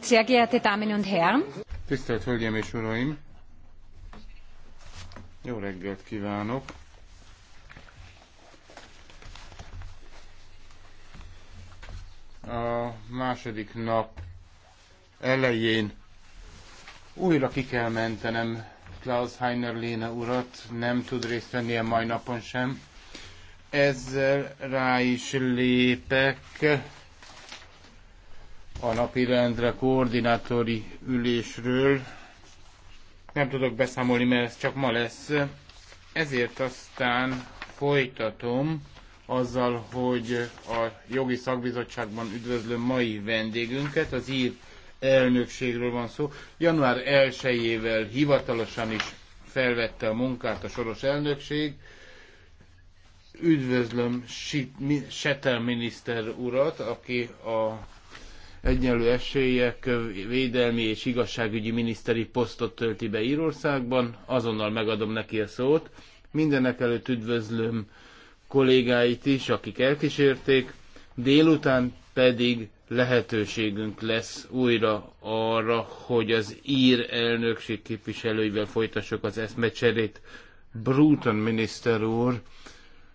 Sehr geehrte Damen und Herren! Tisztelt Hölgyeim és Uraim! Jó reggelt kívánok! A második nap elején újra ki kell mentenem Klaus Heiner Léne urat, nem tud részt venni a mai napon sem ezzel rá is lépek a napirendre koordinátori ülésről. Nem tudok beszámolni, mert ez csak ma lesz. Ezért aztán folytatom azzal, hogy a jogi szakbizottságban üdvözlöm mai vendégünket, az ír elnökségről van szó. Január 1-ével hivatalosan is felvette a munkát a soros elnökség, Üdvözlöm Setel miniszter urat, aki a egyenlő esélyek védelmi és igazságügyi miniszteri posztot tölti be Írországban. Azonnal megadom neki a szót. Mindenek előtt üdvözlöm kollégáit is, akik elkísérték. Délután pedig lehetőségünk lesz újra arra, hogy az ír elnökség képviselőivel folytassuk az eszmecserét. Bruton miniszter úr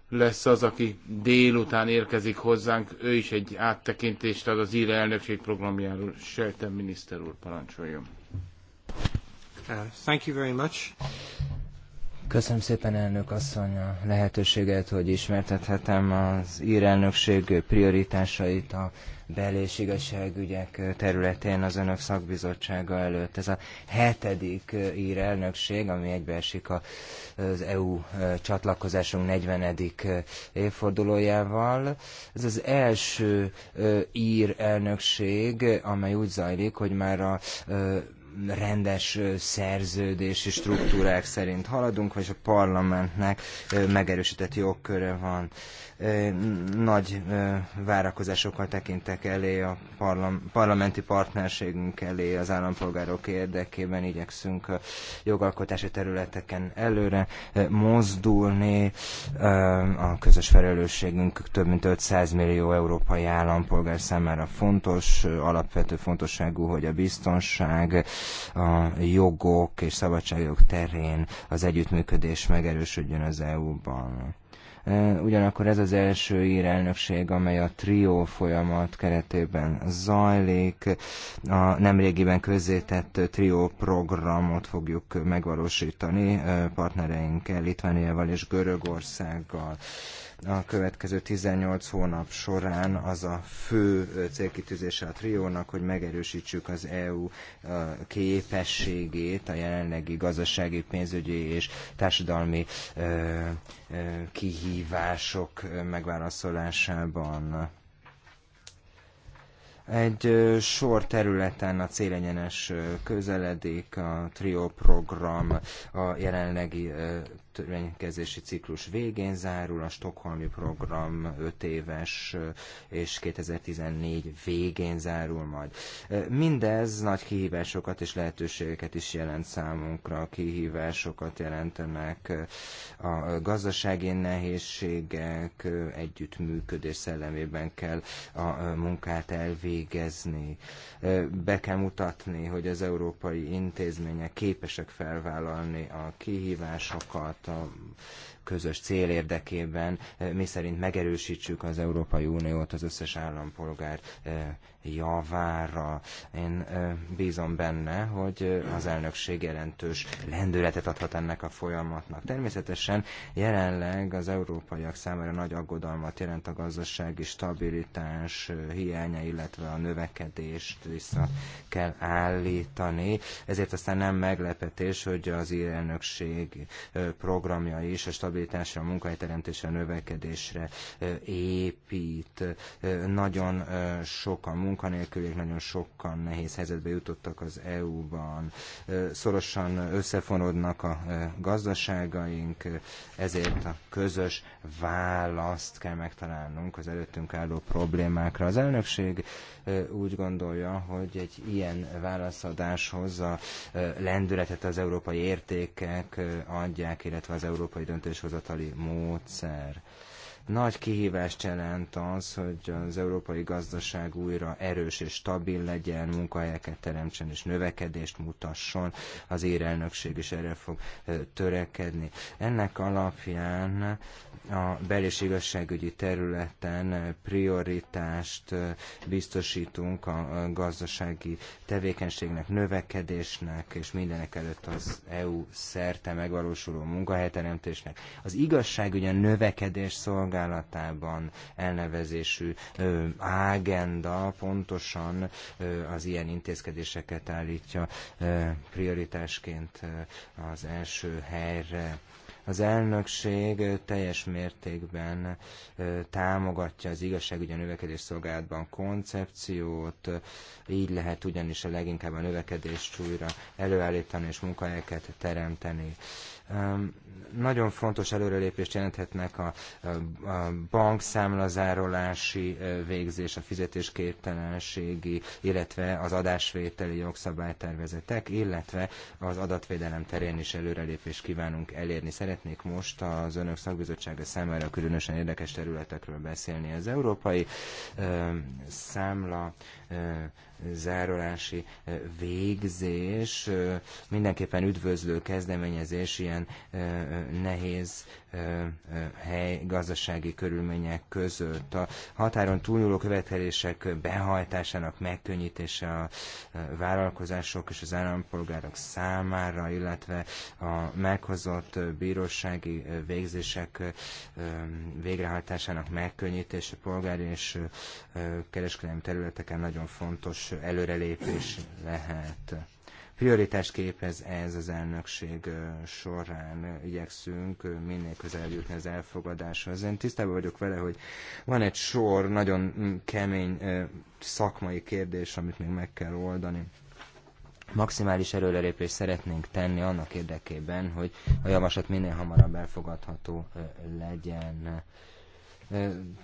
lesz az, aki délután érkezik hozzánk. Ő is egy áttekintést ad az ír elnökség programjáról. Sejtem miniszter úr, parancsoljon. Uh, thank you very much. Köszönöm szépen elnök asszony a lehetőséget, hogy ismertethetem az ír elnökség prioritásait a bel- és igazságügyek területén az önök szakbizottsága előtt. Ez a hetedik ír elnökség, ami egybeesik az EU e, csatlakozásunk 40. E, évfordulójával. Ez az első e, ír elnökség, amely úgy zajlik, hogy már a rendes szerződési struktúrák szerint haladunk, vagyis a parlamentnek megerősített jogköre van nagy várakozásokkal tekintek elé a parlamenti partnerségünk elé az állampolgárok érdekében, igyekszünk a jogalkotási területeken előre mozdulni. A közös felelősségünk több mint 500 millió európai állampolgár számára fontos, alapvető fontosságú, hogy a biztonság, a jogok és szabadságok terén az együttműködés megerősödjön az EU-ban. Ugyanakkor ez az első ír elnökség, amely a trió folyamat keretében zajlik. A nemrégiben közzétett trió programot fogjuk megvalósítani partnereinkkel, Litvániával és Görögországgal a következő 18 hónap során az a fő célkitűzése a triónak, hogy megerősítsük az EU képességét a jelenlegi gazdasági, pénzügyi és társadalmi kihívások megválaszolásában egy sor területen a célegyenes közeledék, a trio program, a jelenlegi törvénykezési ciklus végén zárul, a Stockholmi program 5 éves és 2014 végén zárul majd. Mindez nagy kihívásokat és lehetőségeket is jelent számunkra, kihívásokat jelentenek a gazdasági nehézségek, együttműködés szellemében kell a munkát elvégezni. Be kell mutatni, hogy az európai intézmények képesek felvállalni a kihívásokat, munkáját a közös cél érdekében, mi szerint megerősítsük az Európai Uniót az összes állampolgár javára. Én bízom benne, hogy az elnökség jelentős lendületet adhat ennek a folyamatnak. Természetesen jelenleg az európaiak számára nagy aggodalmat jelent a gazdasági stabilitás hiánya, illetve a növekedést vissza kell állítani. Ezért aztán nem meglepetés, hogy az ír elnökség programja is a stabilitásra, a munkahelyteremtésre, a növekedésre épít. Nagyon sok a munkanélküliek nagyon sokan nehéz helyzetbe jutottak az EU-ban, szorosan összefonódnak a gazdaságaink, ezért a közös választ kell megtalálnunk az előttünk álló problémákra. Az elnökség úgy gondolja, hogy egy ilyen válaszadáshoz a lendületet az európai értékek adják, illetve az európai döntéshozatali módszer. Nagy kihívást jelent az, hogy az európai gazdaság újra erős és stabil legyen, munkahelyeket teremtsen és növekedést mutasson. Az írelnökség is erre fog törekedni. Ennek alapján a bel- és igazságügyi területen prioritást biztosítunk a gazdasági tevékenységnek, növekedésnek, és mindenek előtt az EU szerte megvalósuló munkahelyteremtésnek. Az igazságügy növekedés szolgál, szolgálatában elnevezésű ágenda pontosan az ilyen intézkedéseket állítja prioritásként az első helyre az elnökség teljes mértékben támogatja az igazságügyi növekedés szolgálatban koncepciót, így lehet ugyanis a leginkább a növekedés újra előállítani és munkahelyeket teremteni nagyon fontos előrelépést jelenthetnek a, a bankszámlazárolási végzés, a fizetésképtelenségi, illetve az adásvételi jogszabálytervezetek, illetve az adatvédelem terén is előrelépést kívánunk elérni. Szeretnék most az Önök szakbizottsága számára különösen érdekes területekről beszélni. Az európai ö, számla ö, zárolási végzés mindenképpen üdvözlő kezdeményezés ilyen nehéz hely gazdasági körülmények között. A határon túlnyúló követelések behajtásának megkönnyítése a vállalkozások és az állampolgárok számára, illetve a meghozott bírósági végzések végrehajtásának megkönnyítése polgári és kereskedelmi területeken nagyon fontos előrelépés lehet. Prioritás képez ez az elnökség során. Igyekszünk minél közelebb jutni az elfogadáshoz. Én tisztában vagyok vele, hogy van egy sor nagyon mm, kemény szakmai kérdés, amit még meg kell oldani maximális erőlelépést szeretnénk tenni annak érdekében, hogy a javaslat minél hamarabb elfogadható legyen.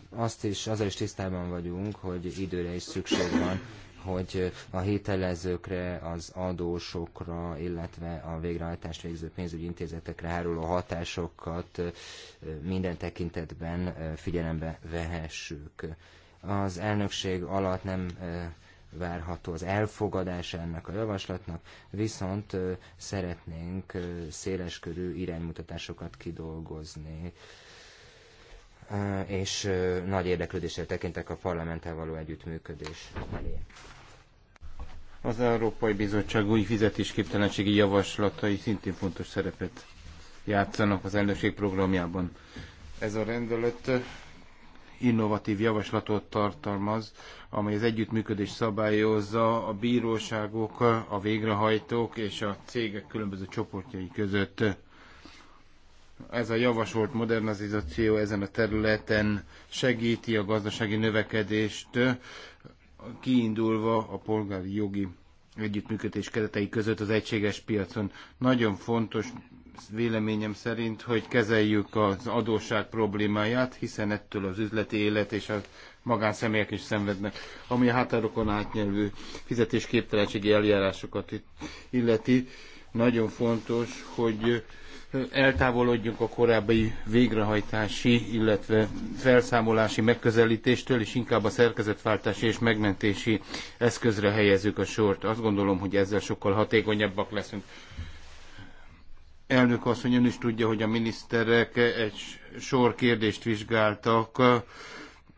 Azt is, azzal is tisztában vagyunk, hogy időre is szükség van hogy a hitelezőkre, az adósokra, illetve a végrehajtást végző pénzügyi intézetekre háruló hatásokat minden tekintetben figyelembe vehessük. Az elnökség alatt nem várható az elfogadás ennek a javaslatnak, viszont szeretnénk széleskörű iránymutatásokat kidolgozni és nagy érdeklődéssel tekintek a parlamenttel való együttműködés az Európai Bizottság új fizetésképtelenségi javaslatai szintén fontos szerepet játszanak az elnökség programjában. Ez a rendelet innovatív javaslatot tartalmaz, amely az együttműködés szabályozza a bíróságok, a végrehajtók és a cégek különböző csoportjai között. Ez a javasolt modernizáció ezen a területen segíti a gazdasági növekedést, kiindulva a polgári jogi együttműködés keretei között az egységes piacon. Nagyon fontos véleményem szerint, hogy kezeljük az adósság problémáját, hiszen ettől az üzleti élet és a magánszemélyek is szenvednek, ami a határokon átnyelvő fizetésképtelenségi eljárásokat illeti. Nagyon fontos, hogy eltávolodjunk a korábbi végrehajtási, illetve felszámolási megközelítéstől, és inkább a szerkezetváltási és megmentési eszközre helyezzük a sort. Azt gondolom, hogy ezzel sokkal hatékonyabbak leszünk. Elnök asszony, ön is tudja, hogy a miniszterek egy sor kérdést vizsgáltak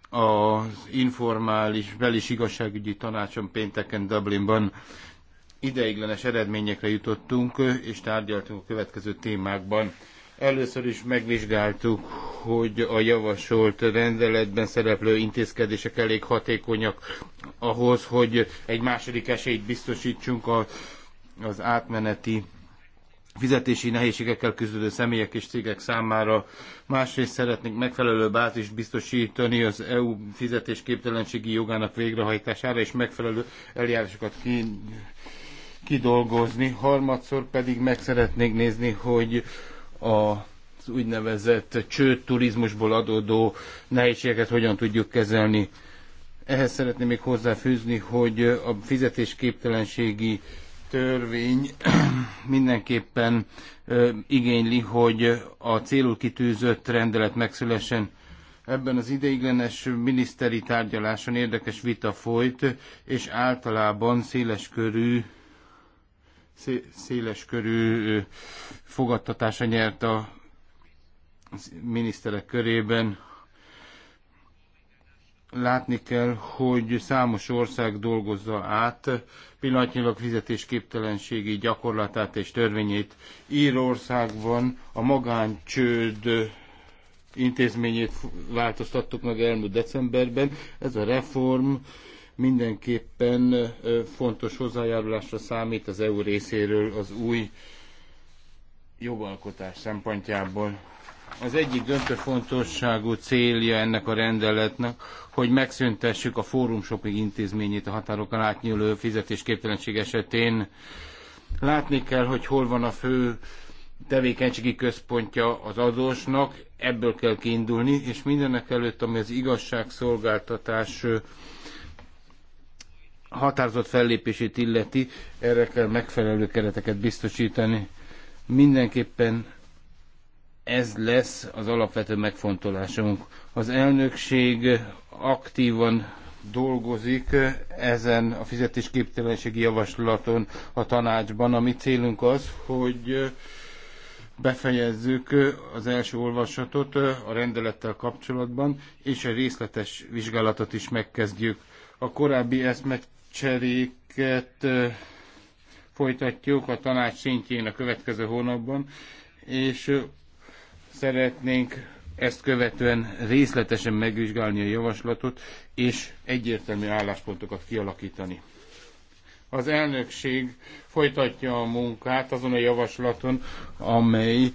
az informális belis igazságügyi tanácson pénteken Dublinban ideiglenes eredményekre jutottunk, és tárgyaltunk a következő témákban. Először is megvizsgáltuk, hogy a javasolt rendeletben szereplő intézkedések elég hatékonyak ahhoz, hogy egy második esélyt biztosítsunk a, az átmeneti fizetési nehézségekkel küzdő személyek és cégek számára. Másrészt szeretnénk megfelelő bázist biztosítani az EU fizetésképtelenségi jogának végrehajtására, és megfelelő eljárásokat kidolgozni, harmadszor pedig meg szeretnék nézni, hogy a úgynevezett csőd turizmusból adódó nehézségeket hogyan tudjuk kezelni. Ehhez szeretném még hozzáfűzni, hogy a fizetésképtelenségi törvény mindenképpen igényli, hogy a célul kitűzött rendelet megszülessen. Ebben az ideiglenes miniszteri tárgyaláson érdekes vita folyt, és általában széleskörű széles körű fogadtatása nyert a miniszterek körében. Látni kell, hogy számos ország dolgozza át pillanatnyilag fizetésképtelenségi gyakorlatát és törvényét. Írországban a magáncsőd intézményét változtattuk meg elmúlt decemberben. Ez a reform mindenképpen fontos hozzájárulásra számít az EU részéről az új jogalkotás szempontjából. Az egyik döntő fontosságú célja ennek a rendeletnek, hogy megszüntessük a fórum shopping intézményét a határokon átnyúló fizetésképtelenség esetén. Látni kell, hogy hol van a fő tevékenységi központja az adósnak, ebből kell kiindulni, és mindenek előtt, ami az igazságszolgáltatás határozott fellépését illeti, erre kell megfelelő kereteket biztosítani. Mindenképpen ez lesz az alapvető megfontolásunk. Az elnökség aktívan dolgozik ezen a fizetésképtelenségi javaslaton a tanácsban. A mi célunk az, hogy befejezzük az első olvasatot a rendelettel kapcsolatban, és a részletes vizsgálatot is megkezdjük. A korábbi eszmet cseréket folytatjuk a tanács szintjén a következő hónapban, és szeretnénk ezt követően részletesen megvizsgálni a javaslatot, és egyértelmű álláspontokat kialakítani. Az elnökség folytatja a munkát azon a javaslaton, amely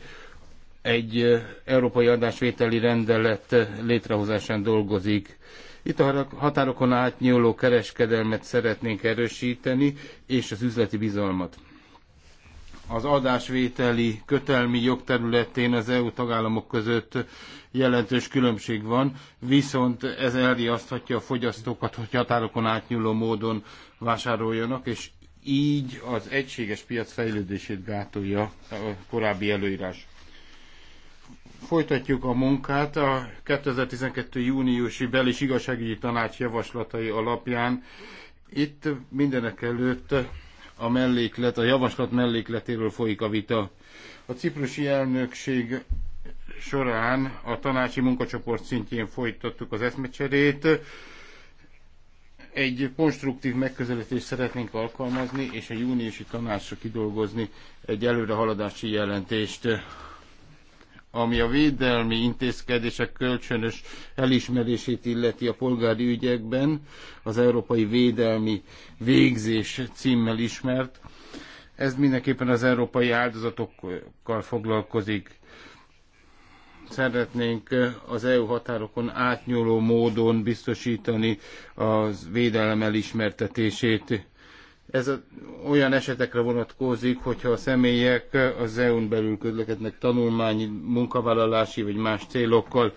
egy európai adásvételi rendelet létrehozásán dolgozik itt a határokon átnyúló kereskedelmet szeretnénk erősíteni, és az üzleti bizalmat. Az adásvételi kötelmi jogterületén az EU tagállamok között jelentős különbség van, viszont ez elriaszthatja a fogyasztókat, hogy határokon átnyúló módon vásároljanak, és így az egységes piac fejlődését gátolja a korábbi előírás. Folytatjuk a munkát a 2012. júniusi bel- és igazságügyi tanács javaslatai alapján. Itt mindenek előtt a melléklet, a javaslat mellékletéről folyik a vita. A ciprusi elnökség során a tanácsi munkacsoport szintjén folytattuk az eszmecserét. Egy konstruktív megközelítést szeretnénk alkalmazni, és a júniusi tanácsra kidolgozni egy előrehaladási jelentést ami a védelmi intézkedések kölcsönös elismerését illeti a polgári ügyekben, az Európai Védelmi Végzés címmel ismert. Ez mindenképpen az európai áldozatokkal foglalkozik. Szeretnénk az EU határokon átnyúló módon biztosítani az védelem elismertetését ez a, olyan esetekre vonatkozik, hogyha a személyek az EU-n belül közlekednek tanulmányi, munkavállalási vagy más célokkal.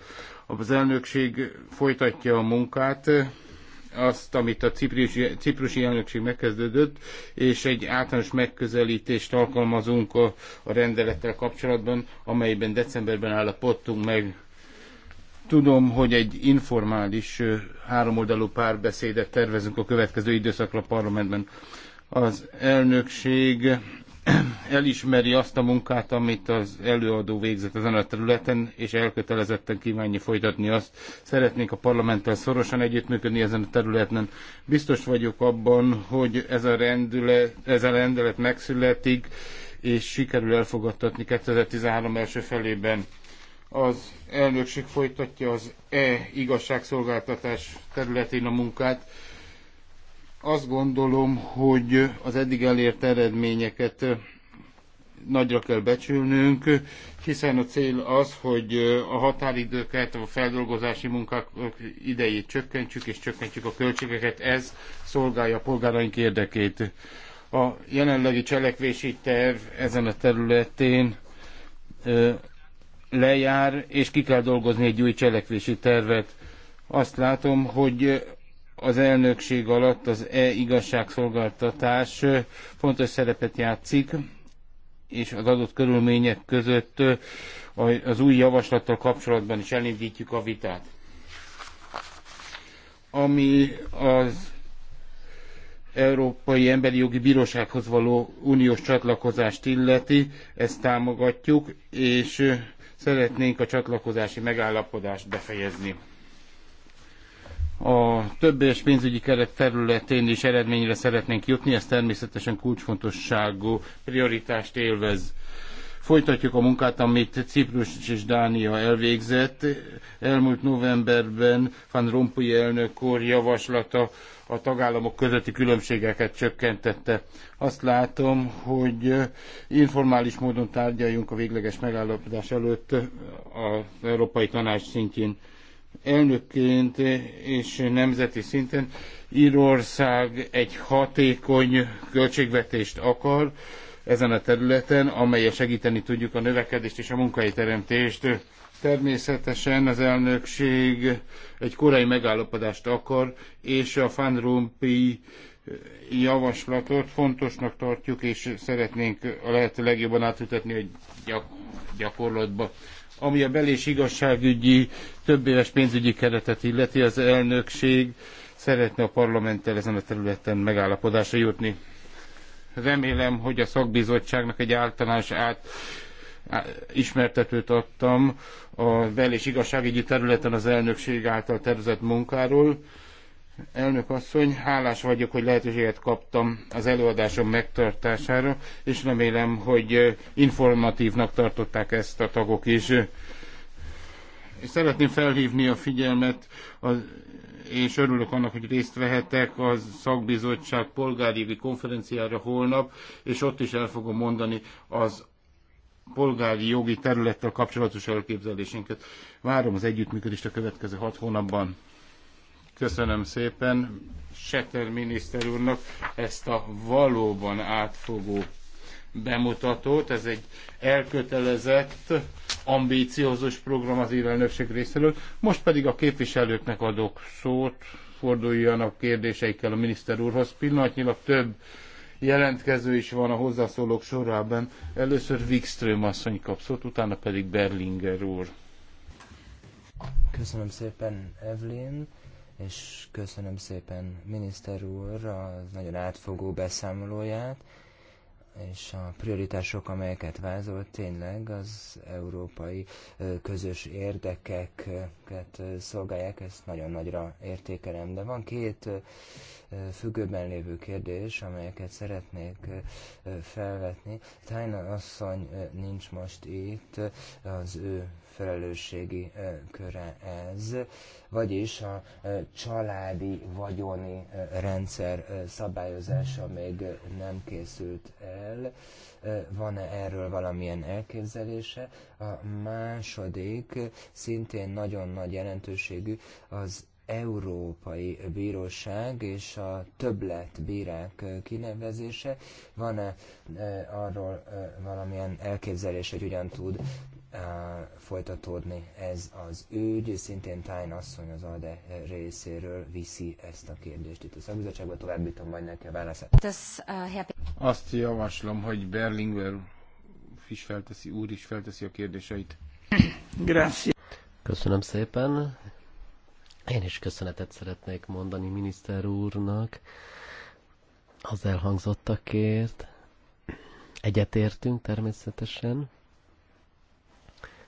Az elnökség folytatja a munkát, azt, amit a ciprusi, ciprusi elnökség megkezdődött, és egy általános megközelítést alkalmazunk a, a rendelettel kapcsolatban, amelyben decemberben állapodtunk meg. Tudom, hogy egy informális háromoldalú párbeszédet tervezünk a következő időszakra a parlamentben. Az elnökség elismeri azt a munkát, amit az előadó végzett ezen a területen, és elkötelezetten kívánja folytatni azt. Szeretnénk a parlamenttel szorosan együttműködni ezen a területen. Biztos vagyok abban, hogy ez a, rendület, ez a rendelet megszületik, és sikerül elfogadtatni 2013 első felében. Az elnökség folytatja az e-igazságszolgáltatás területén a munkát azt gondolom, hogy az eddig elért eredményeket nagyra kell becsülnünk, hiszen a cél az, hogy a határidőket, a feldolgozási munkák idejét csökkentsük, és csökkentsük a költségeket. Ez szolgálja a polgáraink érdekét. A jelenlegi cselekvési terv ezen a területén lejár, és ki kell dolgozni egy új cselekvési tervet. Azt látom, hogy az elnökség alatt az e-igazságszolgáltatás fontos szerepet játszik, és az adott körülmények között az új javaslattal kapcsolatban is elindítjuk a vitát. Ami az Európai Emberi Jogi Bírósághoz való uniós csatlakozást illeti, ezt támogatjuk, és szeretnénk a csatlakozási megállapodást befejezni a több és pénzügyi keret területén is eredményre szeretnénk jutni, ez természetesen kulcsfontosságú prioritást élvez. Folytatjuk a munkát, amit Ciprus és Dánia elvégzett. Elmúlt novemberben Van Rompuy elnök úr javaslata a tagállamok közötti különbségeket csökkentette. Azt látom, hogy informális módon tárgyaljunk a végleges megállapodás előtt az Európai Tanács szintjén elnökként és nemzeti szinten Írország egy hatékony költségvetést akar ezen a területen, amelyel segíteni tudjuk a növekedést és a teremtést. Természetesen az elnökség egy korai megállapodást akar, és a Van Rompuy javaslatot fontosnak tartjuk, és szeretnénk a lehető legjobban átültetni a gyakorlatba. Ami a belés igazságügyi többéves pénzügyi keretet illeti, az elnökség szeretne a parlamenttel ezen a területen megállapodásra jutni. Remélem, hogy a szakbizottságnak egy általános át ismertetőt adtam a belés igazságügyi területen az elnökség által tervezett munkáról. Elnök asszony, hálás vagyok, hogy lehetőséget kaptam az előadásom megtartására, és remélem, hogy informatívnak tartották ezt a tagok is. És szeretném felhívni a figyelmet, az, és örülök annak, hogy részt vehetek a szakbizottság polgárjogi konferenciára holnap, és ott is el fogom mondani az polgári jogi területtel kapcsolatos elképzelésünket. Várom az együttműködést a következő hat hónapban. Köszönöm szépen Setter miniszter úrnak ezt a valóban átfogó bemutatót. Ez egy elkötelezett, ambíciózus program az élelnökség részéről. Most pedig a képviselőknek adok szót, forduljanak kérdéseikkel a miniszter úrhoz. Pillanatnyilag több jelentkező is van a hozzászólók sorában. Először Wikström asszony kap szót, utána pedig Berlinger úr. Köszönöm szépen, Evelyn és köszönöm szépen miniszter úr a nagyon átfogó beszámolóját, és a prioritások, amelyeket vázolt, tényleg az európai közös érdekeket szolgálják, ezt nagyon nagyra értékelem. De van két függőben lévő kérdés, amelyeket szeretnék felvetni. Tájna asszony nincs most itt, az ő felelősségi köre ez, vagyis a családi vagyoni rendszer szabályozása még nem készült el. Van-e erről valamilyen elképzelése? A második, szintén nagyon nagy jelentőségű, az Európai Bíróság és a többletbírák kinevezése. Van-e arról valamilyen elképzelés, hogy ugyan tud folytatódni ez az ügy. Szintén Tájn asszony az ADE részéről viszi ezt a kérdést itt a szakbizottságba, továbbítom majd neki a válaszát. Uh, Azt javaslom, hogy Berlinger is felteszi, úr is felteszi a kérdéseit. Köszönöm szépen. Én is köszönetet szeretnék mondani miniszter úrnak az elhangzottakért. Egyetértünk természetesen.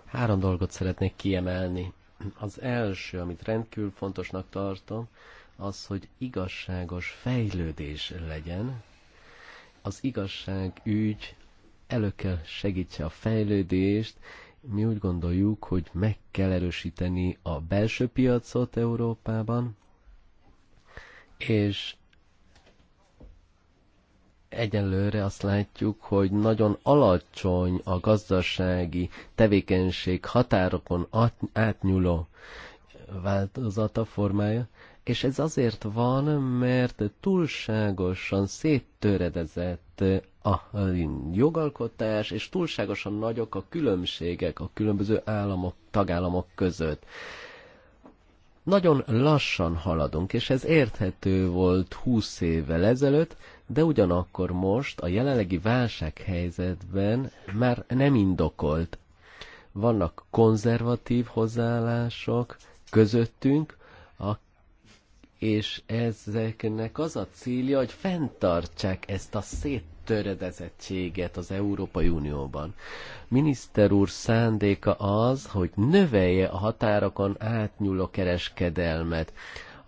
Három dolgot szeretnék kiemelni. Az első, amit rendkívül fontosnak tartom, az, hogy igazságos fejlődés legyen. Az igazság ügy elő kell segítse a fejlődést, mi úgy gondoljuk, hogy meg kell erősíteni a belső piacot Európában, és Egyelőre azt látjuk, hogy nagyon alacsony a gazdasági tevékenység határokon átnyúló változata, formája, és ez azért van, mert túlságosan széttöredezett a jogalkotás, és túlságosan nagyok a különbségek a különböző államok, tagállamok között nagyon lassan haladunk, és ez érthető volt 20 évvel ezelőtt, de ugyanakkor most a jelenlegi válsághelyzetben már nem indokolt. Vannak konzervatív hozzáállások közöttünk, a, és ezeknek az a célja, hogy fenntartsák ezt a szét töredezettséget az Európai Unióban. Miniszter úr szándéka az, hogy növelje a határokon átnyúló kereskedelmet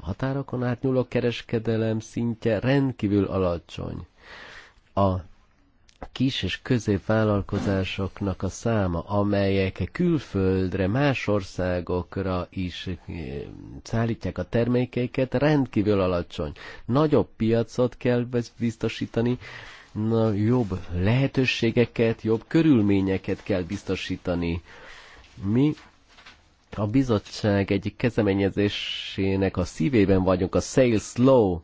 határokon átnyúló kereskedelem szintje rendkívül alacsony. A kis és középvállalkozásoknak a száma, amelyek külföldre, más országokra is eh, szállítják a termékeiket, rendkívül alacsony. Nagyobb piacot kell biztosítani, na, jobb lehetőségeket, jobb körülményeket kell biztosítani. Mi a bizottság egyik kezdeményezésének a szívében vagyunk, a Sales Law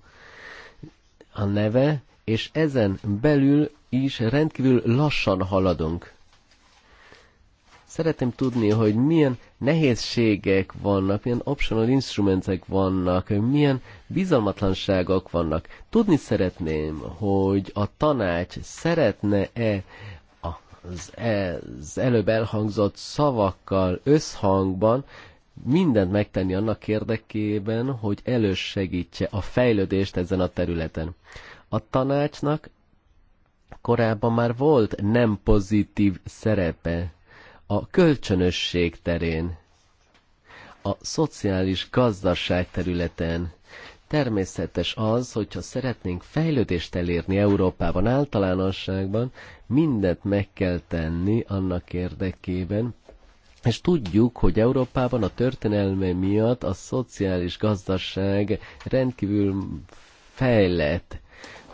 a neve, és ezen belül is rendkívül lassan haladunk. Szeretném tudni, hogy milyen nehézségek vannak, milyen optional instrumentek vannak, milyen bizalmatlanságok vannak. Tudni szeretném, hogy a tanács szeretne-e az, e, az előbb elhangzott szavakkal összhangban mindent megtenni annak érdekében, hogy elősegítse a fejlődést ezen a területen. A tanácsnak korábban már volt nem pozitív szerepe a kölcsönösség terén, a szociális gazdaság területen, Természetes az, hogyha szeretnénk fejlődést elérni Európában általánosságban, mindent meg kell tenni annak érdekében, és tudjuk, hogy Európában a történelme miatt a szociális gazdaság rendkívül fejlett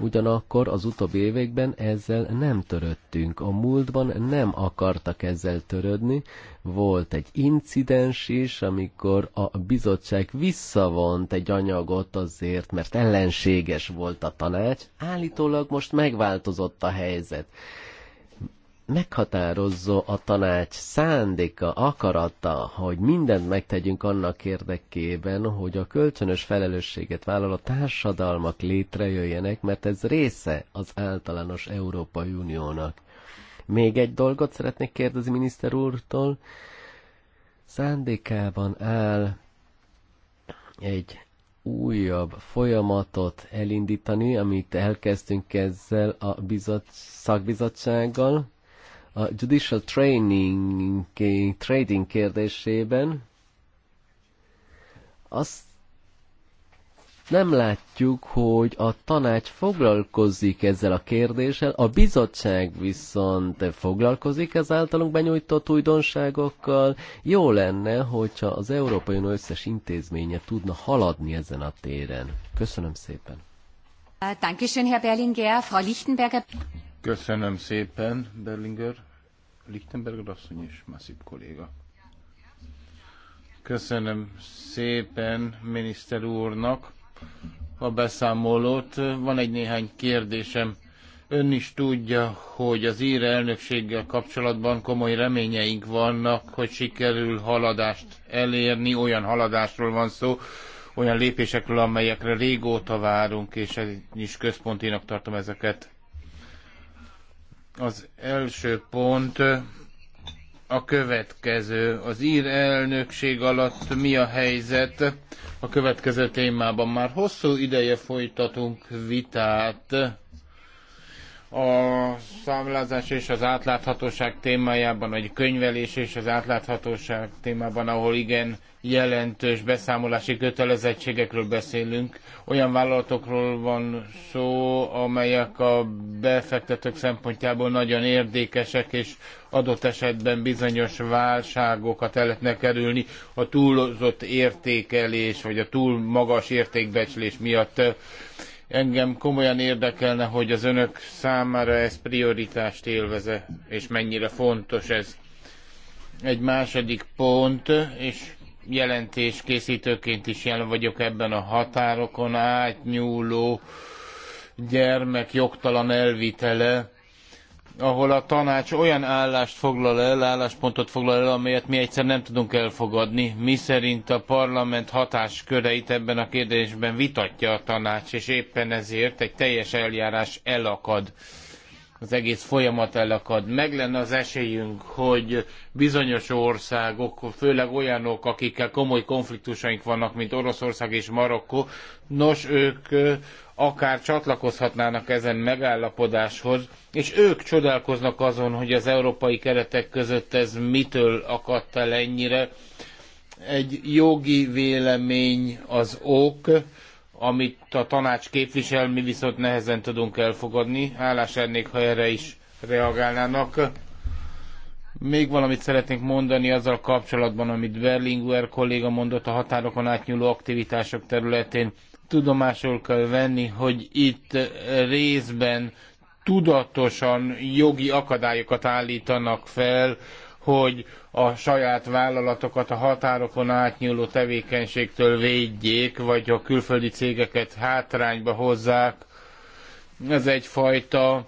Ugyanakkor az utóbbi években ezzel nem töröttünk. A múltban nem akartak ezzel törődni. Volt egy incidens is, amikor a bizottság visszavont egy anyagot azért, mert ellenséges volt a tanács. Állítólag most megváltozott a helyzet. Meghatározza a tanács szándéka, akarata, hogy mindent megtegyünk annak érdekében, hogy a kölcsönös felelősséget vállaló társadalmak létrejöjjenek, mert ez része az általános Európai Uniónak. Még egy dolgot szeretnék kérdezni miniszter úrtól. Szándékában áll egy újabb folyamatot elindítani, amit elkezdtünk ezzel a bizot, szakbizottsággal a judicial training, trading kérdésében azt nem látjuk, hogy a tanács foglalkozik ezzel a kérdéssel, a bizottság viszont foglalkozik az általunk benyújtott újdonságokkal. Jó lenne, hogyha az Európai Unió összes intézménye tudna haladni ezen a téren. Köszönöm szépen. Dankeschön, Herr Berlinger, Frau Lichtenberger. Köszönöm szépen, Berlinger, Lichtenberger asszony és Massip kolléga. Köszönöm szépen miniszter úrnak a beszámolót. Van egy néhány kérdésem. Ön is tudja, hogy az ír elnökséggel kapcsolatban komoly reményeink vannak, hogy sikerül haladást elérni, olyan haladásról van szó, olyan lépésekről, amelyekre régóta várunk, és is központinak tartom ezeket. Az első pont a következő. Az ír elnökség alatt mi a helyzet? A következő témában már hosszú ideje folytatunk vitát a számlázás és az átláthatóság témájában, vagy könyvelés és az átláthatóság témában, ahol igen jelentős beszámolási kötelezettségekről beszélünk. Olyan vállalatokról van szó, amelyek a befektetők szempontjából nagyon érdekesek, és adott esetben bizonyos válságokat el lehetne kerülni a túlzott értékelés, vagy a túl magas értékbecslés miatt Engem komolyan érdekelne, hogy az önök számára ez prioritást élveze, és mennyire fontos ez. Egy második pont, és jelentés készítőként is jelen vagyok ebben a határokon átnyúló gyermek jogtalan elvitele ahol a tanács olyan állást foglal el, álláspontot foglal el, amelyet mi egyszer nem tudunk elfogadni, miszerint a parlament hatásköreit ebben a kérdésben vitatja a tanács, és éppen ezért egy teljes eljárás elakad az egész folyamat elakad. Meg lenne az esélyünk, hogy bizonyos országok, főleg olyanok, akikkel komoly konfliktusaink vannak, mint Oroszország és Marokkó, nos, ők akár csatlakozhatnának ezen megállapodáshoz, és ők csodálkoznak azon, hogy az európai keretek között ez mitől akadt el ennyire. Egy jogi vélemény az ok, amit a tanács képvisel, mi viszont nehezen tudunk elfogadni. Hálás ennék, ha erre is reagálnának. Még valamit szeretnénk mondani azzal kapcsolatban, amit Berlinguer kolléga mondott a határokon átnyúló aktivitások területén. Tudomásul kell venni, hogy itt részben tudatosan jogi akadályokat állítanak fel, hogy a saját vállalatokat a határokon átnyúló tevékenységtől védjék, vagy a külföldi cégeket hátrányba hozzák. Ez egyfajta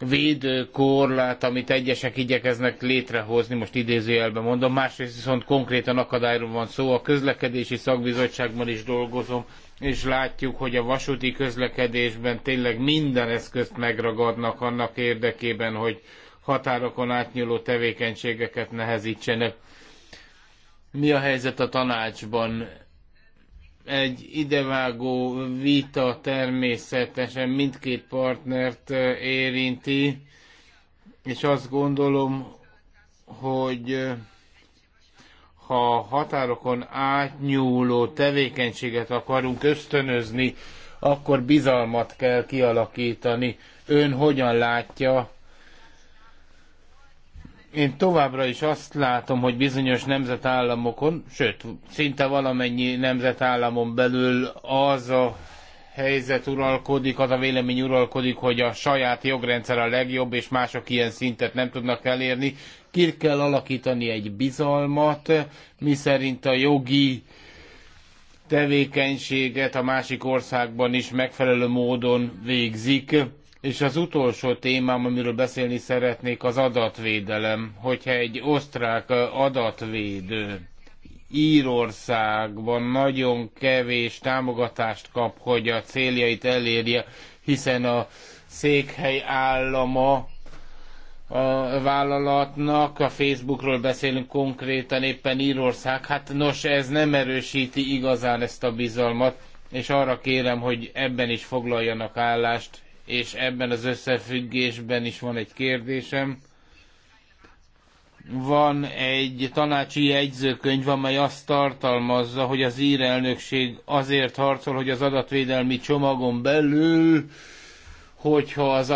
védőkorlát, amit egyesek igyekeznek létrehozni, most idézőjelben mondom, másrészt viszont konkrétan akadályról van szó, a közlekedési szakbizottságban is dolgozom, és látjuk, hogy a vasúti közlekedésben tényleg minden eszközt megragadnak annak érdekében, hogy határokon átnyúló tevékenységeket nehezítsenek. Mi a helyzet a tanácsban? Egy idevágó vita természetesen mindkét partnert érinti, és azt gondolom, hogy ha határokon átnyúló tevékenységet akarunk ösztönözni, akkor bizalmat kell kialakítani. Ön hogyan látja én továbbra is azt látom, hogy bizonyos nemzetállamokon, sőt, szinte valamennyi nemzetállamon belül az a helyzet uralkodik, az a vélemény uralkodik, hogy a saját jogrendszer a legjobb, és mások ilyen szintet nem tudnak elérni. Ki kell alakítani egy bizalmat, miszerint a jogi tevékenységet a másik országban is megfelelő módon végzik és az utolsó témám, amiről beszélni szeretnék, az adatvédelem. Hogyha egy osztrák adatvédő Írországban nagyon kevés támogatást kap, hogy a céljait elérje, hiszen a székhely állama a vállalatnak, a Facebookról beszélünk konkrétan éppen Írország, hát nos ez nem erősíti igazán ezt a bizalmat, és arra kérem, hogy ebben is foglaljanak állást, és ebben az összefüggésben is van egy kérdésem. Van egy tanácsi jegyzőkönyv, amely azt tartalmazza, hogy az ír elnökség azért harcol, hogy az adatvédelmi csomagon belül hogyha az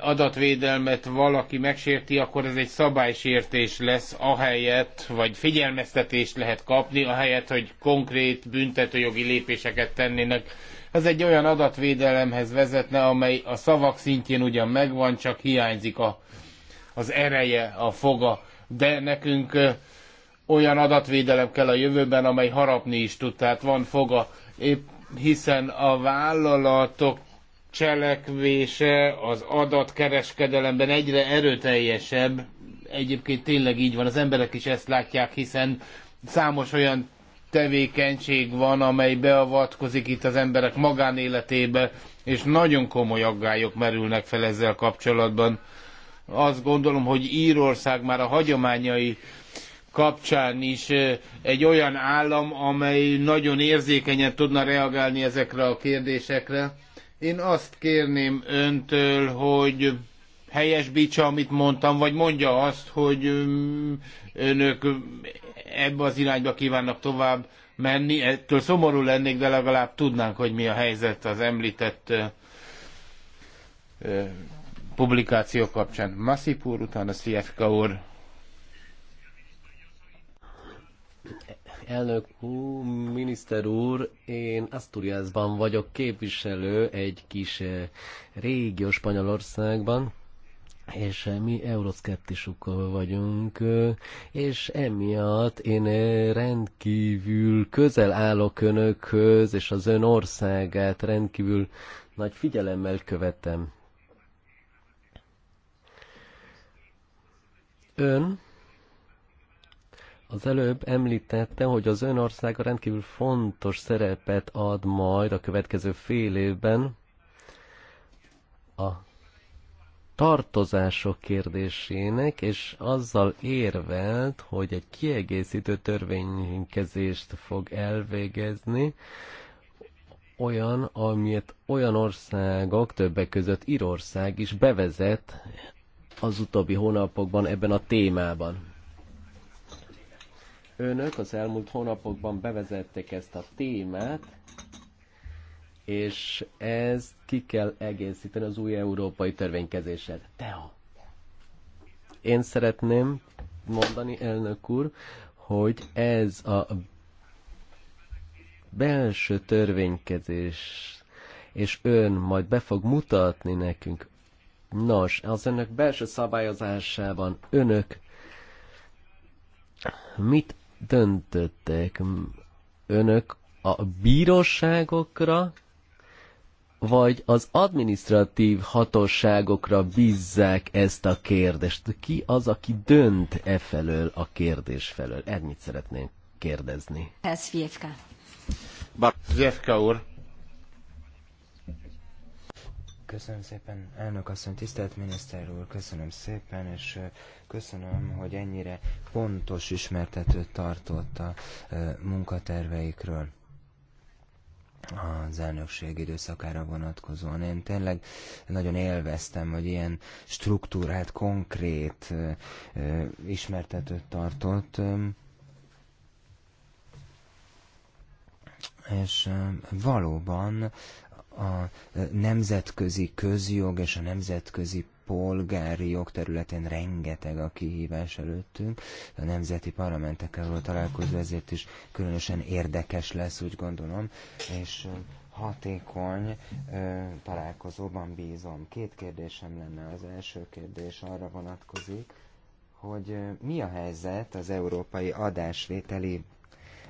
adatvédelmet valaki megsérti, akkor ez egy szabálysértés lesz ahelyett, vagy figyelmeztetést lehet kapni, ahelyett, hogy konkrét büntetőjogi lépéseket tennének. Ez egy olyan adatvédelemhez vezetne, amely a szavak szintjén ugyan megvan, csak hiányzik a, az ereje, a foga. De nekünk olyan adatvédelem kell a jövőben, amely harapni is tud, tehát van foga. Épp hiszen a vállalatok cselekvése az adatkereskedelemben egyre erőteljesebb. Egyébként tényleg így van, az emberek is ezt látják, hiszen számos olyan tevékenység van, amely beavatkozik itt az emberek magánéletébe, és nagyon komoly aggályok merülnek fel ezzel kapcsolatban. Azt gondolom, hogy Írország már a hagyományai kapcsán is egy olyan állam, amely nagyon érzékenyen tudna reagálni ezekre a kérdésekre. Én azt kérném öntől, hogy helyesbítse, amit mondtam, vagy mondja azt, hogy önök ebbe az irányba kívánnak tovább menni. Ettől szomorú lennék, de legalább tudnánk, hogy mi a helyzet az említett publikáció kapcsán. Massip úr, utána Szijefka úr. Elnök úr, miniszter úr, én Asturiasban vagyok képviselő egy kis régió Spanyolországban és mi euroszkeptisuk vagyunk, és emiatt én rendkívül közel állok önökhöz, és az ön országát rendkívül nagy figyelemmel követem. Ön az előbb említette, hogy az ön országa rendkívül fontos szerepet ad majd a következő fél évben a tartozások kérdésének, és azzal érvelt, hogy egy kiegészítő törvénykezést fog elvégezni, olyan, amit olyan országok, többek között Írország is bevezet az utóbbi hónapokban ebben a témában. Önök az elmúlt hónapokban bevezették ezt a témát, és ez ki kell egészíteni az új európai törvénykezéssel. Teo! Én szeretném mondani, elnök úr, hogy ez a belső törvénykezés, és ön majd be fog mutatni nekünk. Nos, az önök belső szabályozásában önök mit döntöttek? Önök a bíróságokra vagy az administratív hatóságokra bízzák ezt a kérdést? Ki az, aki dönt e felől a kérdés felől? Ennyit szeretném kérdezni. Ez Fievka. Fievka úr. Köszönöm szépen, elnök asszony, tisztelt miniszter úr, köszönöm szépen, és köszönöm, hogy ennyire pontos ismertetőt tartott a munkaterveikről az elnökség időszakára vonatkozóan. Én tényleg nagyon élveztem, hogy ilyen struktúrát, konkrét ismertetőt tartott. És valóban a nemzetközi közjog és a nemzetközi polgári jogterületén rengeteg a kihívás előttünk. A nemzeti parlamentekkel való találkozó ezért is különösen érdekes lesz, úgy gondolom, és hatékony ö, találkozóban bízom. Két kérdésem lenne. Az első kérdés arra vonatkozik, hogy ö, mi a helyzet az európai adásvételi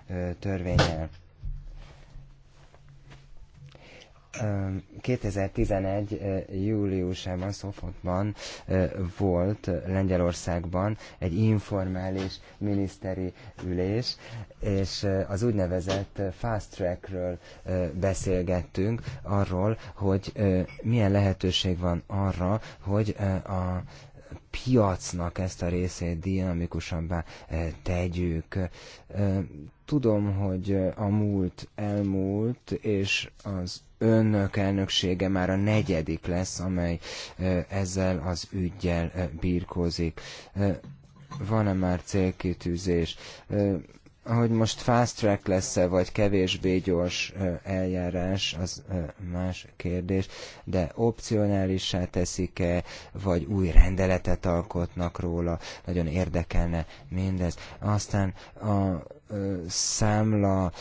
ö, törvényel 2011. júliusában, Szofotban volt Lengyelországban egy informális miniszteri ülés, és az úgynevezett fast trackről beszélgettünk, arról, hogy milyen lehetőség van arra, hogy a piacnak ezt a részét dinamikusabbá tegyük. Tudom, hogy a múlt elmúlt, és az önök elnöksége már a negyedik lesz, amely ezzel az ügyjel birkózik. Van-e már célkitűzés? Hogy most fast track lesz-e, vagy kevésbé gyors eljárás, az más kérdés, de opcionálissá teszik-e, vagy új rendeletet alkotnak róla, nagyon érdekelne mindez. Aztán a számla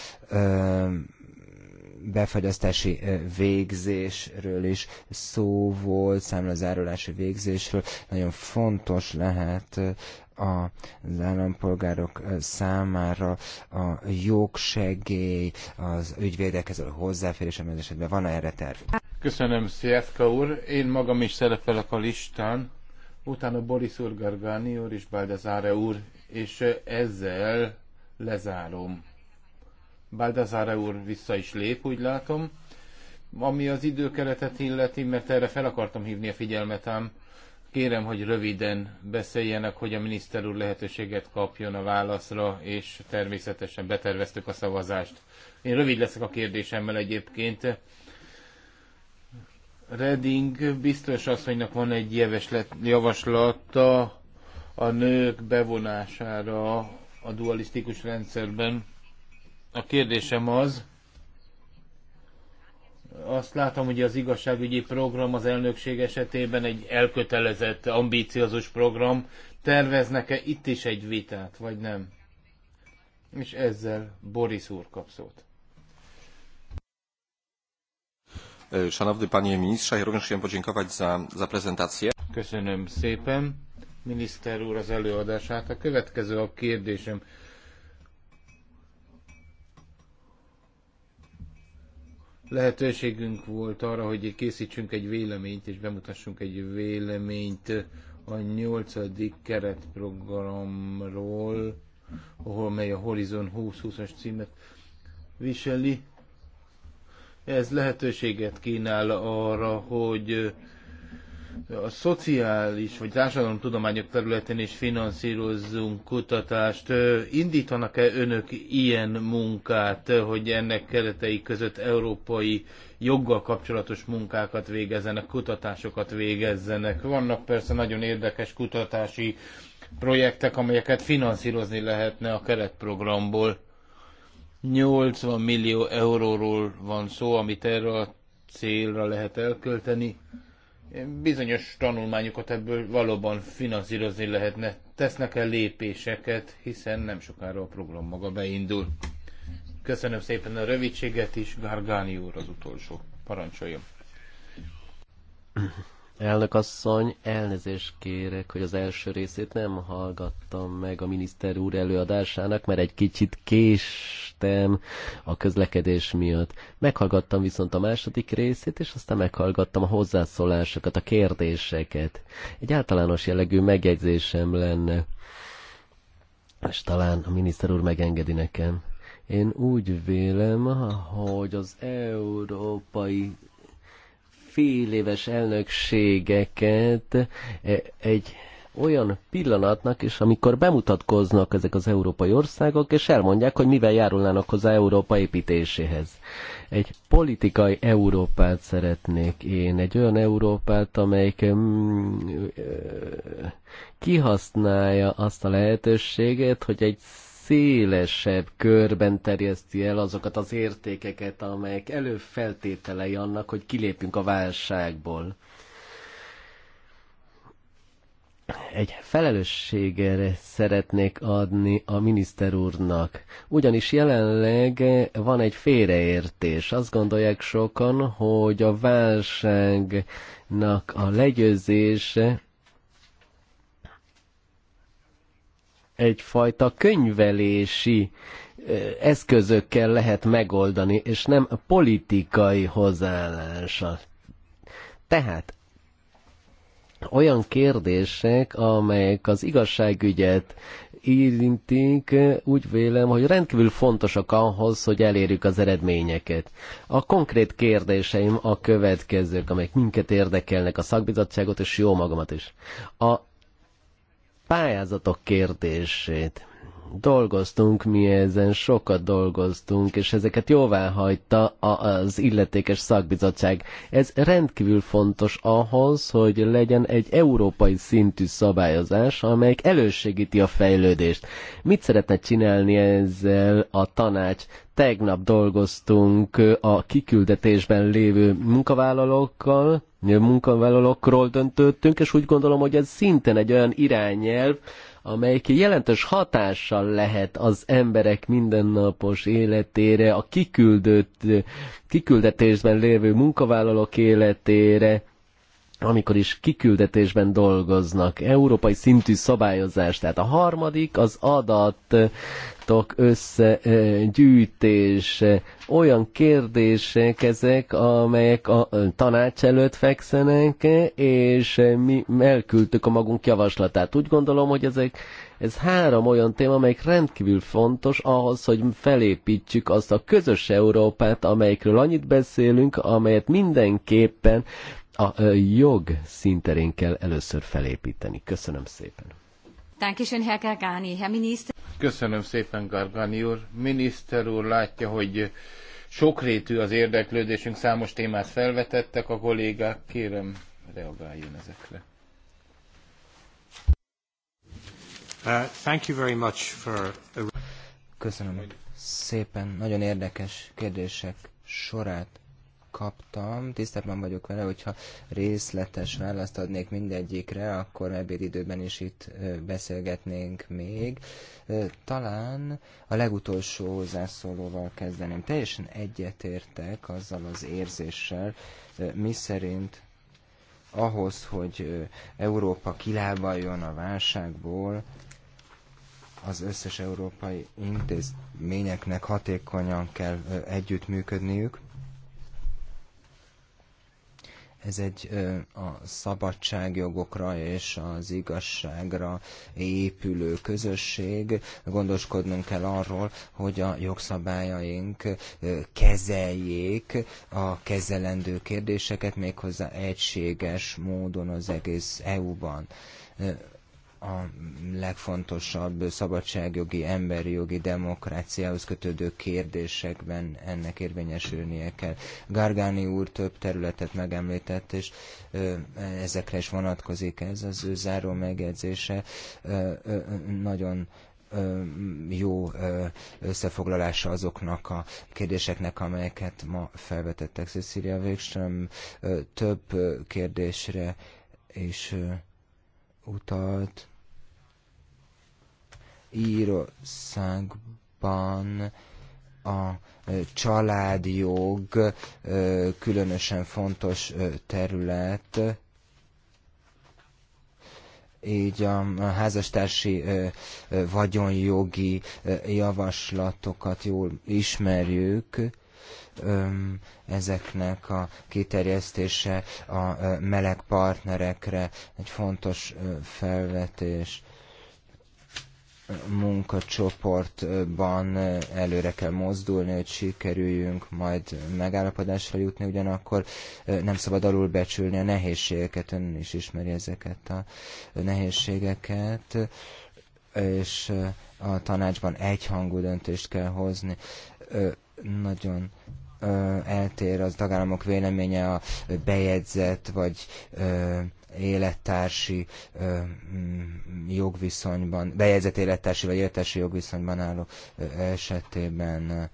befagyasztási végzésről is szó volt, számlazárulási végzésről. Nagyon fontos lehet az állampolgárok számára a jogsegély, az ügyvédekhez a hozzáférés, amely esetben van -e erre terv? Köszönöm, Szijevka úr. Én magam is szerepelek a listán. Utána Boris úr, Gargani úr és Báldezáre úr, és ezzel lezárom. Baldazára úr vissza is lép, úgy látom. Ami az időkeretet illeti, mert erre fel akartam hívni a figyelmet ám, kérem, hogy röviden beszéljenek, hogy a miniszter úr lehetőséget kapjon a válaszra, és természetesen beterveztük a szavazást. Én rövid leszek a kérdésemmel egyébként. Reding biztos asszonynak van egy javaslata a nők bevonására a dualisztikus rendszerben. A kérdésem az, azt látom, hogy az igazságügyi program az elnökség esetében egy elkötelezett, ambíciózus program. Terveznek-e itt is egy vitát, vagy nem? És ezzel Boris úr kap szót. Szanowny panie ministrze, ja również chciałem podziękować za, za prezentację. Köszönöm szépen miniszter úr az előadását. A következő a kérdésem. Lehetőségünk volt arra, hogy készítsünk egy véleményt, és bemutassunk egy véleményt a nyolcadik keretprogramról, ahol mely a Horizon 2020-as címet viseli. Ez lehetőséget kínál arra, hogy a szociális vagy társadalomtudományok területén is finanszírozzunk kutatást. Indítanak-e önök ilyen munkát, hogy ennek keretei között európai joggal kapcsolatos munkákat végezzenek, kutatásokat végezzenek? Vannak persze nagyon érdekes kutatási projektek, amelyeket finanszírozni lehetne a keretprogramból. 80 millió euróról van szó, amit erre a célra lehet elkölteni bizonyos tanulmányokat ebből valóban finanszírozni lehetne. Tesznek-e lépéseket, hiszen nem sokára a program maga beindul. Köszönöm szépen a rövidséget is, Gargáni úr az utolsó. Parancsoljon. Elnök asszony, elnézést kérek, hogy az első részét nem hallgattam meg a miniszter úr előadásának, mert egy kicsit késtem a közlekedés miatt. Meghallgattam viszont a második részét, és aztán meghallgattam a hozzászólásokat, a kérdéseket. Egy általános jellegű megjegyzésem lenne, és talán a miniszter úr megengedi nekem. Én úgy vélem, hogy az európai fél éves elnökségeket e, egy olyan pillanatnak, is, amikor bemutatkoznak ezek az európai országok, és elmondják, hogy mivel járulnának hozzá Európa építéséhez. Egy politikai Európát szeretnék én, egy olyan Európát, amelyik mm, kihasználja azt a lehetőséget, hogy egy szélesebb körben terjeszti el azokat az értékeket, amelyek előfeltételei annak, hogy kilépünk a válságból. Egy felelősségre szeretnék adni a miniszter úrnak. Ugyanis jelenleg van egy félreértés. Azt gondolják sokan, hogy a válságnak a legyőzése egyfajta könyvelési eszközökkel lehet megoldani, és nem politikai hozzáállása. Tehát olyan kérdések, amelyek az igazságügyet érintik, úgy vélem, hogy rendkívül fontosak ahhoz, hogy elérjük az eredményeket. A konkrét kérdéseim a következők, amelyek minket érdekelnek, a szakbizottságot és jó magamat is. A pályázatok kérdését dolgoztunk mi ezen, sokat dolgoztunk, és ezeket jóvá hagyta az illetékes szakbizottság. Ez rendkívül fontos ahhoz, hogy legyen egy európai szintű szabályozás, amelyik elősegíti a fejlődést. Mit szeretne csinálni ezzel a tanács? Tegnap dolgoztunk a kiküldetésben lévő munkavállalókkal, munkavállalókról döntöttünk, és úgy gondolom, hogy ez szinten egy olyan irányelv, amelyik jelentős hatással lehet az emberek mindennapos életére, a kiküldött, kiküldetésben lévő munkavállalók életére, amikor is kiküldetésben dolgoznak, európai szintű szabályozás, tehát a harmadik az adatok összegyűjtés. olyan kérdések ezek, amelyek a tanács előtt fekszenek, és mi elküldtük a magunk javaslatát. Úgy gondolom, hogy ezek ez három olyan téma, amelyik rendkívül fontos ahhoz, hogy felépítsük azt a közös Európát, amelyikről annyit beszélünk, amelyet mindenképpen a jog szinterén kell először felépíteni. Köszönöm szépen. Köszönöm szépen, Gargani úr. Miniszter úr látja, hogy sokrétű az érdeklődésünk, számos témát felvetettek a kollégák. Kérem, reagáljon ezekre. Uh, Köszönöm szépen, nagyon érdekes kérdések sorát kaptam. Tisztában vagyok vele, hogyha részletes választ adnék mindegyikre, akkor ebédidőben is itt beszélgetnénk még. Talán a legutolsó hozzászólóval kezdeném. Teljesen egyetértek azzal az érzéssel, mi szerint ahhoz, hogy Európa kilábaljon a válságból, az összes európai intézményeknek hatékonyan kell együttműködniük. Ez egy a szabadságjogokra és az igazságra épülő közösség. Gondoskodnunk kell arról, hogy a jogszabályaink kezeljék a kezelendő kérdéseket méghozzá egységes módon az egész EU-ban a legfontosabb szabadságjogi, emberi jogi, demokráciához kötődő kérdésekben ennek érvényesülnie kell. Gargáni úr több területet megemlített, és ezekre is vonatkozik ez az ő záró megjegyzése. Nagyon jó összefoglalása azoknak a kérdéseknek, amelyeket ma felvetettek. Cecilia Végström. több kérdésre és utalt. Írországban a e, családjog e, különösen fontos e, terület, így a házastársi vagyonjogi javaslatokat jól ismerjük, ezeknek a kiterjesztése a meleg partnerekre egy fontos felvetés munkacsoportban előre kell mozdulni, hogy sikerüljünk majd megállapodásra jutni, ugyanakkor nem szabad alulbecsülni a nehézségeket, ön is ismeri ezeket a nehézségeket, és a tanácsban egyhangú döntést kell hozni. Nagyon eltér az tagállamok véleménye a bejegyzett vagy élettársi mm, jogviszonyban, bejegyzett élettársi vagy élettársi jogviszonyban álló esetében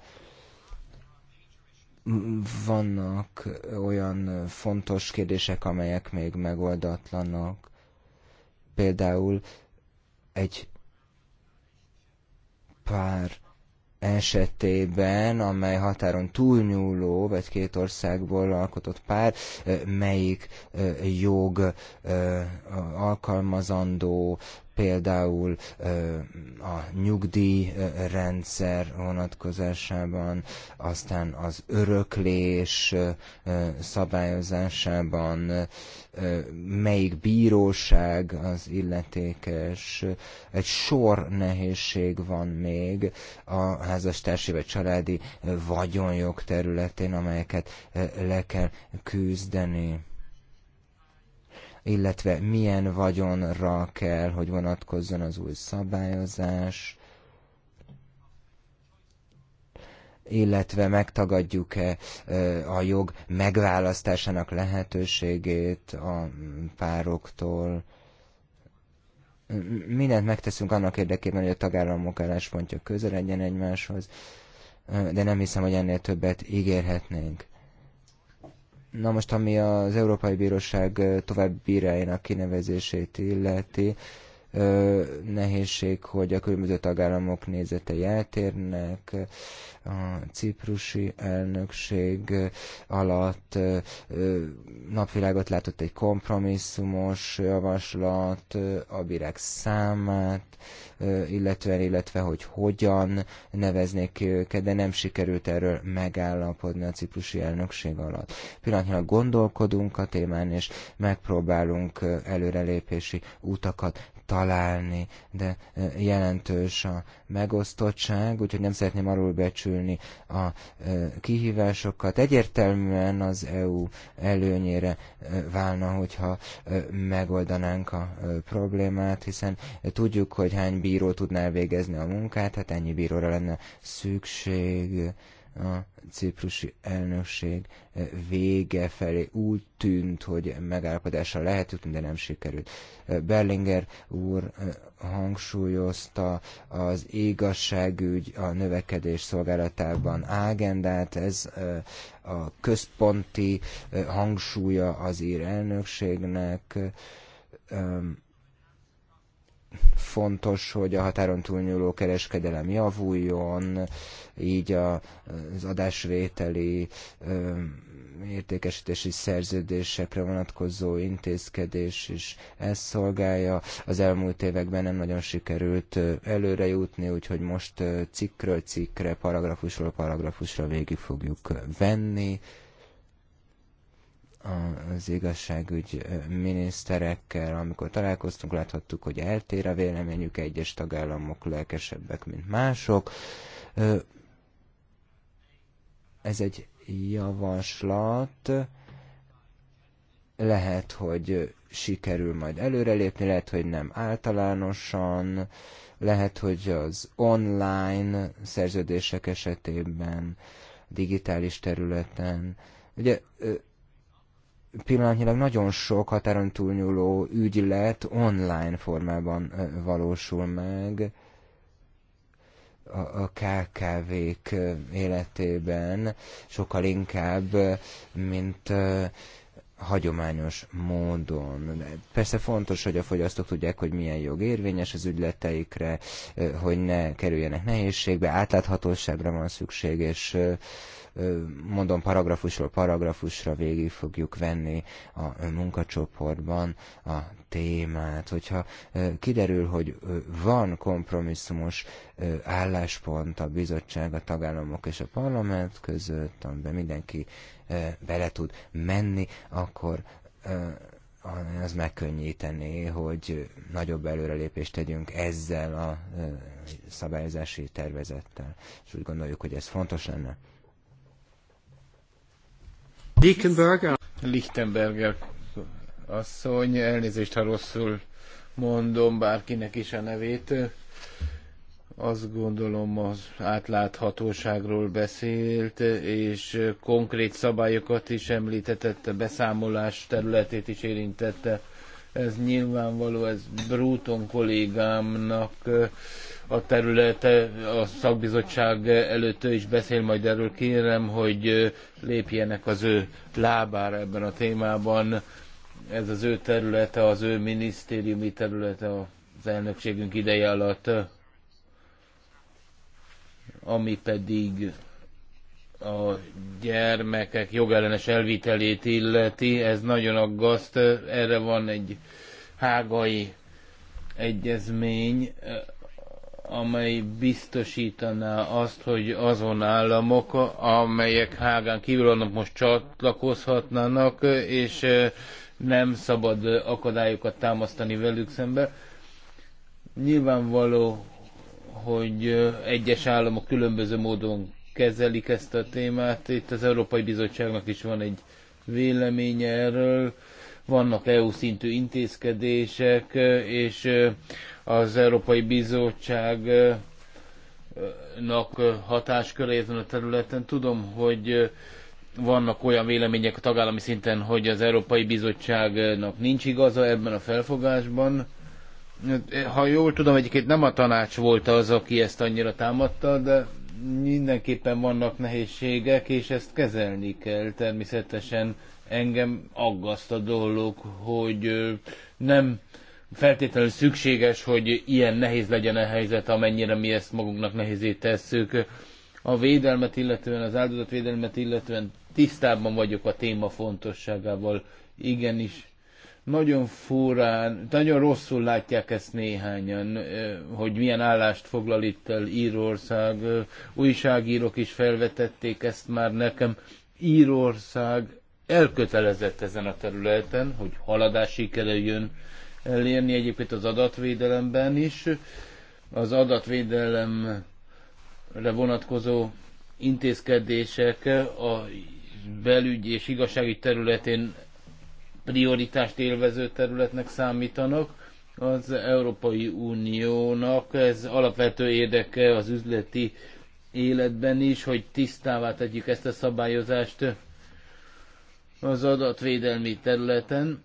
vannak olyan fontos kérdések, amelyek még megoldatlanak. Például egy pár esetében, amely határon túlnyúló, vagy két országból alkotott pár, melyik jog alkalmazandó, például a nyugdíjrendszer vonatkozásában, aztán az öröklés szabályozásában, melyik bíróság az illetékes, egy sor nehézség van még a házastársi vagy családi vagyonjog területén, amelyeket le kell küzdeni illetve milyen vagyonra kell, hogy vonatkozzon az új szabályozás, illetve megtagadjuk-e a jog megválasztásának lehetőségét a pároktól. Mindent megteszünk annak érdekében, hogy a tagállamok álláspontja közel legyen egymáshoz, de nem hiszem, hogy ennél többet ígérhetnénk. Na most, ami az Európai Bíróság további bírájának kinevezését illeti, nehézség, hogy a különböző tagállamok nézetei eltérnek. A ciprusi elnökség alatt napvilágot látott egy kompromisszumos javaslat, a bírák számát, illetve, illetve hogy hogyan neveznék ki őket, de nem sikerült erről megállapodni a ciprusi elnökség alatt. Pillanatnyilag gondolkodunk a témán, és megpróbálunk előrelépési utakat találni, de e, jelentős a megosztottság, úgyhogy nem szeretném arról becsülni a e, kihívásokat. Egyértelműen az EU előnyére e, válna, hogyha megoldanánk a problémát, hiszen tudjuk, hogy hány bíró tudná végezni a munkát, hát ennyi bíróra lenne szükség a ciprusi elnökség vége felé úgy tűnt, hogy megállapodásra jutni, de nem sikerült. Berlinger úr hangsúlyozta az igazságügy a növekedés szolgálatában ágendát, ez a központi hangsúlya az ír elnökségnek, fontos, hogy a határon túlnyúló kereskedelem javuljon, így az adásvételi értékesítési szerződésekre vonatkozó intézkedés is ezt szolgálja. Az elmúlt években nem nagyon sikerült előre jutni, úgyhogy most cikkről cikkre, paragrafusról paragrafusra végig fogjuk venni az igazságügy miniszterekkel, amikor találkoztunk, láthattuk, hogy eltér a véleményük, egyes tagállamok lelkesebbek, mint mások. Ez egy javaslat, lehet, hogy sikerül majd előrelépni, lehet, hogy nem általánosan, lehet, hogy az online szerződések esetében, digitális területen. Ugye pillanatnyilag nagyon sok határon túlnyúló ügylet online formában valósul meg a KKV-k életében sokkal inkább, mint hagyományos módon. De persze fontos, hogy a fogyasztók tudják, hogy milyen jog érvényes az ügyleteikre, hogy ne kerüljenek nehézségbe, átláthatóságra van szükség, és mondom, paragrafusról paragrafusra végig fogjuk venni a munkacsoportban a témát. Hogyha kiderül, hogy van kompromisszumos álláspont a bizottság, a tagállamok és a parlament között, amiben mindenki bele tud menni, akkor az megkönnyítené, hogy nagyobb előrelépést tegyünk ezzel a szabályozási tervezettel. És úgy gondoljuk, hogy ez fontos lenne. Lichtenberger. Lichtenberger asszony, elnézést, ha rosszul mondom bárkinek is a nevét. Azt gondolom az átláthatóságról beszélt, és konkrét szabályokat is említetett, a beszámolás területét is érintette. Ez nyilvánvaló, ez Bruton kollégámnak a területe a szakbizottság előtt ő is beszél, majd erről kérem, hogy lépjenek az ő lábára ebben a témában. Ez az ő területe, az ő minisztériumi területe az elnökségünk ideje alatt, ami pedig a gyermekek jogellenes elvitelét illeti, ez nagyon aggaszt. Erre van egy hágai egyezmény, amely biztosítaná azt, hogy azon államok, amelyek Hágán kívül annak most csatlakozhatnának, és eh, nem szabad akadályokat támasztani velük szembe. Nyilvánvaló, hogy eh, egyes államok különböző módon kezelik ezt a témát. Itt az Európai Bizottságnak is van egy véleménye erről. Vannak EU szintű intézkedések, eh, és az Európai Bizottságnak hatáskörét a területen. Tudom, hogy vannak olyan vélemények a tagállami szinten, hogy az Európai Bizottságnak nincs igaza ebben a felfogásban. Ha jól tudom, egyébként nem a tanács volt az, aki ezt annyira támadta, de mindenképpen vannak nehézségek, és ezt kezelni kell természetesen. Engem aggaszt a dolog, hogy nem feltétlenül szükséges, hogy ilyen nehéz legyen a helyzet, amennyire mi ezt magunknak nehézé tesszük. A védelmet illetően, az áldozatvédelmet illetően tisztában vagyok a téma fontosságával. Igenis, nagyon furán, nagyon rosszul látják ezt néhányan, hogy milyen állást foglal itt el Írország. Újságírók is felvetették ezt már nekem. Írország elkötelezett ezen a területen, hogy haladás sikerüljön, elérni egyébként az adatvédelemben is. Az adatvédelemre vonatkozó intézkedések a belügyi és igazsági területén prioritást élvező területnek számítanak. Az Európai Uniónak ez alapvető érdeke az üzleti életben is, hogy tisztává tegyük ezt a szabályozást az adatvédelmi területen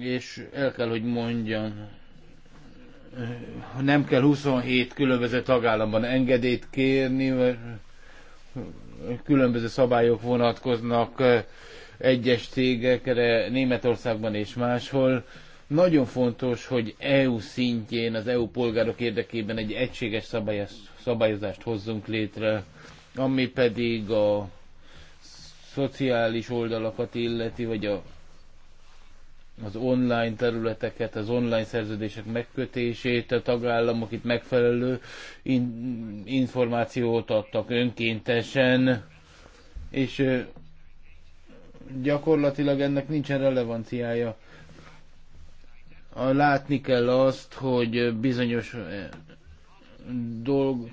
és el kell, hogy mondjam, nem kell 27 különböző tagállamban engedélyt kérni, mert különböző szabályok vonatkoznak egyes cégekre Németországban és máshol. Nagyon fontos, hogy EU szintjén, az EU polgárok érdekében egy egységes szabályozást hozzunk létre, ami pedig a szociális oldalakat illeti, vagy a az online területeket, az online szerződések megkötését, a tagállamok itt megfelelő in- információt adtak önkéntesen, és gyakorlatilag ennek nincsen relevanciája. Látni kell azt, hogy bizonyos dolg,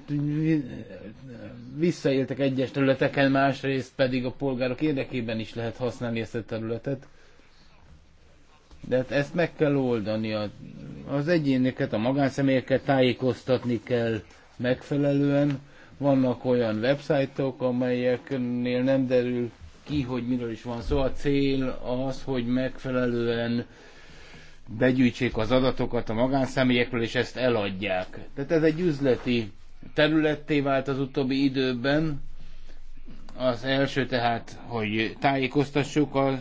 visszaéltek egyes területeken, másrészt pedig a polgárok érdekében is lehet használni ezt a területet de hát ezt meg kell oldani. Az egyéneket, a magánszemélyeket tájékoztatni kell megfelelően. Vannak olyan websájtok, amelyeknél nem derül ki, hogy miről is van szó. Szóval a cél az, hogy megfelelően begyűjtsék az adatokat a magánszemélyekről, és ezt eladják. Tehát ez egy üzleti területté vált az utóbbi időben. Az első tehát, hogy tájékoztassuk az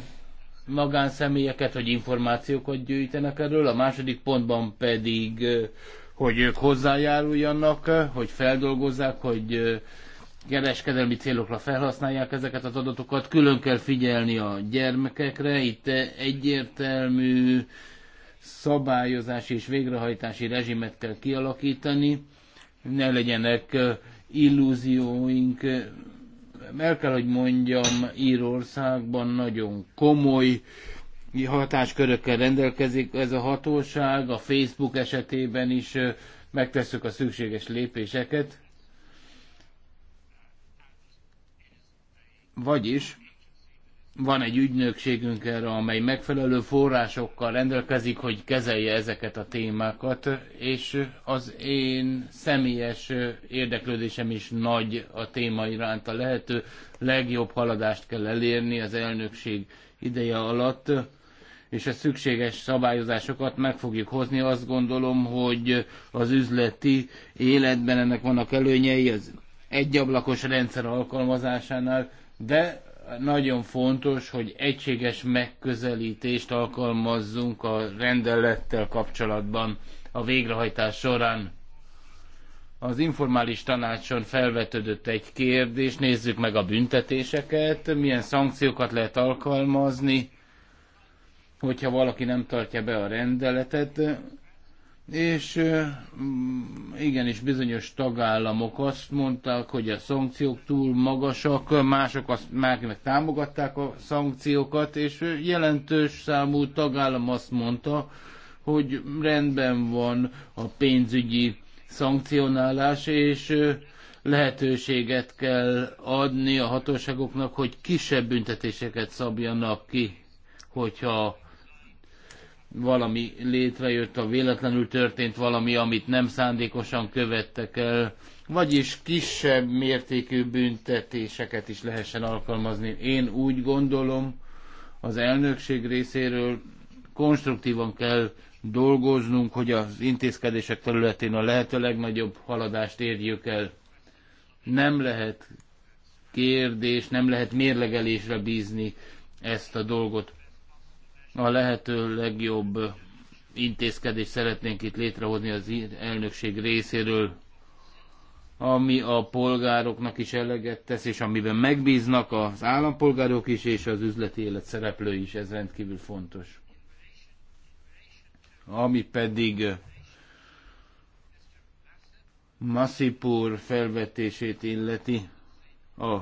magánszemélyeket, hogy információkat gyűjtenek erről, a második pontban pedig, hogy ők hozzájáruljanak, hogy feldolgozzák, hogy kereskedelmi célokra felhasználják ezeket az adatokat. Külön kell figyelni a gyermekekre, itt egyértelmű szabályozási és végrehajtási rezsimet kell kialakítani, ne legyenek illúzióink, el kell, hogy mondjam, Írországban nagyon komoly hatáskörökkel rendelkezik ez a hatóság, a Facebook esetében is megtesszük a szükséges lépéseket. Vagyis van egy ügynökségünk erre, amely megfelelő forrásokkal rendelkezik, hogy kezelje ezeket a témákat, és az én személyes érdeklődésem is nagy a téma iránt. A lehető legjobb haladást kell elérni az elnökség ideje alatt és a szükséges szabályozásokat meg fogjuk hozni. Azt gondolom, hogy az üzleti életben ennek vannak előnyei az egyablakos rendszer alkalmazásánál, de nagyon fontos, hogy egységes megközelítést alkalmazzunk a rendelettel kapcsolatban a végrehajtás során. Az informális tanácson felvetődött egy kérdés, nézzük meg a büntetéseket, milyen szankciókat lehet alkalmazni, hogyha valaki nem tartja be a rendeletet és mm, igenis bizonyos tagállamok azt mondták, hogy a szankciók túl magasak, mások azt már meg támogatták a szankciókat, és jelentős számú tagállam azt mondta, hogy rendben van a pénzügyi szankcionálás, és lehetőséget kell adni a hatóságoknak, hogy kisebb büntetéseket szabjanak ki, hogyha valami létrejött, a véletlenül történt valami, amit nem szándékosan követtek el, vagyis kisebb mértékű büntetéseket is lehessen alkalmazni. Én úgy gondolom, az elnökség részéről konstruktívan kell dolgoznunk, hogy az intézkedések területén a lehető legnagyobb haladást érjük el. Nem lehet kérdés, nem lehet mérlegelésre bízni ezt a dolgot a lehető legjobb intézkedést szeretnénk itt létrehozni az elnökség részéről, ami a polgároknak is eleget tesz, és amiben megbíznak az állampolgárok is, és az üzleti élet szereplői is, ez rendkívül fontos. Ami pedig Massipur felvetését illeti, a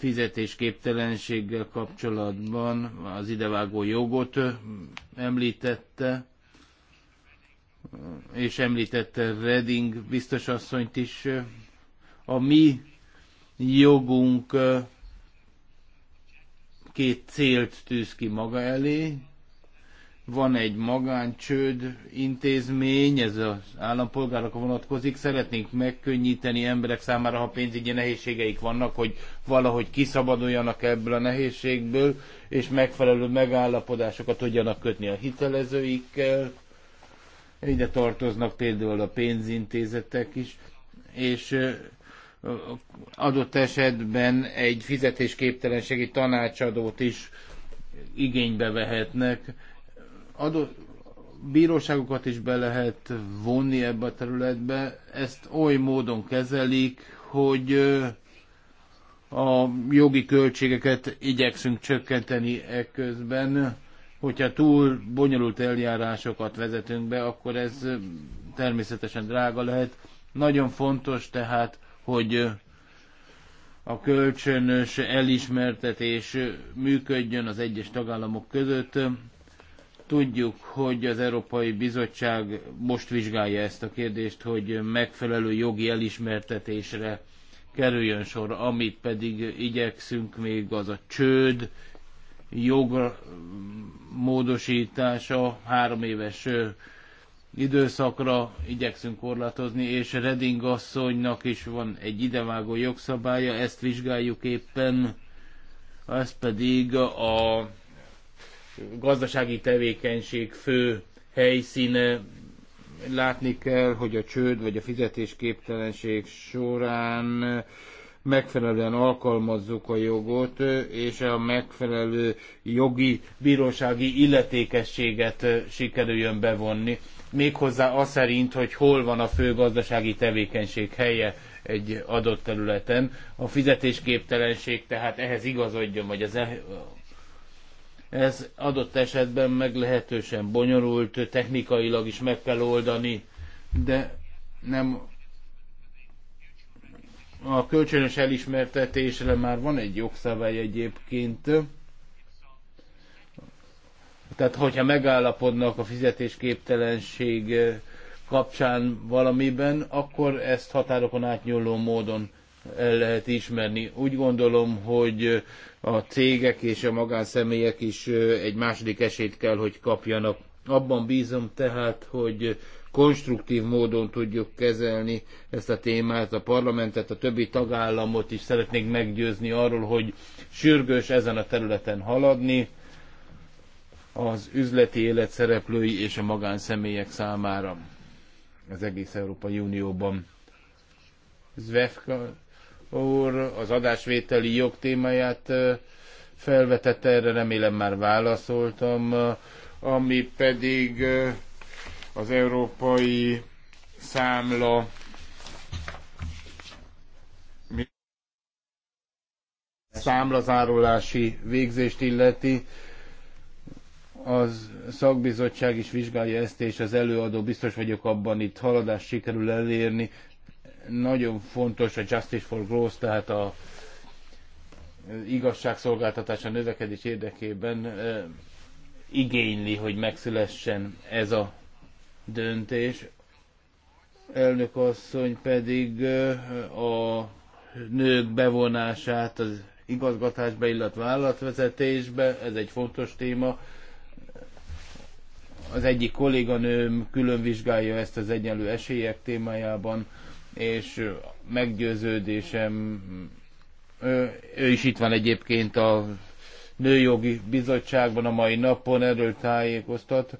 fizetésképtelenséggel kapcsolatban az idevágó jogot említette, és említette Reding biztosasszonyt is. A mi jogunk két célt tűz ki maga elé, van egy magáncsőd intézmény, ez az állampolgárokra vonatkozik. Szeretnénk megkönnyíteni emberek számára, ha pénzügyi nehézségeik vannak, hogy valahogy kiszabaduljanak ebből a nehézségből, és megfelelő megállapodásokat tudjanak kötni a hitelezőikkel. Ide tartoznak például a pénzintézetek is, és adott esetben egy fizetésképtelenségi tanácsadót is igénybe vehetnek, adó, bíróságokat is be lehet vonni ebbe a területbe, ezt oly módon kezelik, hogy a jogi költségeket igyekszünk csökkenteni ekközben. Hogyha túl bonyolult eljárásokat vezetünk be, akkor ez természetesen drága lehet. Nagyon fontos tehát, hogy a kölcsönös elismertetés működjön az egyes tagállamok között Tudjuk, hogy az Európai Bizottság most vizsgálja ezt a kérdést, hogy megfelelő jogi elismertetésre kerüljön sor, amit pedig igyekszünk még az a csőd jog mm, módosítása három éves időszakra igyekszünk korlátozni, és Reding asszonynak is van egy idevágó jogszabálya, ezt vizsgáljuk éppen, ez pedig a gazdasági tevékenység fő helyszíne. Látni kell, hogy a csőd vagy a fizetésképtelenség során megfelelően alkalmazzuk a jogot, és a megfelelő jogi, bírósági illetékességet sikerüljön bevonni. Méghozzá az szerint, hogy hol van a fő gazdasági tevékenység helye egy adott területen. A fizetésképtelenség tehát ehhez igazodjon, vagy az e- ez adott esetben meglehetősen bonyolult, technikailag is meg kell oldani, de nem a kölcsönös elismertetésre már van egy jogszabály egyébként. Tehát, hogyha megállapodnak a fizetésképtelenség eh, kapcsán valamiben, akkor ezt határokon átnyúló módon el lehet ismerni. Úgy gondolom, hogy eh, a cégek és a magánszemélyek is egy második esélyt kell, hogy kapjanak. Abban bízom tehát, hogy konstruktív módon tudjuk kezelni ezt a témát, a parlamentet, a többi tagállamot is szeretnék meggyőzni arról, hogy sürgős ezen a területen haladni az üzleti élet szereplői és a magánszemélyek számára az egész Európai Unióban. Zvefka úr az adásvételi jog témáját felvetette, erre remélem már válaszoltam, ami pedig az európai számla számlazárulási végzést illeti. Az szakbizottság is vizsgálja ezt, és az előadó biztos vagyok abban, itt haladást sikerül elérni. Nagyon fontos a Justice for Growth, tehát a igazságszolgáltatás a növekedés érdekében igényli, hogy megszülessen ez a döntés. Elnök asszony pedig a nők bevonását az igazgatásba, illetve állatvezetésbe, ez egy fontos téma. Az egyik kolléganőm külön vizsgálja ezt az egyenlő esélyek témájában és meggyőződésem, ő, ő is itt van egyébként a Nőjogi Bizottságban a mai napon, erről tájékoztat.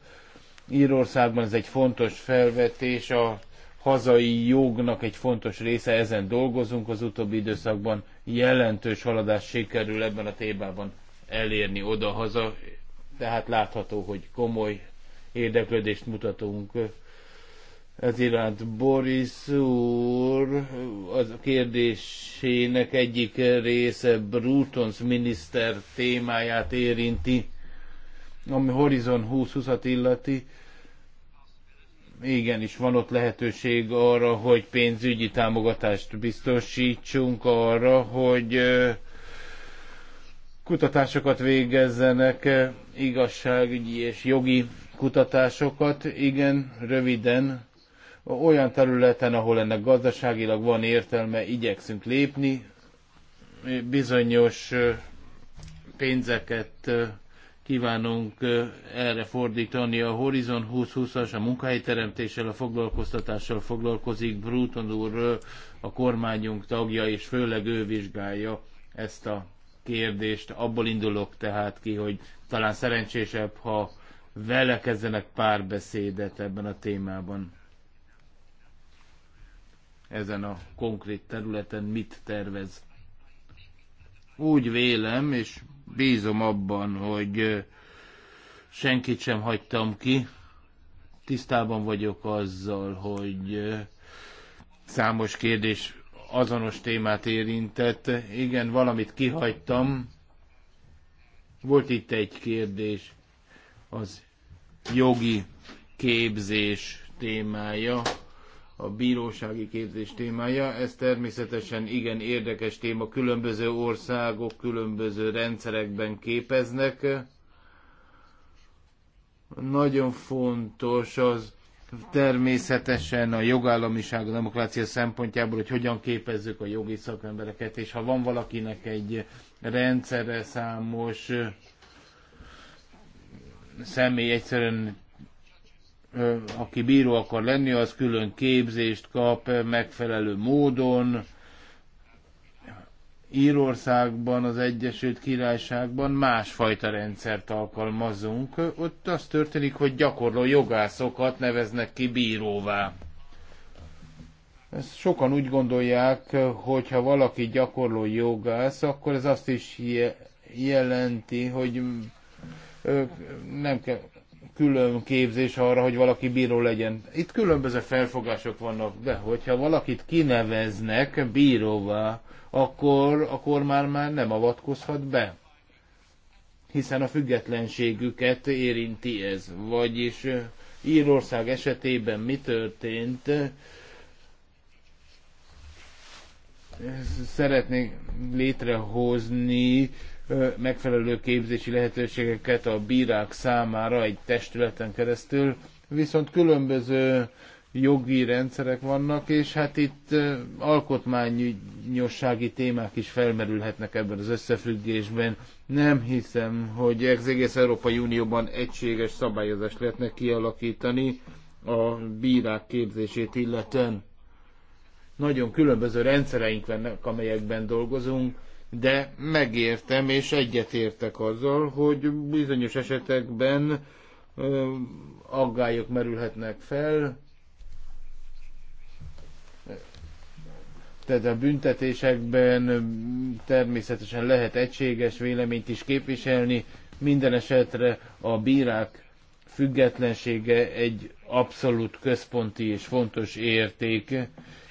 Írországban ez egy fontos felvetés, a hazai jognak egy fontos része, ezen dolgozunk az utóbbi időszakban, jelentős haladás sikerül ebben a témában elérni oda-haza, tehát látható, hogy komoly érdeklődést mutatunk ez iránt Boris úr az a kérdésének egyik része Brutons miniszter témáját érinti, ami Horizon 2020-at illeti. Igenis, van ott lehetőség arra, hogy pénzügyi támogatást biztosítsunk arra, hogy kutatásokat végezzenek, igazságügyi és jogi kutatásokat. Igen, röviden, olyan területen, ahol ennek gazdaságilag van értelme, igyekszünk lépni, bizonyos pénzeket kívánunk erre fordítani. A Horizon 2020-as a munkahelyteremtéssel, a foglalkoztatással foglalkozik. Bruton úr a kormányunk tagja, és főleg ő vizsgálja ezt a kérdést. Abból indulok tehát ki, hogy talán szerencsésebb, ha vele kezdenek pár beszédet ebben a témában ezen a konkrét területen mit tervez. Úgy vélem, és bízom abban, hogy senkit sem hagytam ki. Tisztában vagyok azzal, hogy számos kérdés azonos témát érintett. Igen, valamit kihagytam. Volt itt egy kérdés, az jogi képzés témája a bírósági képzés témája. Ez természetesen igen érdekes téma, különböző országok különböző rendszerekben képeznek. Nagyon fontos az természetesen a jogállamiság, a demokrácia szempontjából, hogy hogyan képezzük a jogi szakembereket, és ha van valakinek egy rendszerre számos személy egyszerűen aki bíró akar lenni, az külön képzést kap megfelelő módon. Írországban, az Egyesült Királyságban másfajta rendszert alkalmazunk. Ott az történik, hogy gyakorló jogászokat neveznek ki bíróvá. Ezt sokan úgy gondolják, hogy ha valaki gyakorló jogász, akkor ez azt is je- jelenti, hogy nem kell, külön képzés arra, hogy valaki bíró legyen. Itt különböző felfogások vannak, de hogyha valakit kineveznek bíróvá, akkor, akkor már már nem avatkozhat be. Hiszen a függetlenségüket érinti ez. Vagyis Írország esetében mi történt? Szeretnék létrehozni megfelelő képzési lehetőségeket a bírák számára egy testületen keresztül, viszont különböző jogi rendszerek vannak, és hát itt alkotmányossági témák is felmerülhetnek ebben az összefüggésben. Nem hiszem, hogy az egész Európai Unióban egységes szabályozást lehetne kialakítani a bírák képzését illetően. Nagyon különböző rendszereink vannak, amelyekben dolgozunk, de megértem és egyetértek azzal, hogy bizonyos esetekben aggályok merülhetnek fel, tehát a büntetésekben természetesen lehet egységes véleményt is képviselni, minden esetre a bírák függetlensége egy abszolút központi és fontos érték.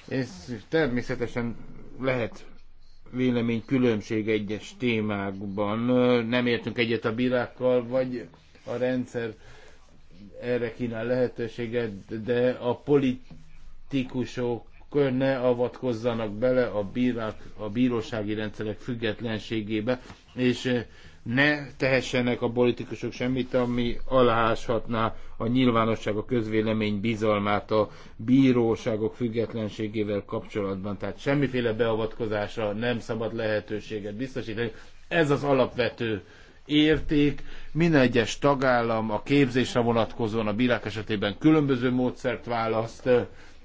Ez természetesen lehet vélemény különbség egyes témákban. Nem értünk egyet a bírákkal, vagy a rendszer erre kínál lehetőséget, de a politikusok ne avatkozzanak bele a bírák, a bírósági rendszerek függetlenségébe, és ne tehessenek a politikusok semmit, ami aláshatná a nyilvánosság, a közvélemény bizalmát a bíróságok függetlenségével kapcsolatban. Tehát semmiféle beavatkozásra nem szabad lehetőséget biztosítani. Ez az alapvető érték. Minden egyes tagállam a képzésre vonatkozóan a bírák esetében különböző módszert választ,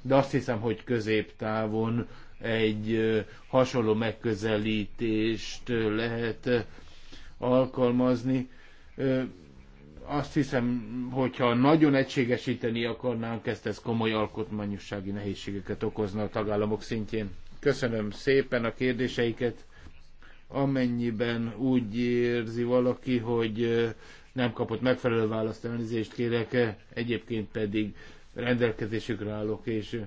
de azt hiszem, hogy középtávon egy hasonló megközelítést lehet alkalmazni. Azt hiszem, hogyha nagyon egységesíteni akarnánk ezt, ez komoly alkotmányossági nehézségeket okozna a tagállamok szintjén. Köszönöm szépen a kérdéseiket. Amennyiben úgy érzi valaki, hogy nem kapott megfelelő választ, elnézést kérek, egyébként pedig rendelkezésükre állok, és,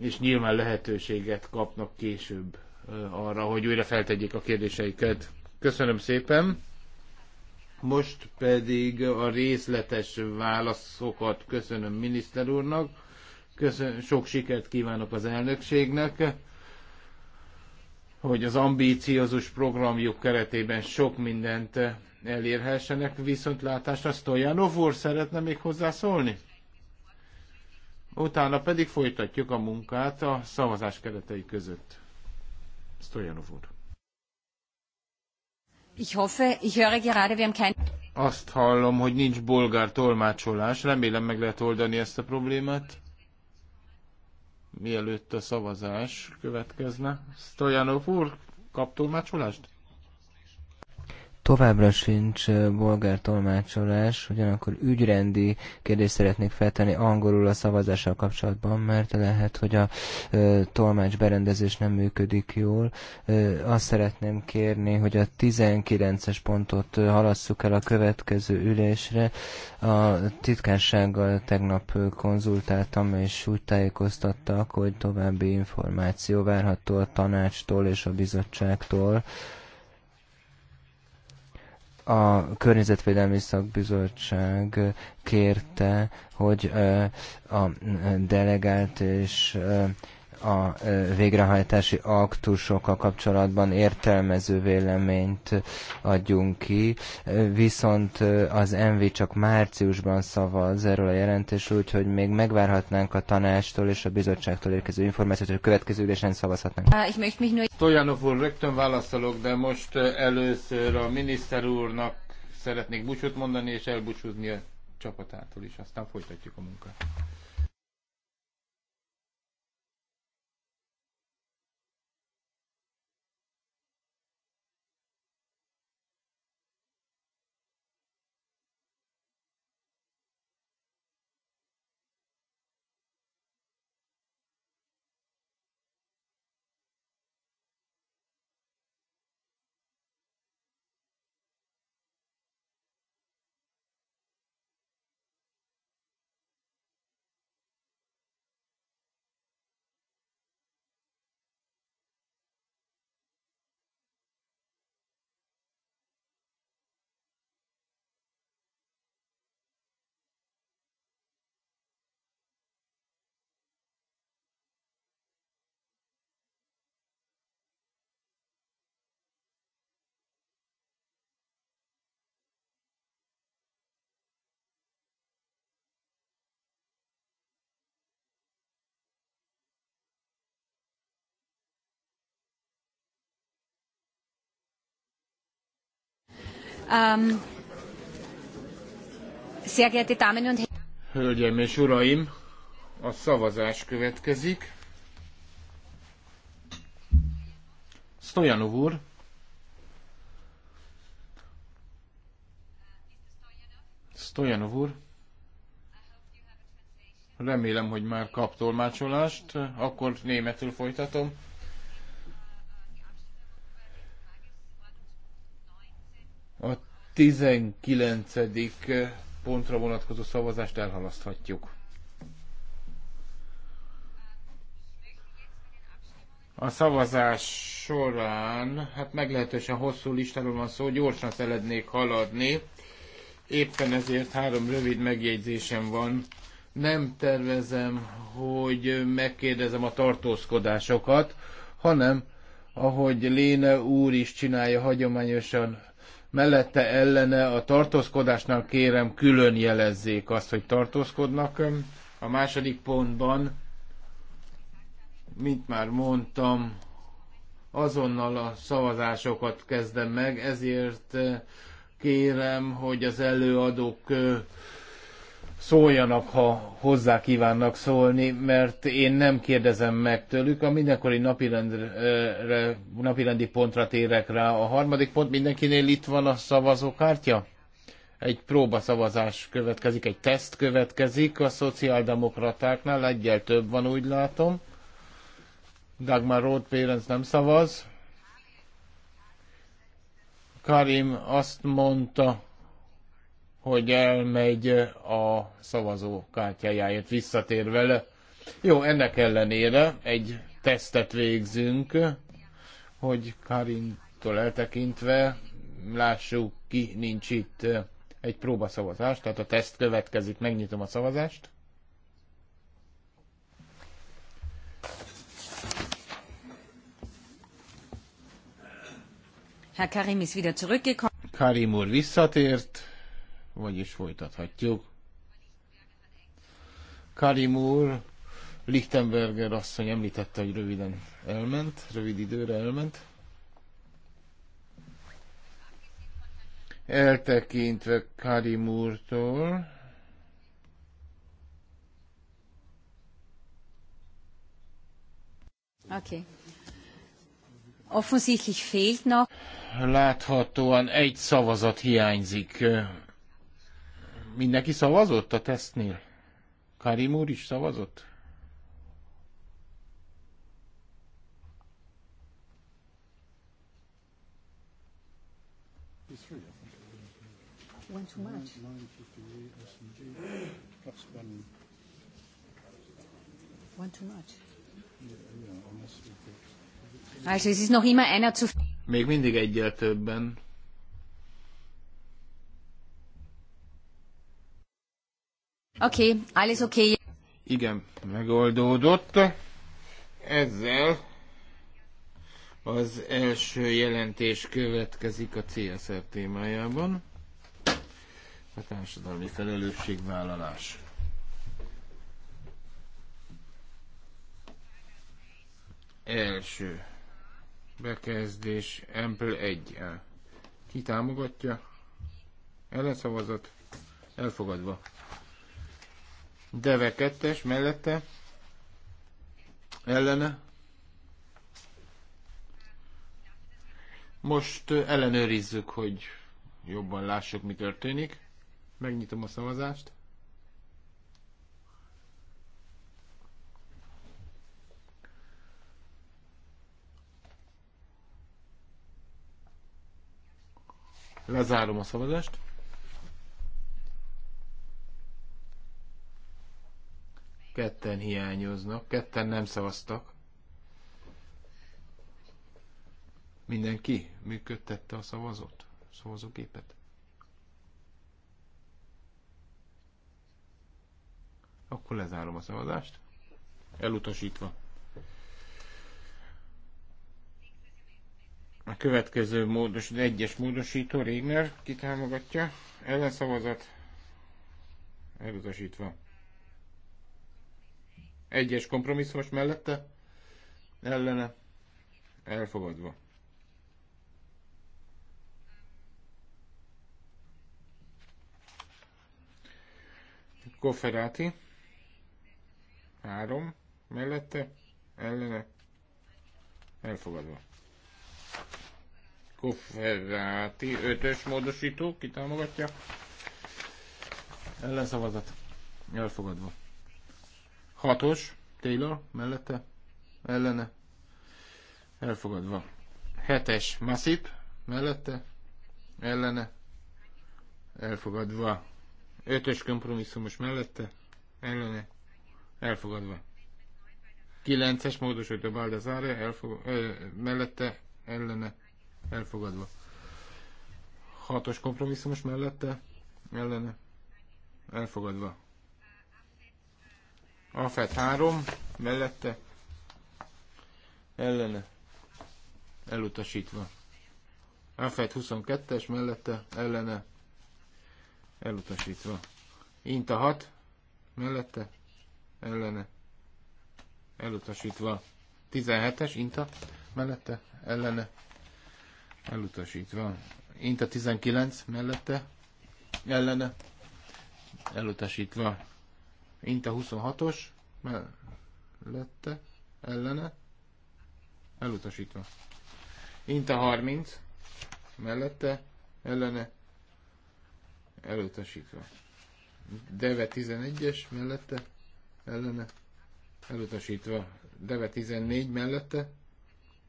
és nyilván lehetőséget kapnak később arra, hogy újra feltegyék a kérdéseiket. Köszönöm szépen. Most pedig a részletes válaszokat köszönöm miniszter úrnak. Köszön, sok sikert kívánok az elnökségnek, hogy az ambíciózus programjuk keretében sok mindent elérhessenek. Viszontlátásra Stojanov úr szeretne még hozzászólni? Utána pedig folytatjuk a munkát a szavazás keretei között. Stojanov úr. Ich hoffe, ich höre gerade, wir haben kein... Azt hallom, hogy nincs bolgár tolmácsolás. Remélem meg lehet oldani ezt a problémát. Mielőtt a szavazás következne. Stojanov úr, kap tolmácsolást? Továbbra sincs bolgár tolmácsolás, ugyanakkor ügyrendi kérdést szeretnék feltenni angolul a szavazással kapcsolatban, mert lehet, hogy a tolmács berendezés nem működik jól. Azt szeretném kérni, hogy a 19-es pontot halasszuk el a következő ülésre. A titkársággal tegnap konzultáltam, és úgy tájékoztattak, hogy további információ várható a tanácstól és a bizottságtól a Környezetvédelmi Szakbizottság kérte, hogy a delegált és a e, végrehajtási aktusokkal kapcsolatban értelmező véleményt adjunk ki, e, viszont e, az MV csak márciusban szavaz erről a jelentésről, úgyhogy még megvárhatnánk a tanástól és a bizottságtól érkező információt, hogy a következő ülésen szavazhatnánk. Stojanov úr, rögtön válaszolok, de most először a miniszter úrnak szeretnék búcsút mondani és elbúcsúzni a csapatától is, aztán folytatjuk a munkát. Um, sehr geehrte Damen und Hölgyeim és Uraim, a szavazás következik. Stojanov úr. Stojanov úr. Remélem, hogy már kap tolmácsolást, akkor németül folytatom. a 19. pontra vonatkozó szavazást elhalaszthatjuk. A szavazás során, hát meglehetősen hosszú listáról van szó, gyorsan szeretnék haladni. Éppen ezért három rövid megjegyzésem van. Nem tervezem, hogy megkérdezem a tartózkodásokat, hanem ahogy Léne úr is csinálja hagyományosan, mellette ellene a tartózkodásnál kérem külön jelezzék azt, hogy tartózkodnak. A második pontban, mint már mondtam, azonnal a szavazásokat kezdem meg, ezért kérem, hogy az előadók szóljanak, ha hozzá kívánnak szólni, mert én nem kérdezem meg tőlük. A mindenkori napirendre, napirendi pontra térek rá. A harmadik pont mindenkinél itt van a szavazókártya? Egy próbaszavazás következik, egy teszt következik a szociáldemokratáknál, egyel több van, úgy látom. Dagmar Roth Pérenc nem szavaz. Karim azt mondta, hogy elmegy a szavazókártyájáért, visszatér vele. Jó, ennek ellenére egy tesztet végzünk, hogy Karintól eltekintve lássuk ki nincs itt egy próbaszavazás, tehát a teszt következik, megnyitom a szavazást. Herr Karim ist wieder zurückgekommen. Karim úr visszatért vagyis folytathatjuk. Karim úr, Lichtenberger asszony említette, hogy röviden elment, rövid időre elment. Eltekintve Karim úrtól, Okay. Offensichtlich fehlt noch. Láthatóan egy szavazat hiányzik Mindenki szavazott a tesztnél? Karim úr is szavazott? One too much. One too much. Még mindig egyel többen Oké, okay, alles oké. Okay. Igen, megoldódott. Ezzel az első jelentés következik a CSR témájában. A társadalmi felelősségvállalás. Első bekezdés Empl 1 -el. Ki támogatja? Ellenszavazat? Elfogadva. Deve 2-es mellette ellene. Most ellenőrizzük, hogy jobban lássuk, mi történik. Megnyitom a szavazást. Lezárom a szavazást. Ketten hiányoznak, ketten nem szavaztak. Mindenki működtette a szavazót, szavazógépet? Akkor lezárom a szavazást. Elutasítva. A következő módos, egyes módosító, Régner, ki támogatja? Ellenszavazat. Elutasítva. Egyes kompromisszumos mellette ellene elfogadva. Kofferáti. Három mellette ellene elfogadva. Kofferáti ötös módosító kitámogatja. Ellenszavazat elfogadva. Hatos, Taylor, mellette, ellene, elfogadva. Hetes, Masip, mellette, ellene, elfogadva. Ötös kompromisszumos mellette, ellene, elfogadva. Kilences módosító a elfog, ö, mellette, ellene, elfogadva. Hatos kompromisszumos mellette, ellene, elfogadva. AFET 3 mellette ellene elutasítva. AFET 22-es mellette ellene elutasítva. Inta 6 mellette ellene elutasítva. 17-es Inta mellette ellene elutasítva. Inta 19 mellette ellene elutasítva. Inta 26-os mellette, ellene, elutasítva. Inta 30 mellette, ellene, elutasítva. Deve 11-es mellette, ellene, elutasítva. Deve 14 mellette,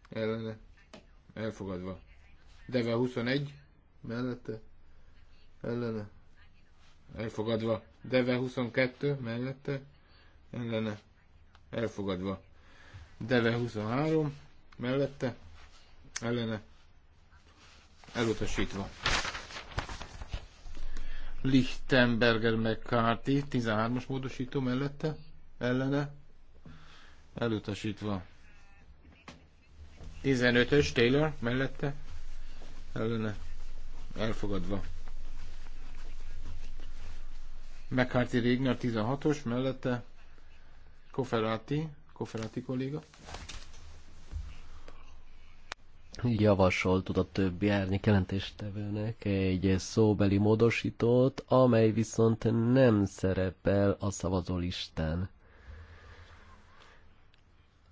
ellene, elfogadva. Deve 21 mellette, ellene, elfogadva. Deve 22 mellette ellene elfogadva. Deve 23 mellette ellene elutasítva. Lichtenberger McCarthy 13-as módosító mellette ellene elutasítva. 15-ös Taylor mellette ellene elfogadva. McCarthy Régner 16-os, mellette Koferati, Koferati kolléga. Javasolt a többi járni jelentéstevőnek egy szóbeli módosítót, amely viszont nem szerepel a szavazólistán.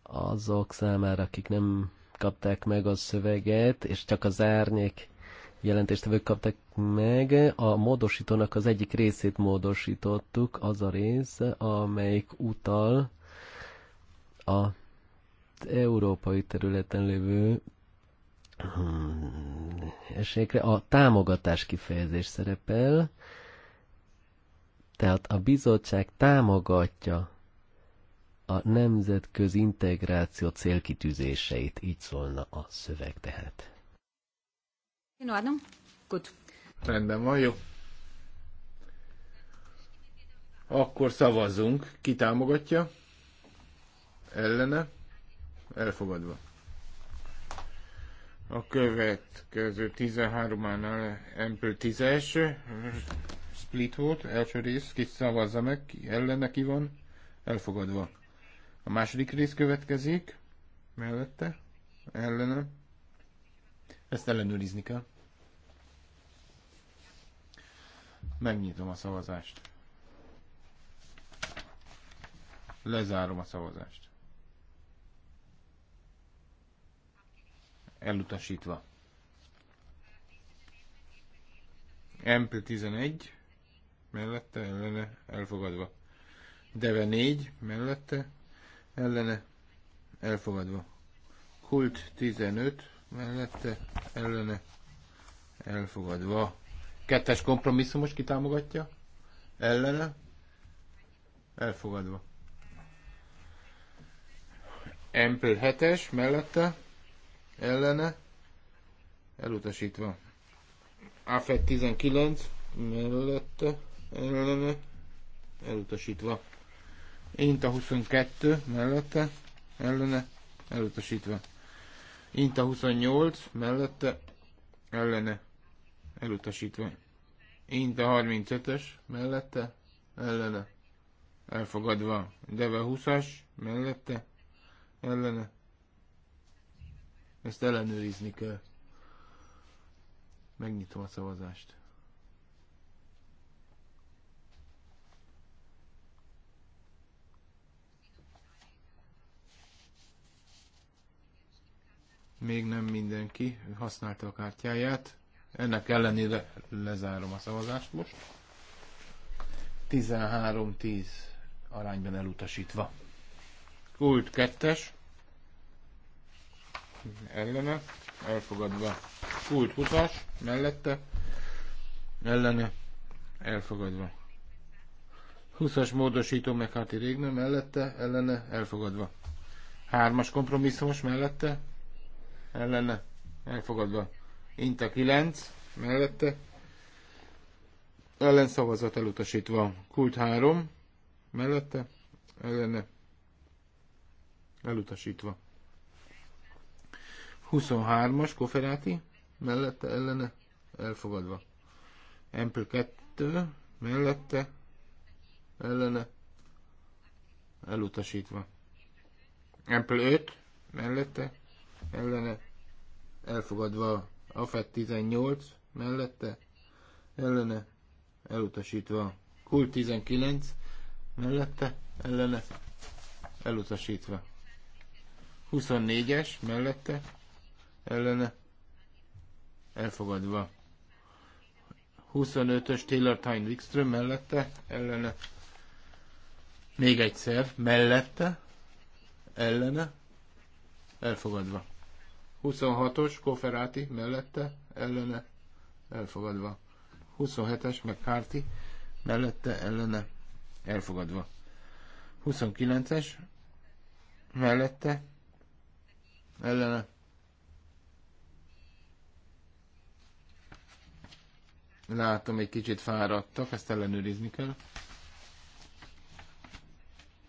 Azok számára, akik nem kapták meg a szöveget, és csak az árnyék jelentéstevők kaptak meg. A módosítónak az egyik részét módosítottuk, az a rész, amelyik utal a európai területen lévő hmm, esélyekre. A támogatás kifejezés szerepel, tehát a bizottság támogatja a nemzetközi integráció célkitűzéseit, így szólna a szöveg tehát adom. Good. Rendben van, jó. Akkor szavazzunk. Ki támogatja? Ellene? Elfogadva. A következő 13-ánál Ample 10-es split volt, első rész, ki szavazza meg, ki ellene ki van, elfogadva. A második rész következik, mellette, ellene. Ezt ellenőrizni kell. Megnyitom a szavazást. Lezárom a szavazást. Elutasítva. MP11 mellette, ellene, elfogadva. Deve 4 mellette, ellene, elfogadva. Kult 15 mellette, ellene, elfogadva. Kettes kompromisszumos kitámogatja? Ellene? Elfogadva. Ample 7-es mellette? Ellene? Elutasítva. AFED 19 mellette? Ellene? Elutasítva. Inta 22 mellette? Ellene? Elutasítva. Inta 28 mellette? Ellene? elutasítva te 35-ös mellette, ellene, elfogadva. Deve 20-as mellette, ellene. Ezt ellenőrizni kell. Megnyitom a szavazást. Még nem mindenki használta a kártyáját. Ennek ellenére lezárom a szavazást most. 13-10 arányban elutasítva. Kult 2-es. Ellene. Elfogadva. Kult 20-as. Mellette. Ellene. Elfogadva. 20-as módosító megháti régnő mellette, ellene, elfogadva. 3-as kompromisszumos mellette, ellene, elfogadva. Inta 9 mellette ellenszavazat elutasítva. Kult 3 mellette ellene elutasítva. 23-as Koferáti mellette ellene elfogadva. Ample 2 mellette ellene elutasítva. Ample 5 mellette ellene elfogadva. AFET 18 mellette ellene elutasítva. KUL 19 mellette ellene elutasítva. 24-es mellette ellene elfogadva. 25-ös Taylor Tyne Wickström mellette ellene még egyszer mellette ellene elfogadva. 26-os Koferáti mellette ellene elfogadva. 27-es McCarthy mellette ellene elfogadva. 29-es mellette ellene Látom, egy kicsit fáradtak, ezt ellenőrizni kell.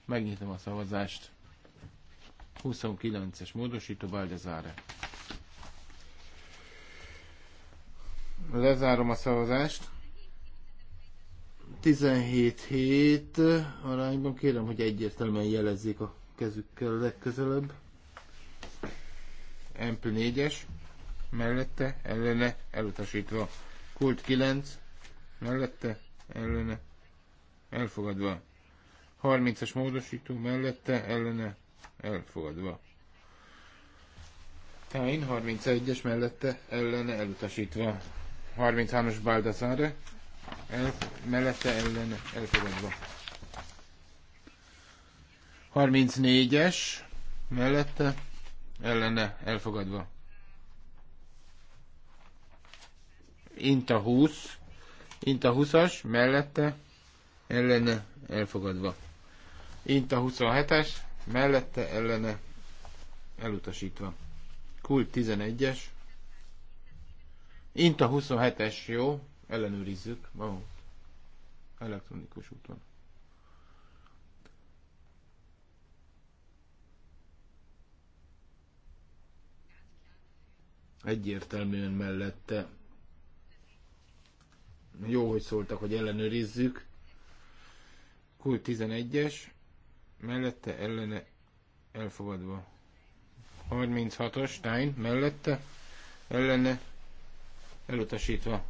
Megnyitom a szavazást. 29-es módosító Baldezáre. Lezárom a szavazást. 17 hét arányban kérem, hogy egyértelműen jelezzék a kezükkel legközelebb. Ample 4-es mellette, ellene, elutasítva. Kult 9 mellette, ellene, elfogadva. 30-as módosító mellette, ellene, elfogadva. Táin 31-es mellette, ellene, elutasítva. 33-as Baldassarre, el, mellette ellen elfogadva. 34-es, mellette ellene elfogadva. Inta 20, Inta 20-as, mellette ellene elfogadva. Inta 27-es, mellette ellene elutasítva. Kult 11-es, Inta 27-es, jó? Ellenőrizzük. való, Elektronikus úton. Egyértelműen mellette. Jó, hogy szóltak, hogy ellenőrizzük. Kul 11-es. Mellette ellene elfogadva. 36-as, Stein, mellette ellene elutasítva.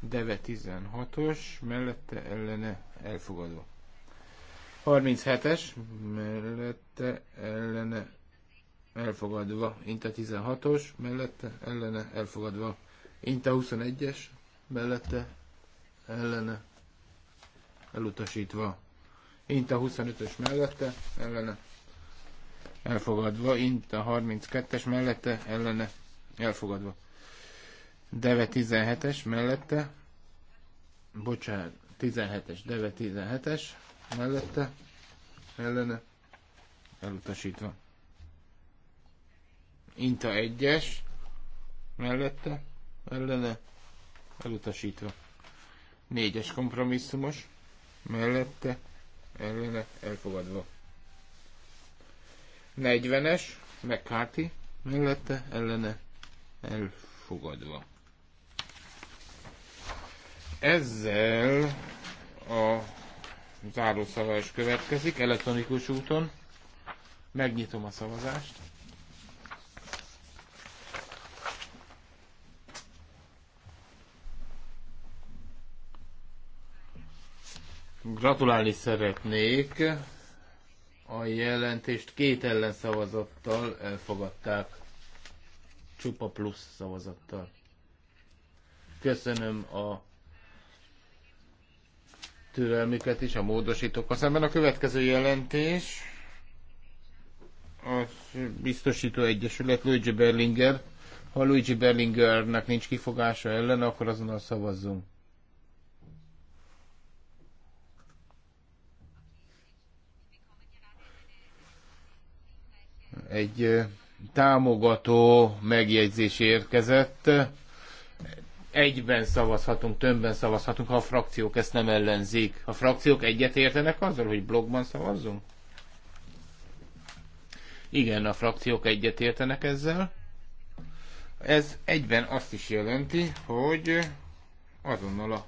Deve 16-os, mellette ellene elfogadva. 37-es, mellette ellene elfogadva. Inta 16-os, mellette ellene elfogadva. Inta 21-es, mellette ellene elutasítva. Inta 25-ös mellette ellene elfogadva. Inta 32-es mellette ellene elfogadva. Deve 17-es mellette. Bocsánat, 17-es, Deve 17-es mellette. Ellene. Elutasítva. Inta 1-es mellette. Ellene. Elutasítva. 4-es kompromisszumos mellette. Ellene. Elfogadva. 40-es, McCarthy, mellette ellene elfogadva. Ezzel a is következik elektronikus úton. Megnyitom a szavazást. Gratulálni szeretnék. A jelentést két ellenszavazattal elfogadták. Csupa plusz szavazattal. Köszönöm a türelmüket is a módosítókkal szemben. A következő jelentés a biztosító egyesület Luigi Berlinger. Ha Luigi Berlingernek nincs kifogása ellen, akkor azonnal szavazzunk. Egy támogató megjegyzés érkezett egyben szavazhatunk, tömbben szavazhatunk, ha a frakciók ezt nem ellenzik. A frakciók egyet értenek azzal, hogy blogban szavazzunk? Igen, a frakciók egyet értenek ezzel. Ez egyben azt is jelenti, hogy azonnal a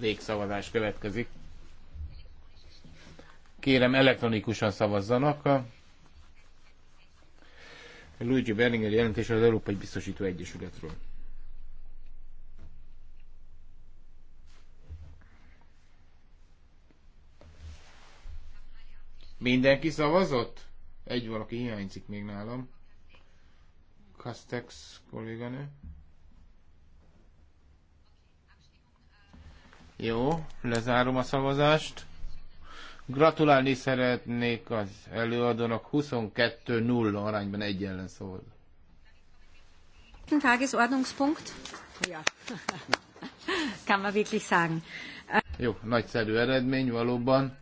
végszavazás következik. Kérem, elektronikusan szavazzanak. Luigi Berlinger jelentés az Európai Biztosító Egyesületről. Mindenki szavazott? Egy valaki hiányzik még nálam. Castex kolléganő. Jó, lezárom a szavazást. Gratulálni szeretnék az előadónak 22-0 arányban egy ellen szól. Tagesordnungspunkt? Ja. Kann man wirklich sagen. Jó, nagyszerű eredmény valóban.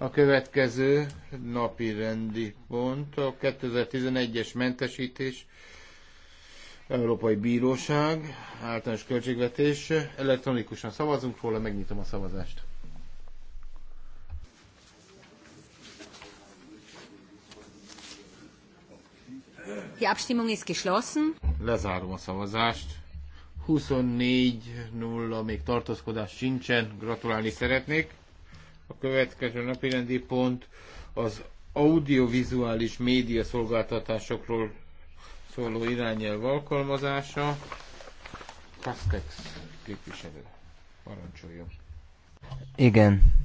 A következő napi rendi pont a 2011-es mentesítés, Európai Bíróság, általános költségvetés. Elektronikusan szavazunk róla, megnyitom a szavazást. Die Abstimmung ist geschlossen. Lezárom a szavazást. 24-0, még tartózkodás sincsen, gratulálni szeretnék. A következő napirendi pont az audiovizuális média szolgáltatásokról szóló irányelv alkalmazása. Kastex képviselő, parancsoljon. Igen,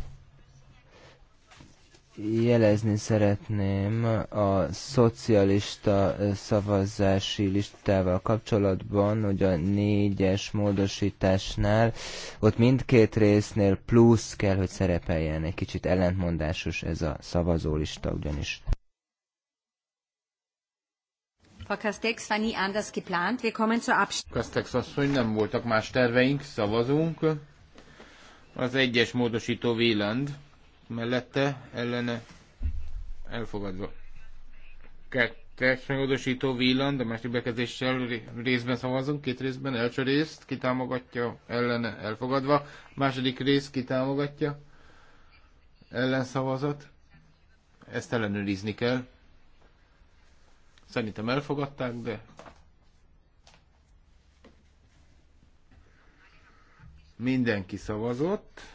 jelezni szeretném a szocialista szavazási listával kapcsolatban, hogy a négyes módosításnál ott mindkét résznél plusz kell, hogy szerepeljen. Egy kicsit ellentmondásos ez a szavazólista ugyanis. Frau Kastex war nie anders geplant. Wir kommen zur Abstimmung. Castex asszony, nem voltak más terveink, szavazunk. Az egyes módosító Wieland mellette ellene elfogadva. Kettes megadósító villan, de másik bekezdéssel részben szavazunk, két részben, első részt kitámogatja, ellene elfogadva, második rész kitámogatja, ellenszavazat, ezt ellenőrizni kell. Szerintem elfogadták, de mindenki szavazott.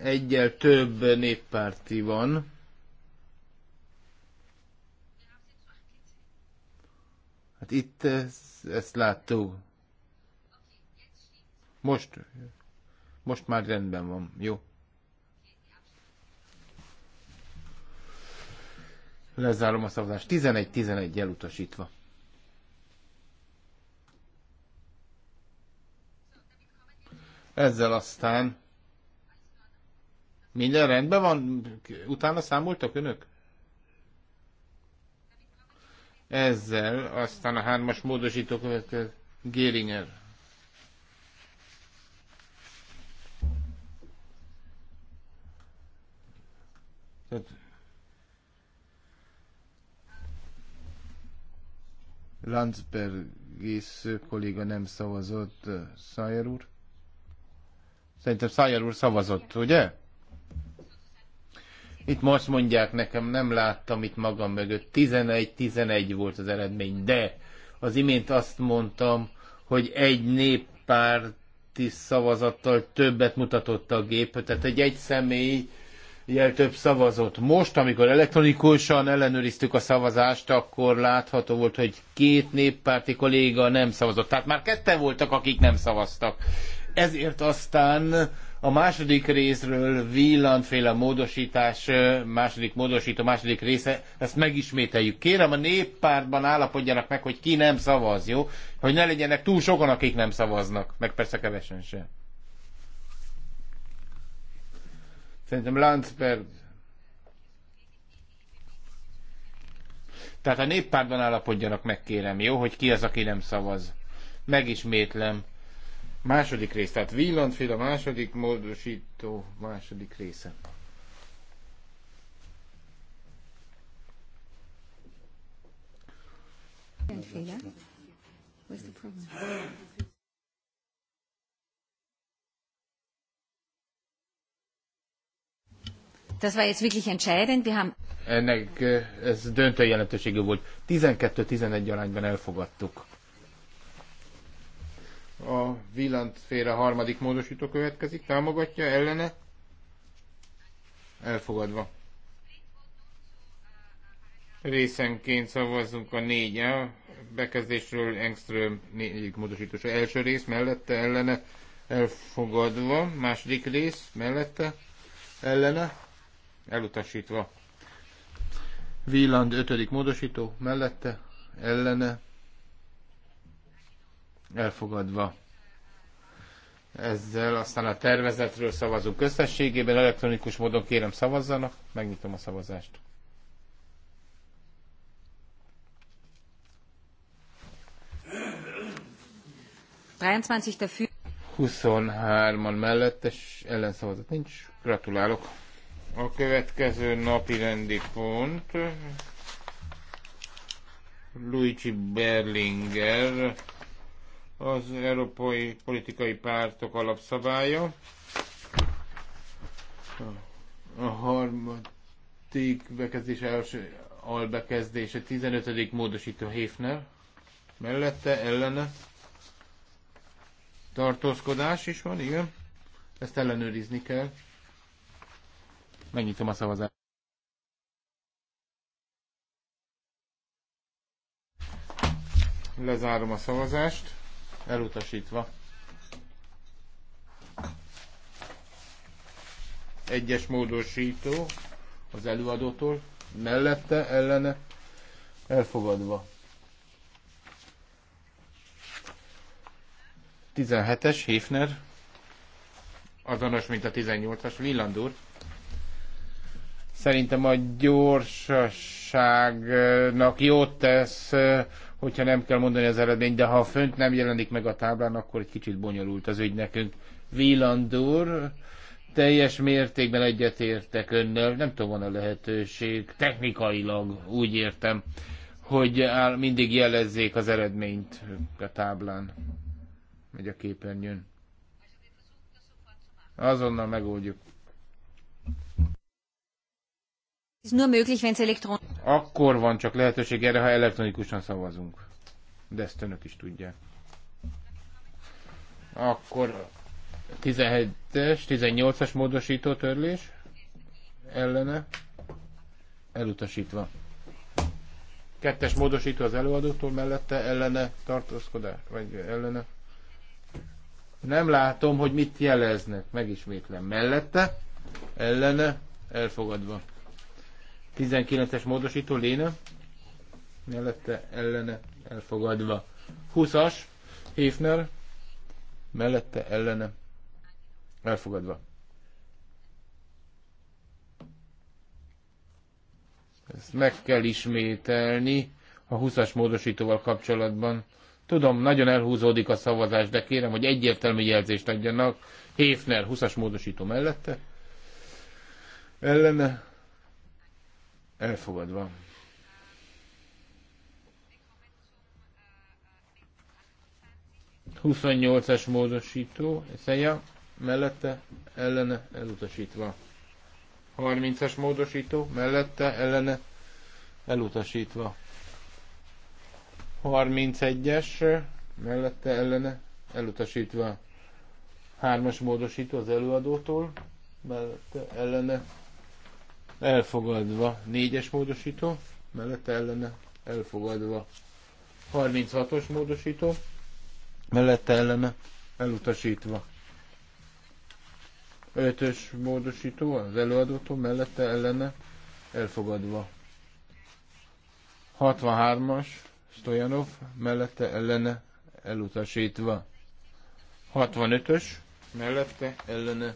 egyel több néppárti van. Hát itt ezt, ezt láttuk. Most, most már rendben van, jó. Lezárom a szavazást. 11-11 elutasítva. Ezzel aztán minden rendben van? Utána számoltak önök? Ezzel aztán a hármas módosító következő. Géringer. Tehát Landsbergis kolléga nem szavazott, Szájer úr? Szerintem Szájer úr szavazott, ugye? Itt most mondják nekem, nem láttam itt magam mögött. 11-11 volt az eredmény, de az imént azt mondtam, hogy egy néppárti szavazattal többet mutatott a gép, tehát egy egy személy jel több szavazott. Most, amikor elektronikusan ellenőriztük a szavazást, akkor látható volt, hogy két néppárti kolléga nem szavazott. Tehát már ketten voltak, akik nem szavaztak. Ezért aztán a második részről villantféle módosítás, második módosító, második része, ezt megismételjük. Kérem, a néppártban állapodjanak meg, hogy ki nem szavaz, jó? Hogy ne legyenek túl sokan, akik nem szavaznak, meg persze kevesen sem. Szerintem Landsberg. Tehát a néppártban állapodjanak meg, kérem, jó? Hogy ki az, aki nem szavaz. Megismétlem Második rész, tehát villantfél a második módosító második része. Where's the problem? Das war jetzt wirklich entscheidend. Wir haben Ennek eh, ez döntő jelentőségű volt. 12-11 arányban elfogadtuk. A villantféle harmadik módosító következik, támogatja, ellene, elfogadva. Részenként szavazzunk a négy -e. bekezdésről Engström négyik módosítása. Első rész mellette, ellene, elfogadva. Második rész mellette, ellene, elutasítva. Villand ötödik módosító mellette, ellene, elfogadva. Ezzel aztán a tervezetről szavazunk összességében, elektronikus módon kérem szavazzanak, megnyitom a szavazást. Dafür. 23-an mellett, és ellenszavazat nincs. Gratulálok. A következő napi rendi pont Luigi Berlinger az európai politikai pártok alapszabálya. A harmadik bekezdés első albekezdése, 15. módosító Héfner, mellette, ellene tartózkodás is van, igen. Ezt ellenőrizni kell. Megnyitom a szavazást. Lezárom a szavazást elutasítva. Egyes módosító az előadótól, mellette, ellene, elfogadva. 17-es Hefner azonos, mint a 18-as Villandur. Szerintem a gyorsaságnak jót tesz, hogyha nem kell mondani az eredményt, de ha fönt nem jelenik meg a táblán, akkor egy kicsit bonyolult az ügy nekünk. Wieland teljes mértékben egyetértek önnel, nem tudom, van a lehetőség, technikailag úgy értem, hogy áll, mindig jelezzék az eredményt a táblán, vagy a képernyőn. Azonnal megoldjuk. Akkor van csak lehetőség erre, ha elektronikusan szavazunk. De ezt önök is tudják. Akkor 17-es, 18-as módosító törlés ellene elutasítva. Kettes módosító az előadótól mellette ellene tartózkodás, vagy ellene. Nem látom, hogy mit jeleznek. Megismétlem. Mellette, ellene, elfogadva. 19-es módosító léne, mellette ellene elfogadva. 20-as, Hefner, mellette ellene elfogadva. Ezt meg kell ismételni a 20-as módosítóval kapcsolatban. Tudom, nagyon elhúzódik a szavazás, de kérem, hogy egyértelmű jelzést adjanak. Hefner, 20-as módosító mellette. Ellene Elfogadva. Huszonnyolcas módosító, Szeja, mellette, ellene, elutasítva. 30-as módosító, mellette, ellene, elutasítva. 31-es, mellette, ellene, elutasítva. 3-as módosító az előadótól, mellette, ellene, elfogadva. 4-es módosító, mellette ellene elfogadva. 36-os módosító, mellette ellene elutasítva. 5-ös módosító az előadótól, mellette ellene elfogadva. 63-as Stojanov, mellette ellene elutasítva. 65-ös mellette ellene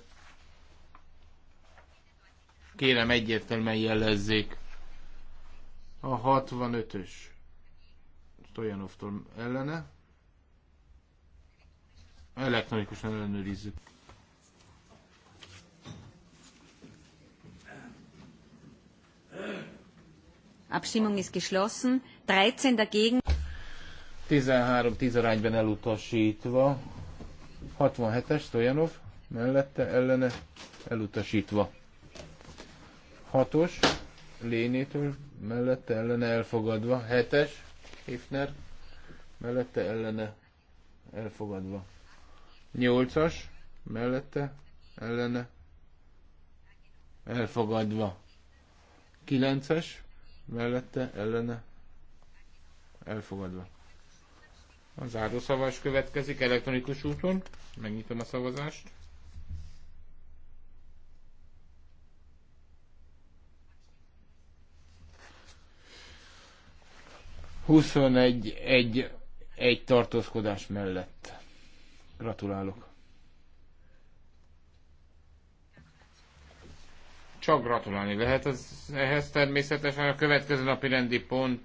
Kérem egyértelműen jelezzék. A 65-ös Stojanovtól ellene. Elektronikusan ellenőrizzük. Abstimmung ist geschlossen. 13 dagegen. 13-10 arányban elutasítva. 67-es Stojanov mellette ellene elutasítva. Hatos, Lénétől mellette ellene elfogadva. Hetes, Hifner, mellette ellene elfogadva. Nyolcas, mellette ellene elfogadva. Kilences, mellette ellene elfogadva. A zárószavás következik elektronikus úton. Megnyitom a szavazást. 21 egy, egy tartózkodás mellett. Gratulálok. Csak gratulálni lehet ez, ehhez természetesen. A következő napi rendi pont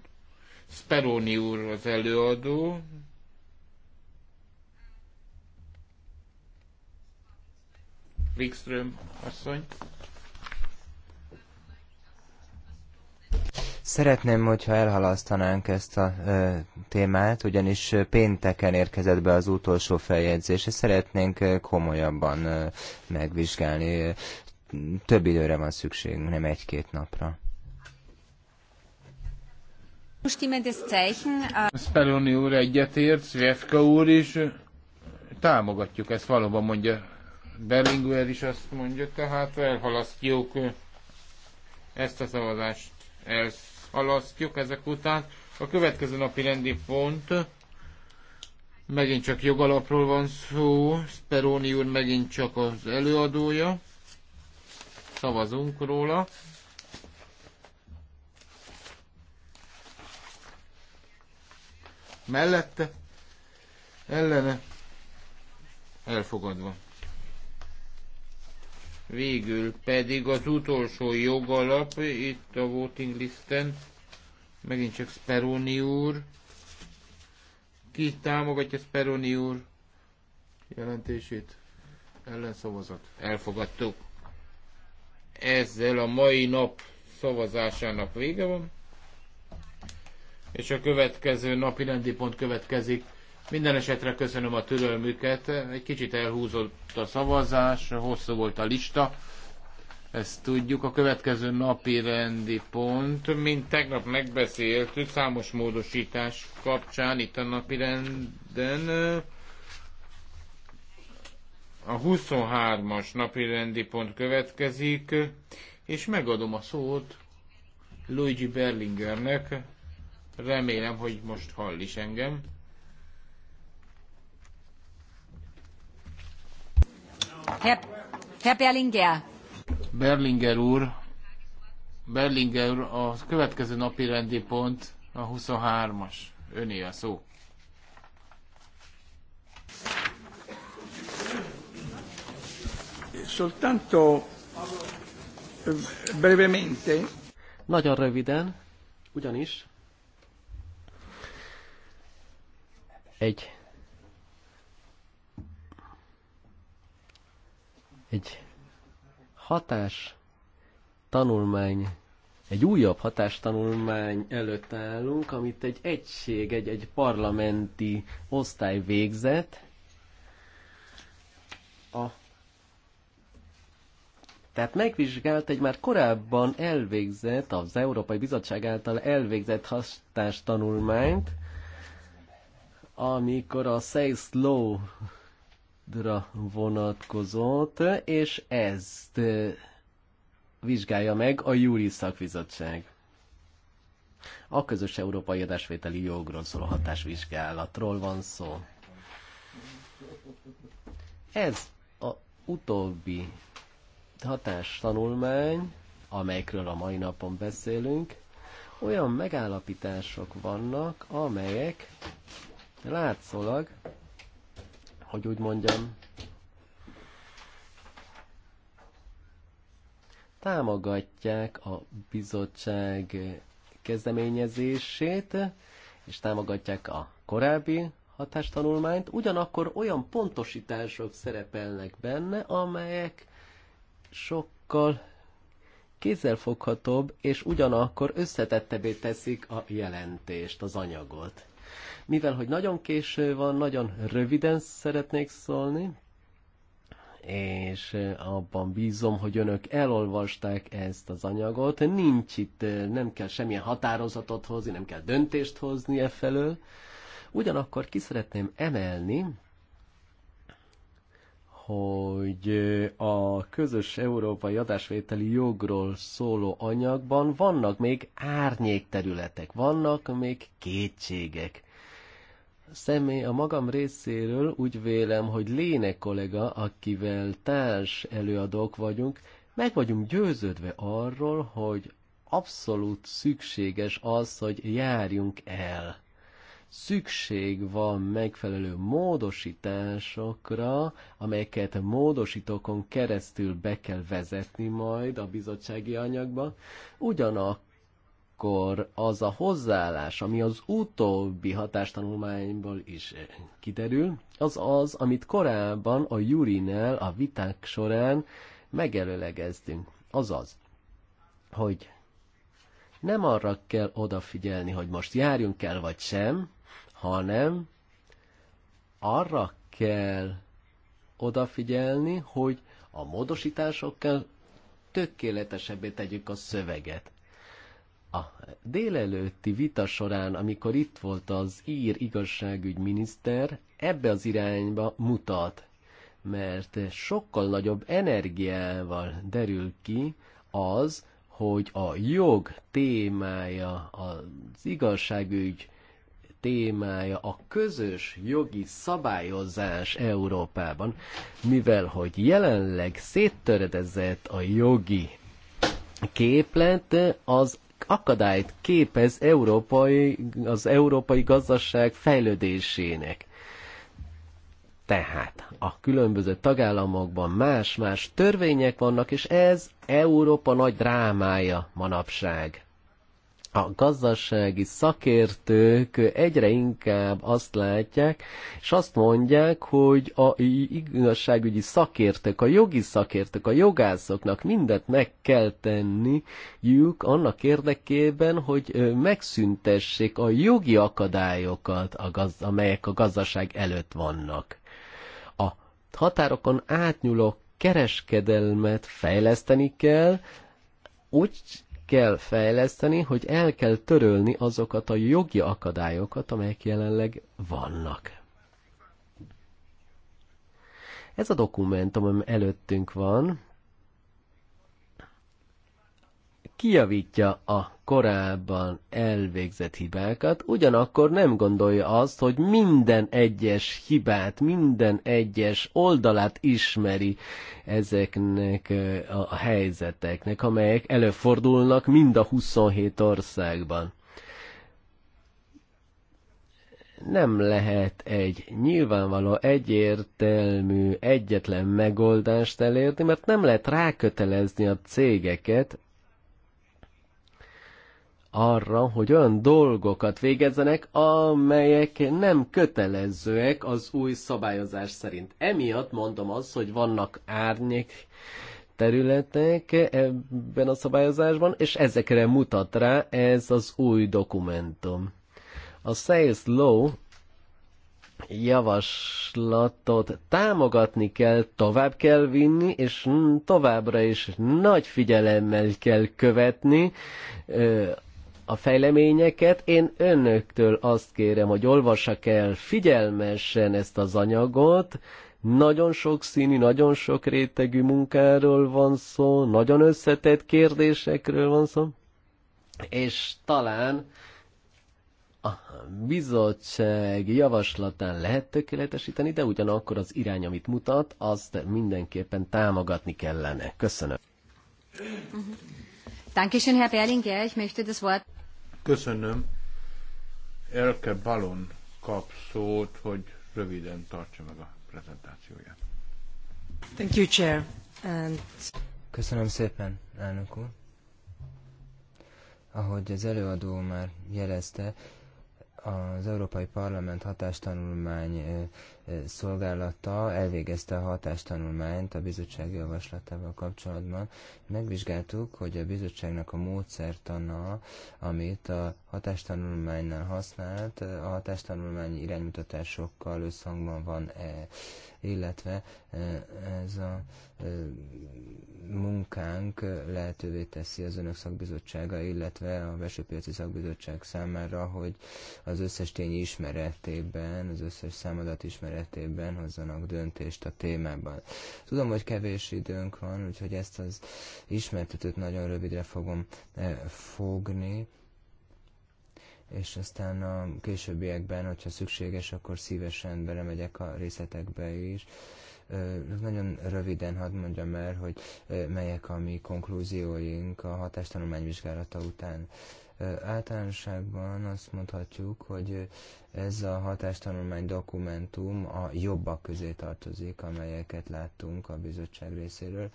Speroni úr az előadó. Wikström asszony. Szeretném, hogyha elhalasztanánk ezt a ö, témát, ugyanis pénteken érkezett be az utolsó feljegyzés, és szeretnénk komolyabban ö, megvizsgálni. Több időre van szükségünk, nem egy-két napra. Speloni úr egyetért, Svefka úr is. Támogatjuk ezt, valóban mondja. Berlinguer is azt mondja, tehát elhalasztjuk ezt a szavazást. Ez halasztjuk ezek után. A következő napi rendi pont, megint csak jogalapról van szó, Speroni úr megint csak az előadója, szavazunk róla. Mellette, ellene, elfogadva. Végül pedig az utolsó jogalap itt a voting listen, megint csak Speroni úr. Ki támogatja Speroni úr jelentését? Ellenszavazat. Elfogadtuk. Ezzel a mai nap szavazásának vége van. És a következő napi rendi pont következik. Minden esetre köszönöm a türelmüket. Egy kicsit elhúzott a szavazás, hosszú volt a lista. Ezt tudjuk. A következő napi rendi pont, mint tegnap megbeszéltük, számos módosítás kapcsán itt a napi renden. A 23-as napi rendi pont következik, és megadom a szót Luigi Berlingernek. Remélem, hogy most hall is engem. Herr, Herr Berlinger. Berlinger úr, Berlinger úr, a következő napi rendi pont a 23-as. Öné a szó. Soltanto eh, brevemente. Nagyon röviden, ugyanis egy Egy hatás tanulmány, egy újabb hatás tanulmány előtt állunk, amit egy egység, egy, egy parlamenti osztály végzett. A tehát megvizsgált egy már korábban elvégzett, az Európai Bizottság által elvégzett hatástanulmányt, amikor a Sales Law vonatkozott, és ezt eh, vizsgálja meg a Júri Szakbizottság. A közös európai adásvételi jogról szóló hatásvizsgálatról van szó. Ez a utóbbi hatástanulmány, amelyekről a mai napon beszélünk, olyan megállapítások vannak, amelyek látszólag hogy úgy mondjam, támogatják a bizottság kezdeményezését, és támogatják a korábbi hatástanulmányt, ugyanakkor olyan pontosítások szerepelnek benne, amelyek sokkal kézzelfoghatóbb és ugyanakkor összetettebbé teszik a jelentést, az anyagot. Mivel, hogy nagyon késő van, nagyon röviden szeretnék szólni, és abban bízom, hogy önök elolvasták ezt az anyagot. Nincs itt, nem kell semmilyen határozatot hozni, nem kell döntést hozni e felől. Ugyanakkor ki szeretném emelni, hogy a közös európai adásvételi jogról szóló anyagban vannak még árnyékterületek, vannak még kétségek. Személy a magam részéről úgy vélem, hogy Léne kollega, akivel társ előadók vagyunk, meg vagyunk győződve arról, hogy abszolút szükséges az, hogy járjunk el szükség van megfelelő módosításokra, amelyeket módosítókon keresztül be kell vezetni majd a bizottsági anyagba. Ugyanakkor az a hozzáállás, ami az utóbbi hatástanulmányból is kiderül, az az, amit korábban a Jurinel a viták során megelőlegeztünk. Azaz, hogy nem arra kell odafigyelni, hogy most járjunk el vagy sem, hanem arra kell odafigyelni, hogy a módosításokkal tökéletesebbé tegyük a szöveget. A délelőtti vita során, amikor itt volt az ír igazságügyminiszter, ebbe az irányba mutat, mert sokkal nagyobb energiával derül ki az, hogy a jog témája az igazságügy témája a közös jogi szabályozás Európában, mivel hogy jelenleg széttöredezett a jogi képlet, az akadályt képez európai, az európai gazdaság fejlődésének. Tehát a különböző tagállamokban más-más törvények vannak, és ez Európa nagy drámája manapság a gazdasági szakértők egyre inkább azt látják, és azt mondják, hogy a igazságügyi szakértők, a jogi szakértők, a jogászoknak mindent meg kell tenniük annak érdekében, hogy megszüntessék a jogi akadályokat, amelyek a gazdaság előtt vannak. A határokon átnyúló kereskedelmet fejleszteni kell, úgy kell fejleszteni, hogy el kell törölni azokat a jogi akadályokat, amelyek jelenleg vannak. Ez a dokumentum, ami előttünk van, kijavítja a korábban elvégzett hibákat, ugyanakkor nem gondolja azt, hogy minden egyes hibát, minden egyes oldalát ismeri ezeknek a helyzeteknek, amelyek előfordulnak mind a 27 országban. Nem lehet egy nyilvánvaló, egyértelmű, egyetlen megoldást elérni, mert nem lehet rákötelezni a cégeket arra, hogy olyan dolgokat végezzenek, amelyek nem kötelezőek az új szabályozás szerint. Emiatt mondom azt, hogy vannak árnyék területek ebben a szabályozásban, és ezekre mutat rá ez az új dokumentum. A Sales Law javaslatot támogatni kell, tovább kell vinni, és továbbra is nagy figyelemmel kell követni a fejleményeket. Én önöktől azt kérem, hogy olvassak el figyelmesen ezt az anyagot. Nagyon sok színű, nagyon sok rétegű munkáról van szó, nagyon összetett kérdésekről van szó, és talán a bizottság javaslatán lehet tökéletesíteni, de ugyanakkor az irány, amit mutat, azt mindenképpen támogatni kellene. Köszönöm. Uh -huh. Dankeschön, Herr Berlinger. Ich möchte das Wort... Köszönöm. Elke Balon kap szót, hogy röviden tartsa meg a prezentációját. Thank you, Chair. And... Köszönöm szépen, elnök úr. Ahogy az előadó már jelezte, az Európai Parlament hatástanulmány szolgálata elvégezte a hatástanulmányt a bizottság javaslatával kapcsolatban. Megvizsgáltuk, hogy a bizottságnak a módszertana, amit a hatástanulmánynál használt, a hatástanulmány iránymutatásokkal összhangban van-e illetve eh, ez a eh, munkánk eh, lehetővé teszi az önök szakbizottsága, illetve a Vesőpiaci Szakbizottság számára, hogy az összes tény ismeretében, az összes számadat ismeretében hozzanak döntést a témában. Tudom, hogy kevés időnk van, úgyhogy ezt az ismertetőt nagyon rövidre fogom fogni és aztán a későbbiekben, hogyha szükséges, akkor szívesen belemegyek a részletekbe is. Nagyon röviden hadd mondjam el, hogy melyek a mi konklúzióink a hatástanulmány vizsgálata után. Általánosságban azt mondhatjuk, hogy ez a hatástanulmány dokumentum a jobbak közé tartozik, amelyeket láttunk a bizottság részéről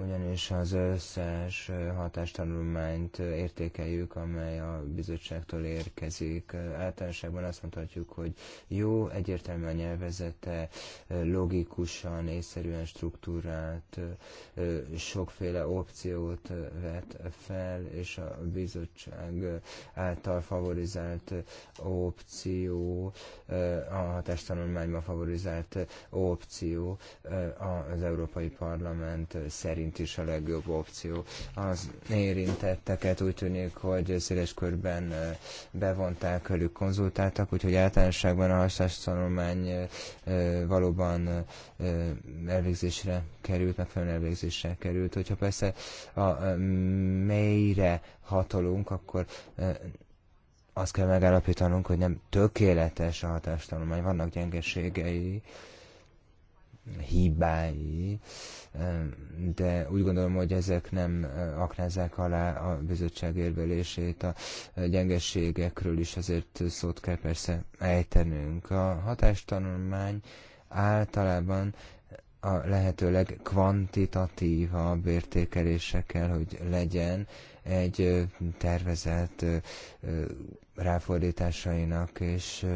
ugyanis az összes hatástanulmányt értékeljük, amely a bizottságtól érkezik. Általánoságban azt mondhatjuk, hogy jó, egyértelműen nyelvezete, logikusan, észszerűen struktúrált, sokféle opciót vet fel, és a bizottság által favorizált opció, a hatástanulmányban favorizált opció az Európai Parlament szerint szerint is a legjobb opció. Az érintetteket úgy tűnik, hogy széles körben eh, bevonták, velük konzultáltak, úgyhogy általánosságban a hatástanulmány eh, valóban eh, elvégzésre került, megfelelően elvégzésre került. Hogyha persze a mélyre hatolunk, akkor azt kell megállapítanunk, hogy nem tökéletes a hatástanulmány, vannak gyengeségei, hibái, de úgy gondolom, hogy ezek nem eh, aknázzák alá a bizottság érvelését, a eh, gyengeségekről is azért szót kell persze ejtenünk. A hatástanulmány általában a lehető legkvantitatívabb értékelése kell, hogy legyen egy eh, tervezett ráfordításainak és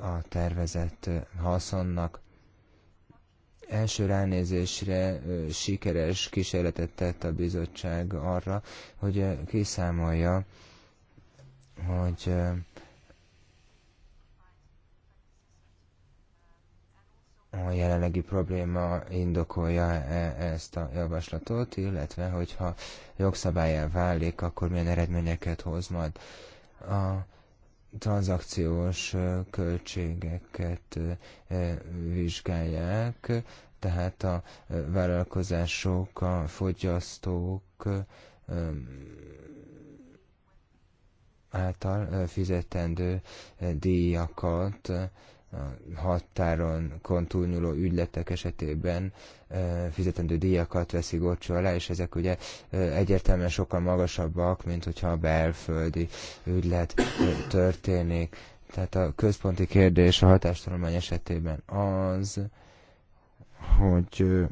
a tervezett haszonnak első ránézésre sikeres kísérletet tett a bizottság arra, hogy kiszámolja, hogy a jelenlegi probléma indokolja -e ezt a javaslatot, illetve hogyha jogszabályá válik, akkor milyen eredményeket hoz majd. A tranzakciós költségeket vizsgálják, tehát a vállalkozások, a fogyasztók által fizetendő díjakat határon kontúlnyúló ügyletek esetében fizetendő díjakat veszik gorcsó alá, és ezek ugye egyértelműen sokkal magasabbak, mint hogyha a belföldi ügylet történik. Tehát a központi kérdés a hatástalomány esetében az, hogy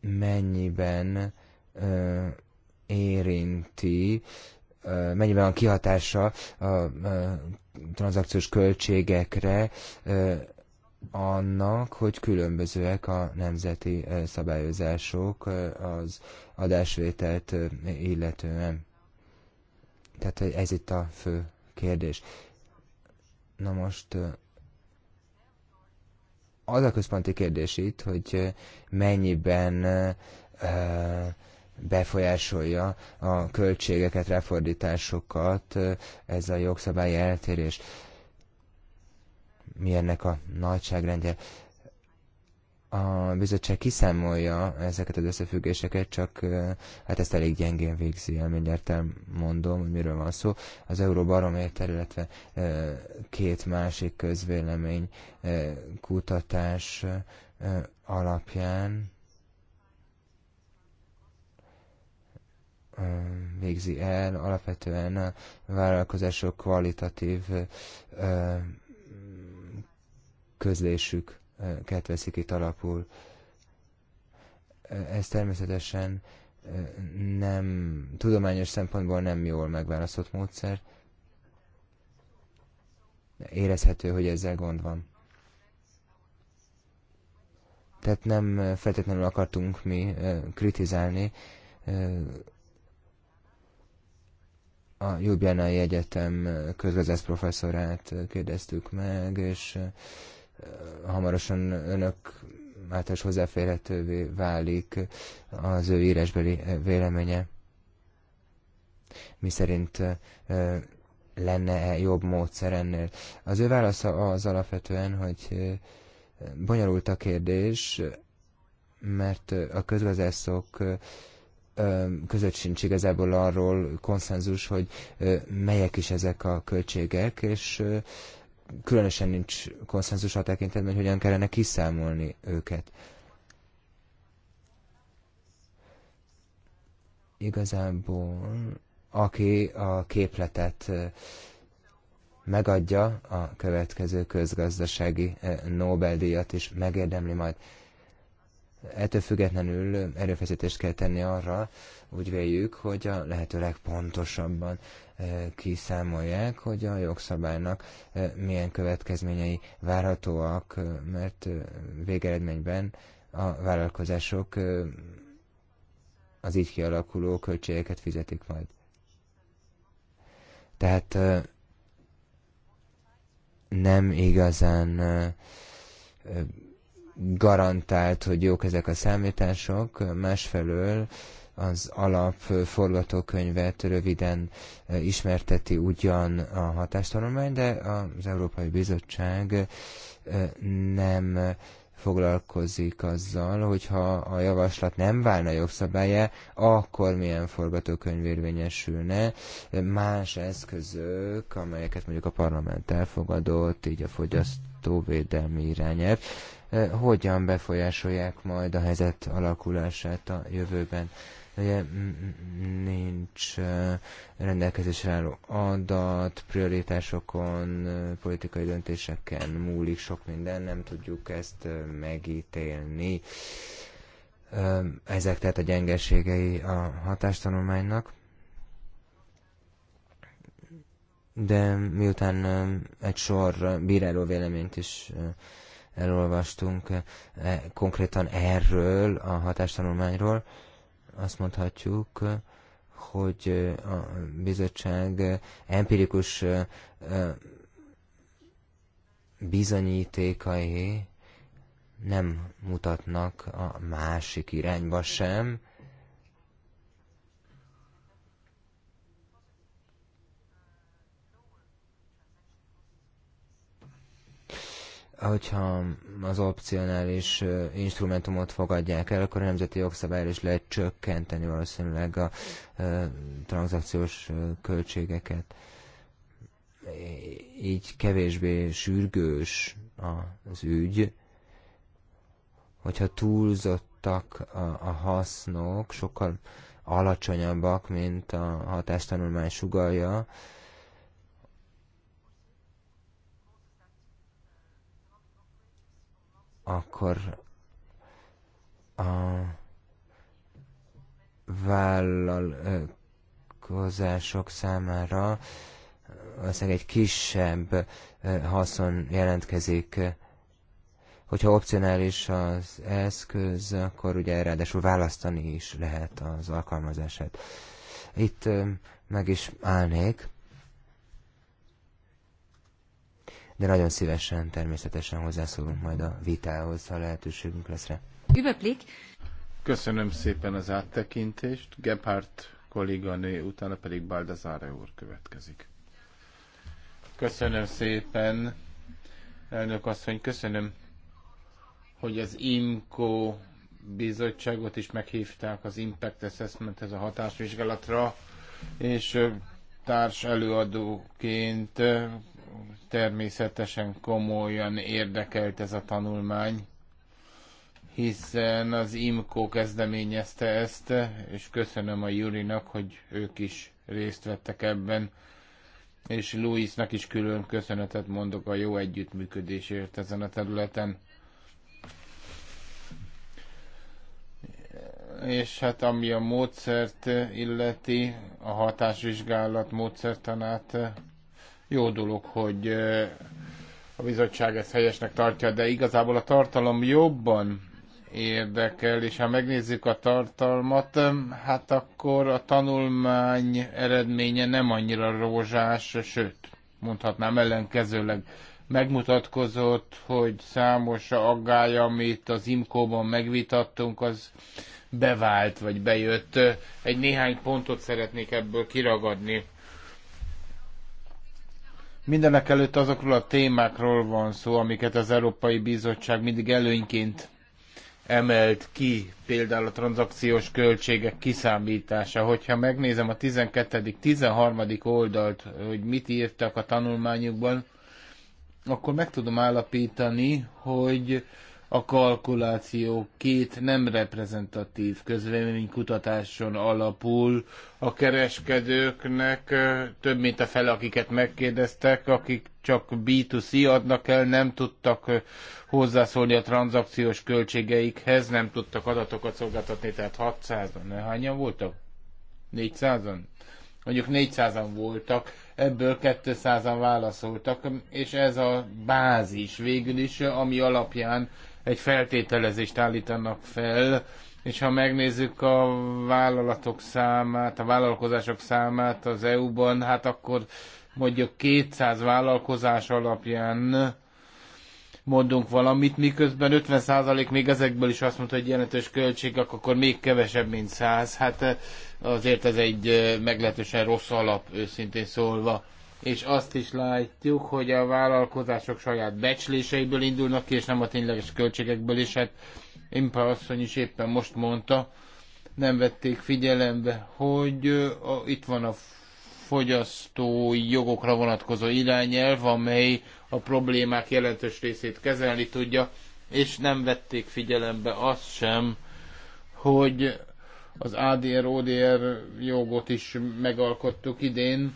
mennyiben érinti mennyiben van kihatása a tranzakciós költségekre annak, hogy különbözőek a nemzeti szabályozások az adásvételt illetően. Tehát ez itt a fő kérdés. Na most az a központi kérdés itt, hogy mennyiben befolyásolja a költségeket, ráfordításokat ez a jogszabályi eltérés. Mi ennek a nagyságrendje? A bizottság kiszámolja ezeket az összefüggéseket, csak hát ezt elég gyengén végzi el, mindjárt elmondom, hogy miről van szó. Az Euróbarométer, illetve két másik közvélemény kutatás alapján végzi el, alapvetően a vállalkozások kvalitatív közlésüket veszik itt alapul. Ez természetesen nem, tudományos szempontból nem jól megválasztott módszer. Érezhető, hogy ezzel gond van. Tehát nem feltétlenül akartunk mi kritizálni, a Jubjánai Egyetem közgazdász professzorát kérdeztük meg, és hamarosan önök által hozzáférhetővé válik az ő írásbeli véleménye. Mi szerint lenne-e jobb módszer ennél? Az ő válasza az alapvetően, hogy bonyolult a kérdés, mert a közgazdászok között sincs igazából arról konszenzus, hogy melyek is ezek a költségek, és különösen nincs konszenzus a tekintetben, hogy hogyan kellene kiszámolni őket. Igazából aki a képletet megadja, a következő közgazdasági Nobel-díjat is megérdemli majd. Ettől függetlenül erőfeszítést kell tenni arra, úgy véljük, hogy a lehető legpontosabban eh, kiszámolják, hogy a jogszabálynak eh, milyen következményei várhatóak, eh, mert végeredményben a vállalkozások az így kialakuló költségeket fizetik majd. Tehát nem igazán garantált, hogy jók ezek a számítások, másfelől az alap forgatókönyvet röviden eh, ismerteti ugyan a hatástanulmány, de az Európai Bizottság eh, nem foglalkozik azzal, hogyha a javaslat nem válna jogszabályá, akkor milyen forgatókönyv érvényesülne, más eszközök, amelyeket mondjuk a parlament elfogadott, így a fogyasztóvédelmi irányelv, Eh, hogyan befolyásolják majd a helyzet alakulását a jövőben. Ugye nincs eh, rendelkezésre álló adat, prioritásokon, eh, politikai döntéseken múlik sok minden, nem tudjuk ezt megítélni. Ezek tehát a gyengeségei a hatástanulmánynak. De miután egy sor bíráló véleményt is elolvastunk e, e, konkrétan erről a hatástanulmányról, azt mondhatjuk, hogy a bizottság empirikus e, bizonyítékai nem mutatnak a másik irányba sem, hogyha az opcionális instrumentumot fogadják el, akkor a nemzeti jogszabályra is lehet csökkenteni valószínűleg a tranzakciós költségeket. Így kevésbé sürgős az ügy, hogyha túlzottak a, a hasznok, sokkal alacsonyabbak, mint a hatástanulmány sugalja, akkor a vállalkozások számára valószínűleg egy kisebb haszon jelentkezik. Hogyha opcionális az eszköz, akkor ugye ráadásul választani is lehet az alkalmazását. Itt meg is állnék. de nagyon szívesen természetesen hozzászólunk majd a vitához, ha lehetőségünk lesz rá. Üvöplik. Köszönöm szépen az áttekintést. Gebhardt kolléganő, utána pedig Baldazáre úr következik. Köszönöm szépen, elnök asszony, köszönöm, hogy az IMCO bizottságot is meghívták az Impact Assessmenthez a hatásvizsgálatra, és társ előadóként természetesen komolyan érdekelt ez a tanulmány, hiszen az IMCO kezdeményezte ezt, és köszönöm a Jurinak, hogy ők is részt vettek ebben, és Louisnak is külön köszönetet mondok a jó együttműködésért ezen a területen. és hát ami a módszert illeti, a hatásvizsgálat módszertanát, jó dolog, hogy a bizottság ezt helyesnek tartja, de igazából a tartalom jobban érdekel, és ha megnézzük a tartalmat, hát akkor a tanulmány eredménye nem annyira rózsás, sőt, mondhatnám ellenkezőleg megmutatkozott, hogy számos aggály, amit az imkóban ban megvitattunk, az bevált vagy bejött. Egy néhány pontot szeretnék ebből kiragadni. Mindenek előtt azokról a témákról van szó, amiket az Európai Bizottság mindig előnyként emelt ki, például a tranzakciós költségek kiszámítása. Hogyha megnézem a 12.-13. oldalt, hogy mit írtak a tanulmányukban, akkor meg tudom állapítani, hogy a kalkuláció két nem reprezentatív közvéleménykutatáson alapul a kereskedőknek, több mint a fele, akiket megkérdeztek, akik csak B2C adnak el, nem tudtak hozzászólni a tranzakciós költségeikhez, nem tudtak adatokat szolgáltatni, tehát 600-an, hányan voltak? 400-an? Mondjuk 400-an voltak, ebből 200-an válaszoltak, és ez a bázis végül is, ami alapján egy feltételezést állítanak fel, és ha megnézzük a vállalatok számát, a vállalkozások számát az EU-ban, hát akkor mondjuk 200 vállalkozás alapján mondunk valamit, miközben 50% még ezekből is azt mondta, hogy jelentős költség, akkor még kevesebb, mint 100. Hát azért ez egy meglehetősen rossz alap, őszintén szólva és azt is látjuk, hogy a vállalkozások saját becsléseiből indulnak ki, és nem a tényleges költségekből, és hát Impa asszony is éppen most mondta, nem vették figyelembe, hogy a, itt van a fogyasztói jogokra vonatkozó irányelv, amely a problémák jelentős részét kezelni tudja, és nem vették figyelembe azt sem, hogy az ADR-ODR jogot is megalkottuk idén,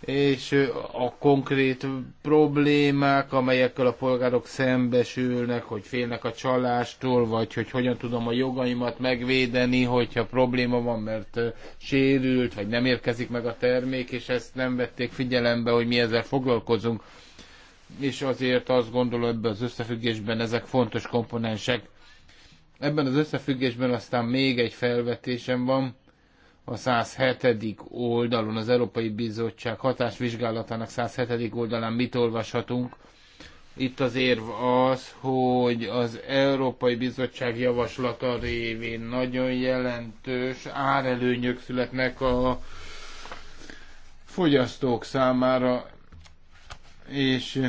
és a konkrét problémák, amelyekkel a polgárok szembesülnek, hogy félnek a csalástól, vagy hogy hogyan tudom a jogaimat megvédeni, hogyha probléma van, mert sérült, vagy nem érkezik meg a termék, és ezt nem vették figyelembe, hogy mi ezzel foglalkozunk. És azért azt gondolom ebben az összefüggésben ezek fontos komponensek. Ebben az összefüggésben aztán még egy felvetésem van, a 107. oldalon, az Európai Bizottság hatásvizsgálatának 107. oldalán mit olvashatunk. Itt az érv az, hogy az Európai Bizottság javaslata révén nagyon jelentős árelőnyök születnek a fogyasztók számára, és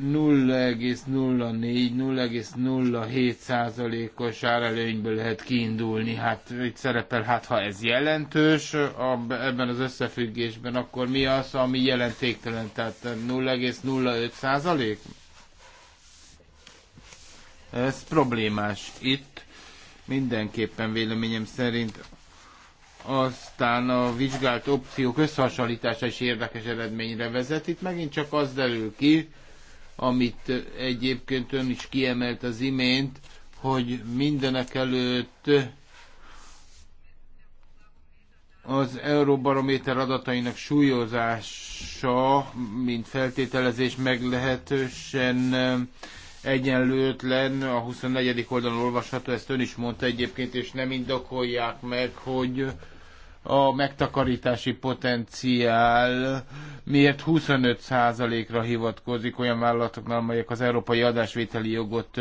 0,04-0,07 százalékos árelőnyből lehet kiindulni. Hát itt szerepel, hát ha ez jelentős a, ebben az összefüggésben, akkor mi az, ami jelentéktelen? Tehát 0,05 százalék? Ez problémás. Itt mindenképpen véleményem szerint aztán a vizsgált opciók összehasonlítása is érdekes eredményre vezet. Itt megint csak az derül ki, amit egyébként ön is kiemelt az imént, hogy mindenek előtt az Euróbarométer adatainak súlyozása, mint feltételezés meglehetősen egyenlőtlen, a 24. oldalon olvasható, ezt ön is mondta egyébként, és nem indokolják meg, hogy a megtakarítási potenciál miért 25%-ra hivatkozik olyan vállalatoknál, amelyek az európai adásvételi jogot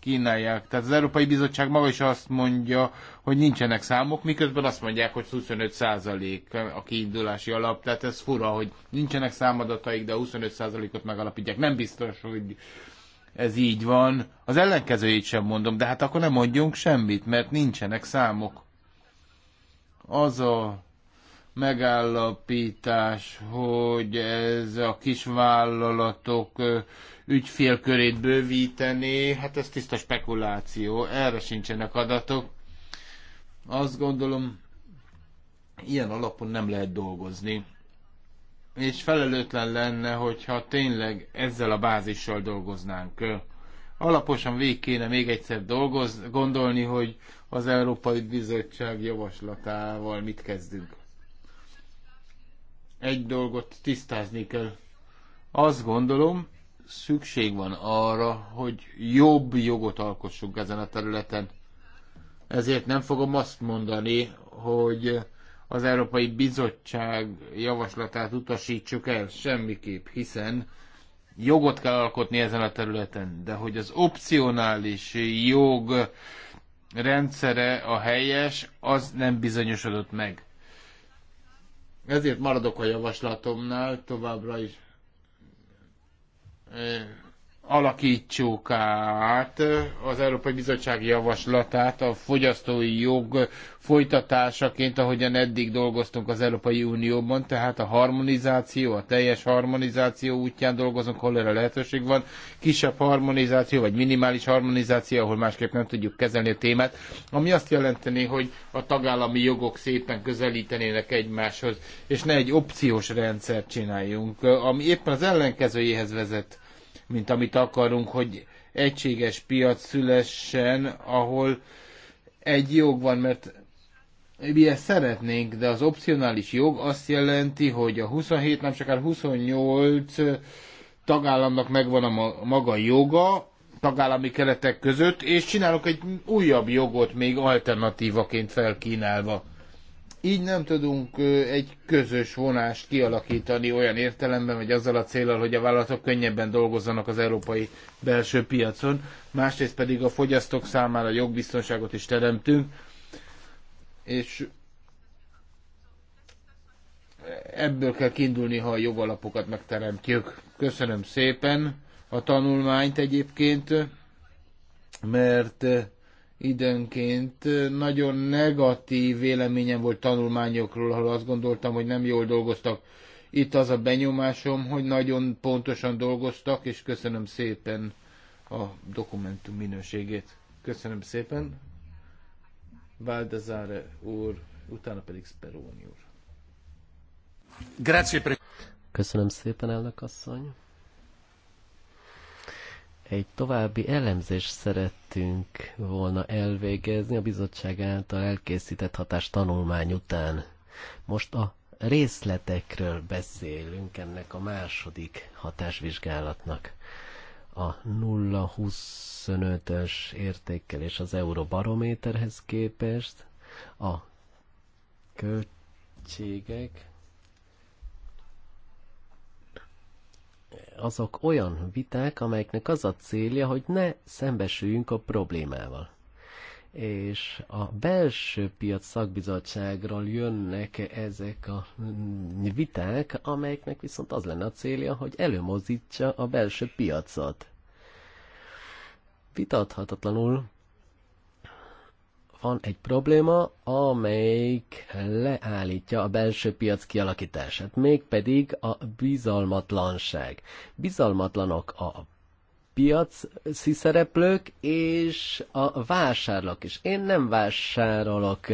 kínálják. Tehát az Európai Bizottság maga is azt mondja, hogy nincsenek számok, miközben azt mondják, hogy 25% a kiindulási alap. Tehát ez fura, hogy nincsenek számadataik, de 25%-ot megalapítják. Nem biztos, hogy ez így van. Az ellenkezőjét sem mondom, de hát akkor nem mondjunk semmit, mert nincsenek számok az a megállapítás, hogy ez a kis vállalatok ügyfélkörét bővítené, hát ez tiszta spekuláció, erre sincsenek adatok. Azt gondolom, ilyen alapon nem lehet dolgozni. És felelőtlen lenne, hogyha tényleg ezzel a bázissal dolgoznánk. Alaposan végig kéne még egyszer dolgoz, gondolni, hogy az Európai Bizottság javaslatával mit kezdünk. Egy dolgot tisztázni kell. Azt gondolom, szükség van arra, hogy jobb jogot alkossunk ezen a területen. Ezért nem fogom azt mondani, hogy az Európai Bizottság javaslatát utasítsuk el semmiképp, hiszen jogot kell alkotni ezen a területen, de hogy az opcionális jog rendszere a helyes, az nem bizonyosodott meg. Ezért maradok a javaslatomnál továbbra is. Eh, alakítsuk át az Európai Bizottság javaslatát a fogyasztói jog folytatásaként, ahogyan eddig dolgoztunk az Európai Unióban, tehát a harmonizáció, a teljes harmonizáció útján dolgozunk, hol erre lehetőség van, kisebb harmonizáció, vagy minimális harmonizáció, ahol másképp nem tudjuk kezelni a témát, ami azt jelenteni, hogy a tagállami jogok szépen közelítenének egymáshoz, és ne egy opciós rendszert csináljunk, ami éppen az ellenkezőjéhez vezet mint amit akarunk, hogy egységes piac szülessen, ahol egy jog van, mert mi ezt szeretnénk, de az opcionális jog azt jelenti, hogy a 27, nem csak 28 tagállamnak megvan a maga joga, tagállami keretek között, és csinálok egy újabb jogot még alternatívaként felkínálva. Így nem tudunk egy közös vonást kialakítani olyan értelemben, vagy azzal a célral, hogy a vállalatok könnyebben dolgozzanak az európai belső piacon, másrészt pedig a fogyasztók számára jogbiztonságot is teremtünk, és ebből kell kiindulni, ha a jogalapokat megteremtjük. Köszönöm szépen a tanulmányt egyébként, mert időnként. Nagyon negatív véleményem volt tanulmányokról, ahol azt gondoltam, hogy nem jól dolgoztak. Itt az a benyomásom, hogy nagyon pontosan dolgoztak, és köszönöm szépen a dokumentum minőségét. Köszönöm szépen. Valdezare úr, utána pedig Speroni úr. Köszönöm szépen, elnök asszony egy további elemzést szerettünk volna elvégezni a bizottság által elkészített hatás tanulmány után. Most a részletekről beszélünk ennek a második hatásvizsgálatnak. A 0,25-ös értékelés az euróbarométerhez képest, a költségek azok olyan viták, amelyeknek az a célja, hogy ne szembesüljünk a problémával és a belső piac szakbizottságról jönnek ezek a viták, amelyeknek viszont az lenne a célja, hogy előmozdítsa a belső piacot. Vitathatatlanul van egy probléma, amelyik leállítja a belső piac kialakítását, mégpedig a bizalmatlanság. Bizalmatlanok a piaci szereplők és a vásárlók is. Én nem vásárolok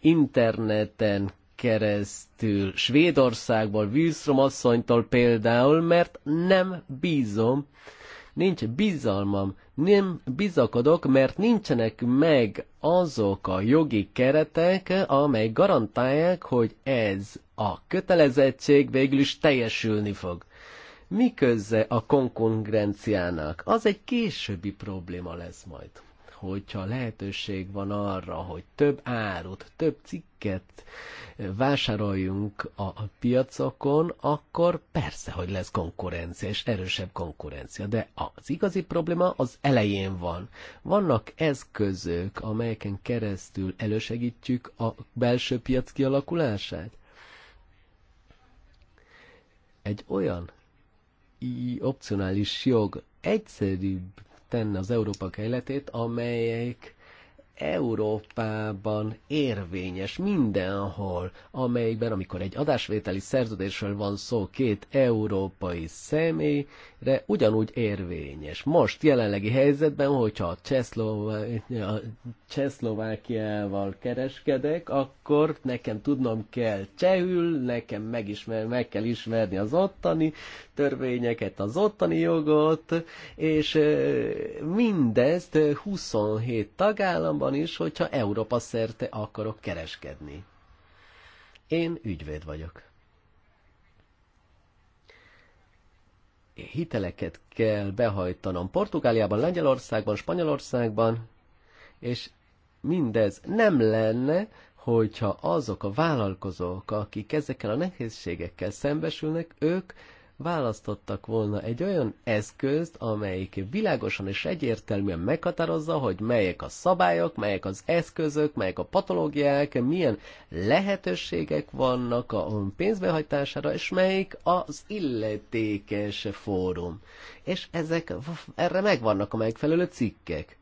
interneten keresztül Svédországból, Wilström asszonytól például, mert nem bízom nincs bizalmam, nem bizakodok, mert nincsenek meg azok a jogi keretek, amely garantálják, hogy ez a kötelezettség végül is teljesülni fog. Mi köze a konkurenciának? Az egy későbbi probléma lesz majd hogyha lehetőség van arra, hogy több árut, több cikket eh, vásároljunk a piacokon, akkor persze, hogy lesz konkurencia, és erősebb konkurencia. De az igazi probléma az elején van. Vannak eszközök, amelyeken keresztül elősegítjük a belső piac kialakulását? Egy olyan opcionális jog egyszerűbb tenni az Európa keletét, amelyek Európában érvényes mindenhol, amelyben, amikor egy adásvételi szerződésről van szó, két európai személy de ugyanúgy érvényes. Most jelenlegi helyzetben, hogyha a, Csehszlová... a Csehszlovákiával kereskedek, akkor nekem tudnom kell csehül, nekem megismer, meg kell ismerni az ottani törvényeket, az ottani jogot, és mindezt 27 tagállamban is, hogyha Európa szerte akarok kereskedni. Én ügyvéd vagyok. hiteleket kell behajtanom Portugáliában, Lengyelországban, Spanyolországban, és mindez nem lenne, hogyha azok a vállalkozók, akik ezekkel a nehézségekkel szembesülnek, ők választottak volna egy olyan eszközt, amelyik világosan és egyértelműen meghatározza, hogy melyek a szabályok, melyek az eszközök, melyek a patológiák, milyen lehetőségek vannak a pénzbehajtására, és melyik az illetékes fórum. És ezek, erre megvannak a megfelelő cikkek.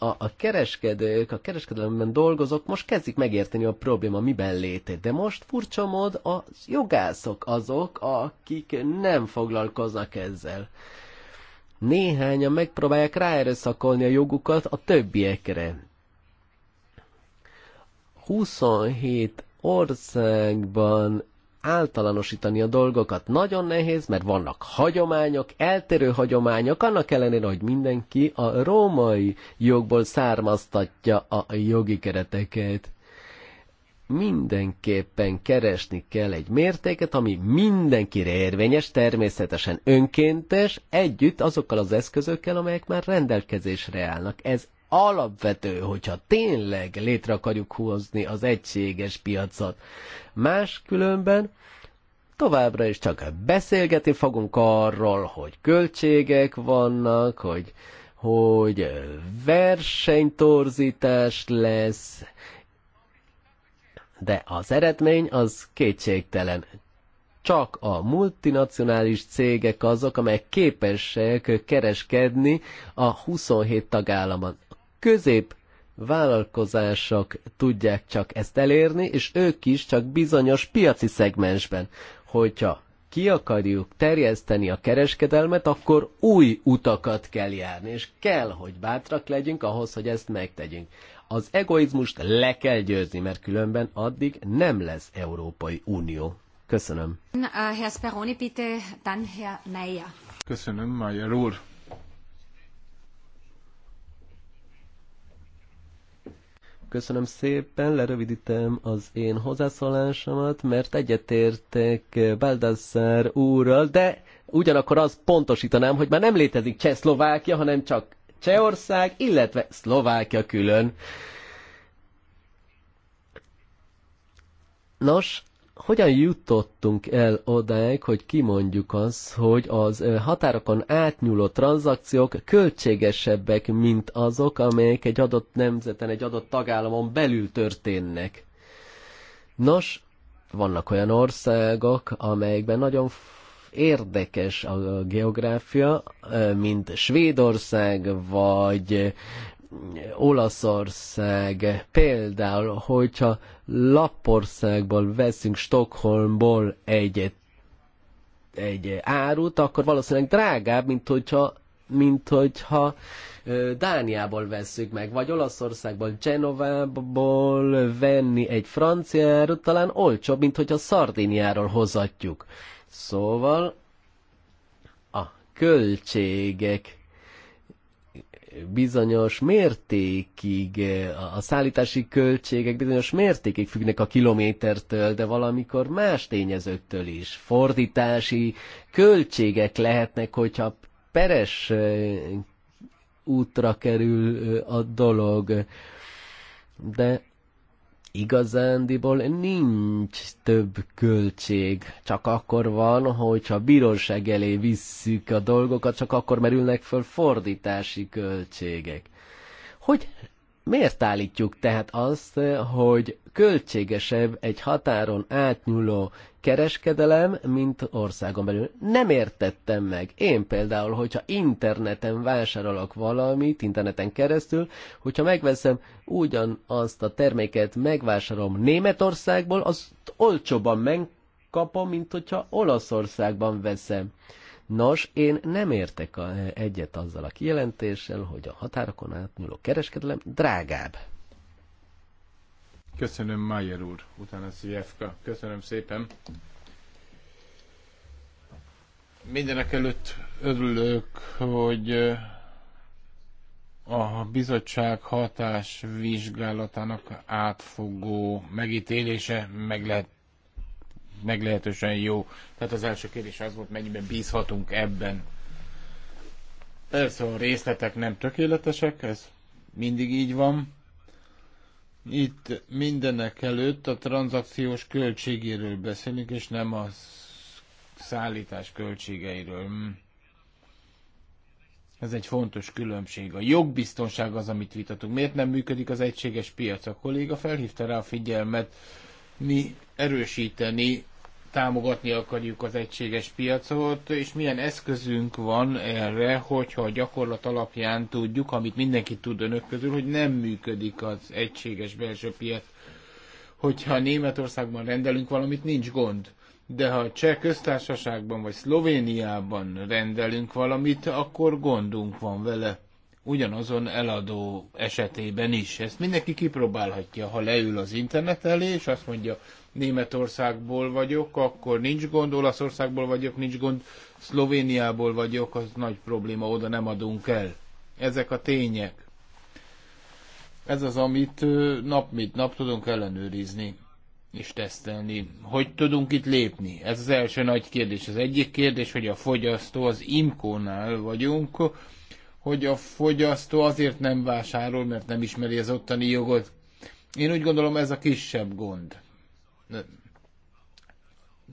a, a kereskedők, a kereskedelemben dolgozók most kezdik megérteni a probléma miben létét, de most furcsa mód a jogászok azok, akik nem foglalkoznak ezzel. Néhányan megpróbálják ráerőszakolni a jogukat a többiekre. 27 országban általánosítani a dolgokat. Nagyon nehéz, mert vannak hagyományok, eltérő hagyományok, annak ellenére, hogy mindenki a római jogból származtatja a jogi kereteket. Mindenképpen keresni kell egy mértéket, ami mindenkire érvényes, természetesen önkéntes, együtt azokkal az eszközökkel, amelyek már rendelkezésre állnak. Ez alapvető, hogyha tényleg létre akarjuk hozni az egységes piacot. Máskülönben továbbra is csak beszélgetni fogunk arról, hogy költségek vannak, hogy, hogy versenytorzítás lesz, de az eredmény az kétségtelen. Csak a multinacionális cégek azok, amelyek képesek kereskedni a 27 tagállamon közép vállalkozások tudják csak ezt elérni, és ők is csak bizonyos piaci szegmensben. Hogyha ki akarjuk terjeszteni a kereskedelmet, akkor új utakat kell járni, és kell, hogy bátrak legyünk ahhoz, hogy ezt megtegyünk. Az egoizmust le kell győzni, mert különben addig nem lesz Európai Unió. Köszönöm. Herr Speroni, bitte, dann Herr Meyer. Köszönöm, Meyer úr. Köszönöm szépen, lerövidítem az én hozzászólásomat, mert egyetértek Baldassar úrral, de ugyanakkor azt pontosítanám, hogy már nem létezik Csehszlovákia, hanem csak Csehország, illetve Szlovákia külön. Nos, hogyan jutottunk el odáig, hogy kimondjuk az, hogy az határokon átnyúló tranzakciók költségesebbek, mint azok, amelyek egy adott nemzeten, egy adott tagállamon belül történnek. Nos, vannak olyan országok, amelyekben nagyon érdekes a geográfia, mint Svédország, vagy Olaszország, például, hogyha Lapországból veszünk Stockholmból egy, egy árut, akkor valószínűleg drágább, mint hogyha, mint hogyha Dániából veszük meg, vagy Olaszországból, Genovából venni egy francia árut, talán olcsóbb, mint hogyha Szardiniáról hozatjuk. Szóval a költségek bizonyos mértékig, a szállítási költségek bizonyos mértékig függnek a kilométertől, de valamikor más tényezőktől is. Fordítási költségek lehetnek, hogyha peres útra kerül a dolog. De igazándiból nincs több költség. Csak akkor van, hogyha bíróság elé visszük a dolgokat, csak akkor merülnek föl fordítási költségek. Hogy Miért állítjuk tehát azt, hogy költségesebb egy határon átnyúló kereskedelem, mint országon belül? Nem értettem meg. Én például, hogyha interneten vásárolok valamit, interneten keresztül, hogyha megveszem ugyanazt a terméket, megvásárolom Németországból, az olcsóban megkapom, mint hogyha Olaszországban veszem. Nos, én nem értek a, egyet azzal a kijelentéssel, hogy a határokon átnyúló kereskedelem drágább. Köszönöm, Mayer úr. Utána Szijevka. Köszönöm szépen. Mindenek előtt örülök, hogy eh, a bizottság hatás vizsgálatának átfogó megítélése meg lehet meglehetősen jó. Tehát az első kérdés az volt, mennyiben bízhatunk ebben. Persze a részletek nem tökéletesek, ez mindig így van. Itt mindenek előtt a tranzakciós költségéről beszélünk, és nem a szállítás költségeiről. Ez egy fontos különbség. A jogbiztonság az, amit vitatunk. Miért nem működik az egységes piac? A kolléga felhívta rá a figyelmet. Mi erősíteni, támogatni akarjuk az egységes piacot, és milyen eszközünk van erre, hogyha a gyakorlat alapján tudjuk, amit mindenki tud önök közül, hogy nem működik az egységes belső piac. Hogyha Németországban rendelünk valamit, nincs gond. De ha a Cseh köztársaságban vagy Szlovéniában rendelünk valamit, akkor gondunk van vele. Ugyanazon eladó esetében is. Ezt mindenki kipróbálhatja, ha leül az internet elé, és azt mondja, Németországból vagyok, akkor nincs gond, Olaszországból vagyok, nincs gond, Szlovéniából vagyok, az nagy probléma, oda nem adunk el. Ezek a tények. Ez az, amit nap mint nap tudunk ellenőrizni és tesztelni. Hogy tudunk itt lépni? Ez az első nagy kérdés. Az egyik kérdés, hogy a fogyasztó, az imkónál vagyunk, hogy a fogyasztó azért nem vásárol, mert nem ismeri az ottani jogot. Én úgy gondolom, ez a kisebb gond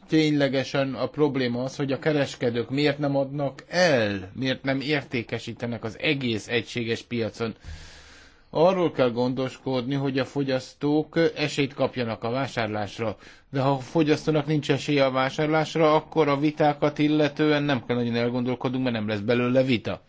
ténylegesen a probléma az, hogy a kereskedők miért nem adnak el, miért nem értékesítenek az egész egységes piacon. Arról kell gondoskodni, hogy a fogyasztók esélyt kapjanak a vásárlásra, de ha a fogyasztónak nincs esélye a vásárlásra, akkor a vitákat illetően nem kell nagyon elgondolkodunk, mert nem lesz belőle vita.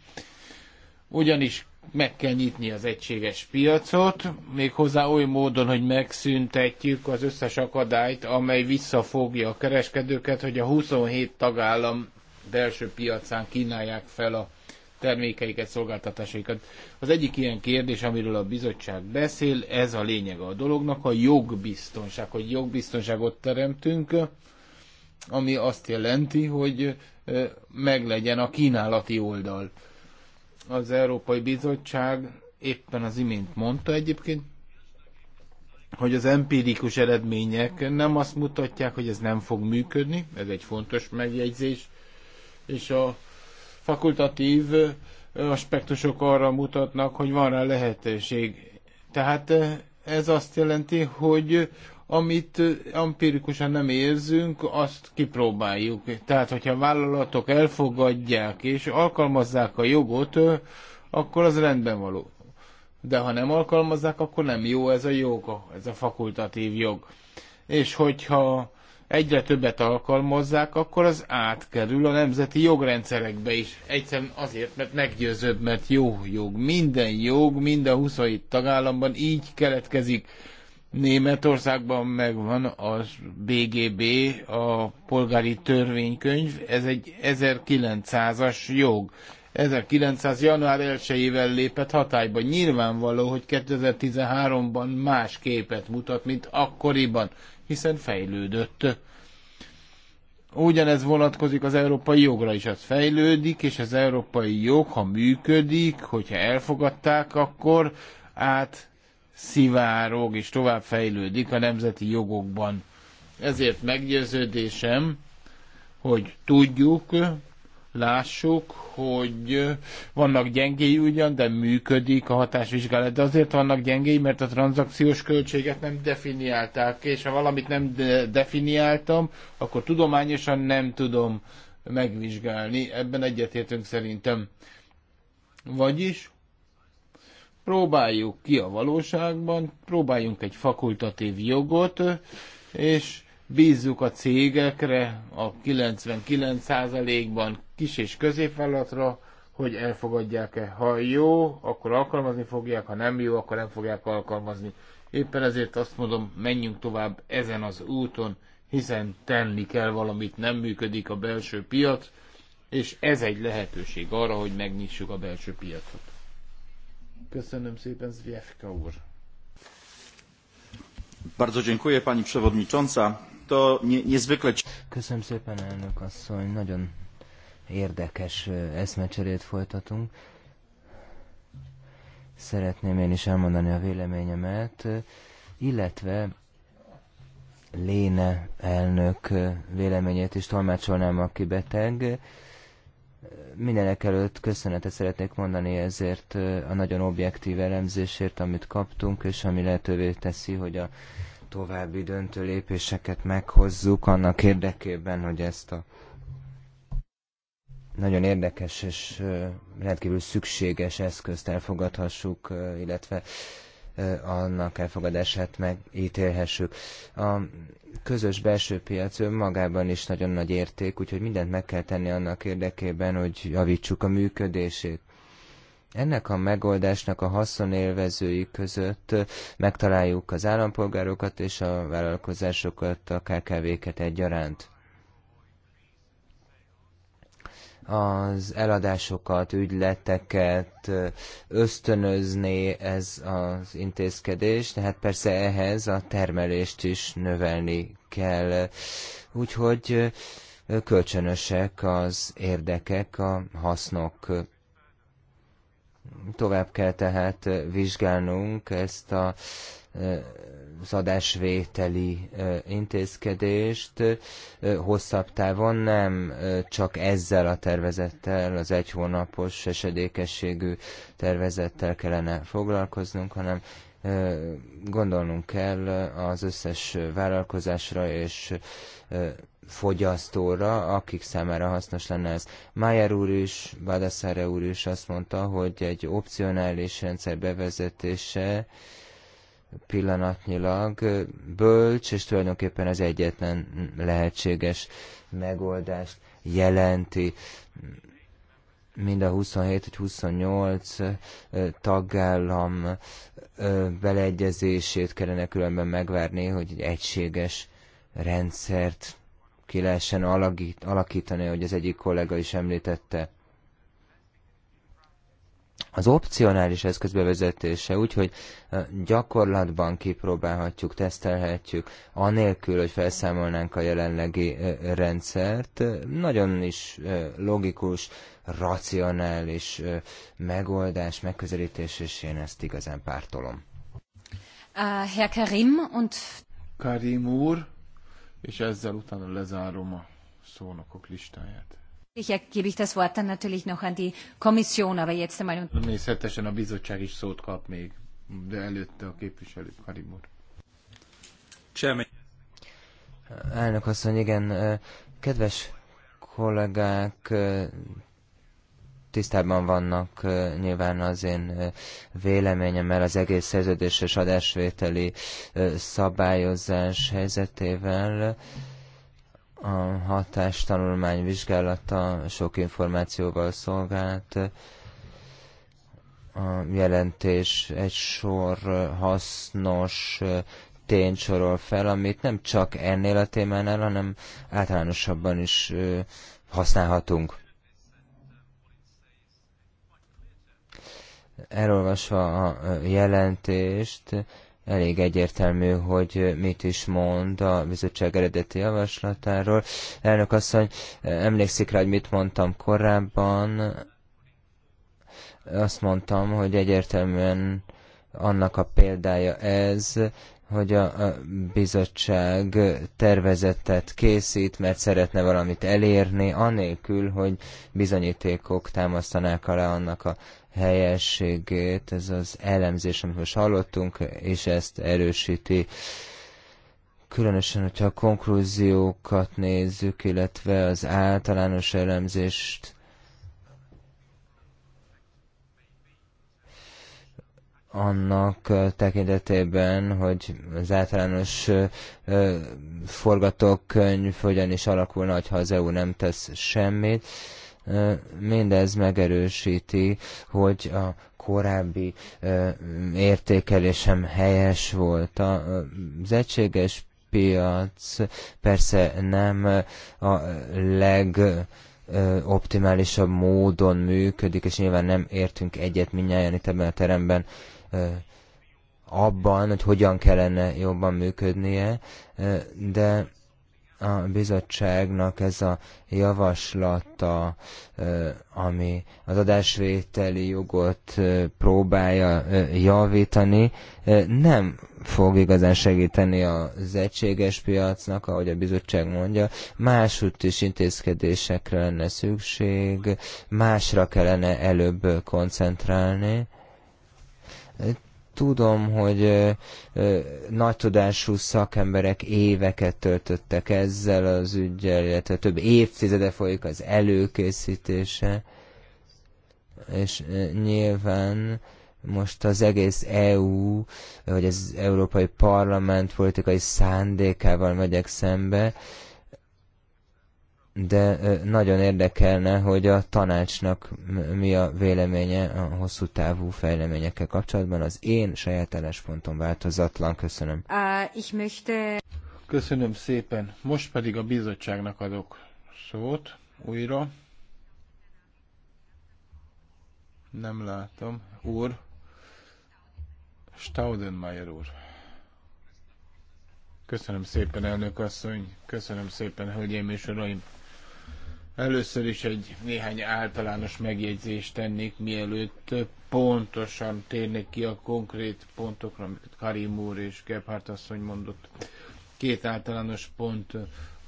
Ugyanis meg kell nyitni az egységes piacot, méghozzá oly módon, hogy megszüntetjük az összes akadályt, amely visszafogja a kereskedőket, hogy a 27 tagállam belső piacán kínálják fel a termékeiket, szolgáltatásaikat. Az egyik ilyen kérdés, amiről a bizottság beszél, ez a lényege a dolognak, a jogbiztonság, hogy jogbiztonságot teremtünk, ami azt jelenti, hogy meglegyen a kínálati oldal az Európai Bizottság éppen az imént mondta egyébként, hogy az empirikus eredmények nem azt mutatják, hogy ez nem fog működni, ez egy fontos megjegyzés, és a fakultatív aspektusok arra mutatnak, hogy van rá lehetőség. Tehát ez azt jelenti, hogy amit empirikusan nem érzünk, azt kipróbáljuk. Tehát, hogyha a vállalatok elfogadják és alkalmazzák a jogot, akkor az rendben való. De ha nem alkalmazzák, akkor nem jó ez a jog, ez a fakultatív jog. És hogyha egyre többet alkalmazzák, akkor az átkerül a nemzeti jogrendszerekbe is. Egyszerűen azért, mert meggyőzőbb, mert jó jog. Minden jog, minden 27 tagállamban így keletkezik Németországban megvan az BGB, a polgári törvénykönyv, ez egy 1900-as jog. 1900. január 1-ével lépett hatályba. Nyilvánvaló, hogy 2013-ban más képet mutat, mint akkoriban, hiszen fejlődött. Ugyanez vonatkozik az európai jogra is, az fejlődik, és az európai jog, ha működik, hogyha elfogadták, akkor át szivárog és tovább fejlődik a nemzeti jogokban. Ezért meggyőződésem, hogy tudjuk, lássuk, hogy vannak gyengéi ugyan, de működik a hatásvizsgálat. De azért vannak gyengéi, mert a tranzakciós költséget nem definiálták, és ha valamit nem de definiáltam, akkor tudományosan nem tudom megvizsgálni. Ebben egyetértünk szerintem. Vagyis próbáljuk ki a valóságban, próbáljunk egy fakultatív jogot, és bízzuk a cégekre, a 99%-ban kis és középvállalatra, hogy elfogadják-e. Ha jó, akkor alkalmazni fogják, ha nem jó, akkor nem fogják alkalmazni. Éppen ezért azt mondom, menjünk tovább ezen az úton, hiszen tenni kell valamit, nem működik a belső piac, és ez egy lehetőség arra, hogy megnyissuk a belső piacot. Köszönöm szépen, Zviefka úr. Bardzo dziękuję, pani przewodnicząca. To nie, niezwykle... Köszönöm szépen, elnök asszony. Nagyon érdekes eszmecserét folytatunk. Szeretném én is elmondani a véleményemet, illetve Léne elnök véleményét is tolmácsolnám, aki beteg Mindenek előtt köszönetet szeretnék mondani ezért a nagyon objektív elemzésért, amit kaptunk, és ami lehetővé teszi, hogy a további döntő lépéseket meghozzuk annak érdekében, hogy ezt a nagyon érdekes és rendkívül szükséges eszközt elfogadhassuk, illetve annak elfogadását megítélhessük. A közös belső piac önmagában is nagyon nagy érték, úgyhogy mindent meg kell tenni annak érdekében, hogy javítsuk a működését. Ennek a megoldásnak a haszonélvezői között megtaláljuk az állampolgárokat és a vállalkozásokat, a KKV-ket egyaránt. az eladásokat, ügyleteket ösztönözni ez az intézkedés, tehát persze ehhez a termelést is növelni kell. Úgyhogy kölcsönösek az érdekek, a hasznok. Tovább kell tehát vizsgálnunk ezt a az adásvételi intézkedést hosszabb távon nem csak ezzel a tervezettel, az egy hónapos esedékességű tervezettel kellene foglalkoznunk, hanem gondolnunk kell az összes vállalkozásra és fogyasztóra, akik számára hasznos lenne ez. Májer úr is, Badaszára úr is azt mondta, hogy egy opcionális rendszer bevezetése pillanatnyilag bölcs, és tulajdonképpen az egyetlen lehetséges megoldást jelenti mind a 27 vagy 28 tagállam beleegyezését kellene különben megvárni, hogy egy egységes rendszert ki lehessen alakítani, hogy az egyik kollega is említette az opcionális eszközbevezetése, bevezetése úgy, hogy gyakorlatban kipróbálhatjuk, tesztelhetjük, anélkül, hogy felszámolnánk a jelenlegi rendszert, nagyon is logikus, racionális megoldás, megközelítés, és én ezt igazán pártolom. Uh, Herr Karim und... Karim úr, és ezzel utána lezárom a szónokok listáját. Ich gebe ich das Wort dann natürlich noch an die Kommission, aber jetzt einmal... Um Természetesen a bizottság is szót kap még, de előtte a képviselő Karim úr. Elnök asszony, igen, kedves kollégák tisztában vannak nyilván az én véleményemmel az egész szerződéses adásvételi szabályozás helyzetével. A hatástanulmány vizsgálata sok információval szolgált. A jelentés egy sor hasznos tényt sorol fel, amit nem csak ennél a témánál, hanem általánosabban is használhatunk. Elolvasva a jelentést, elég egyértelmű, hogy mit is mond a bizottság eredeti javaslatáról. Elnök asszony, emlékszik rá, hogy mit mondtam korábban? Azt mondtam, hogy egyértelműen annak a példája ez, hogy a bizottság tervezetet készít, mert szeretne valamit elérni, anélkül, hogy bizonyítékok támasztanák alá annak a helyességét, ez az elemzés, amit most hallottunk, és ezt erősíti. Különösen, hogyha a konklúziókat nézzük, illetve az általános elemzést, annak tekintetében, hogy az általános forgatókönyv hogyan is alakulna, ha az EU nem tesz semmit. Mindez megerősíti, hogy a korábbi értékelésem helyes volt. Az egységes piac persze nem a leg optimálisabb módon működik, és nyilván nem értünk egyet minnyáján itt ebben a teremben abban, hogy hogyan kellene jobban működnie, de a bizottságnak ez a javaslata, ami az adásvételi jogot próbálja javítani, nem fog igazán segíteni az egységes piacnak, ahogy a bizottság mondja. Másútt is intézkedésekre lenne szükség, másra kellene előbb koncentrálni Tudom, hogy nagy tudású szakemberek éveket töltöttek ezzel az ügyel, illetve több évtizede folyik az előkészítése, és nyilván most az egész EU, vagy az Európai Parlament politikai szándékával megyek szembe, de nagyon érdekelne, hogy a tanácsnak mi a véleménye a hosszú távú fejleményekkel kapcsolatban. Az én saját álláspontom változatlan. Köszönöm. Köszönöm szépen. Most pedig a bizottságnak adok szót újra. Nem látom. Úr. Staudenmayer úr. Köszönöm szépen, elnök asszony. Köszönöm szépen, hölgyeim és uraim. Először is egy néhány általános megjegyzést tennék, mielőtt pontosan térnék ki a konkrét pontokra, amiket Karim úr és Gebhardt asszony mondott. Két általános pont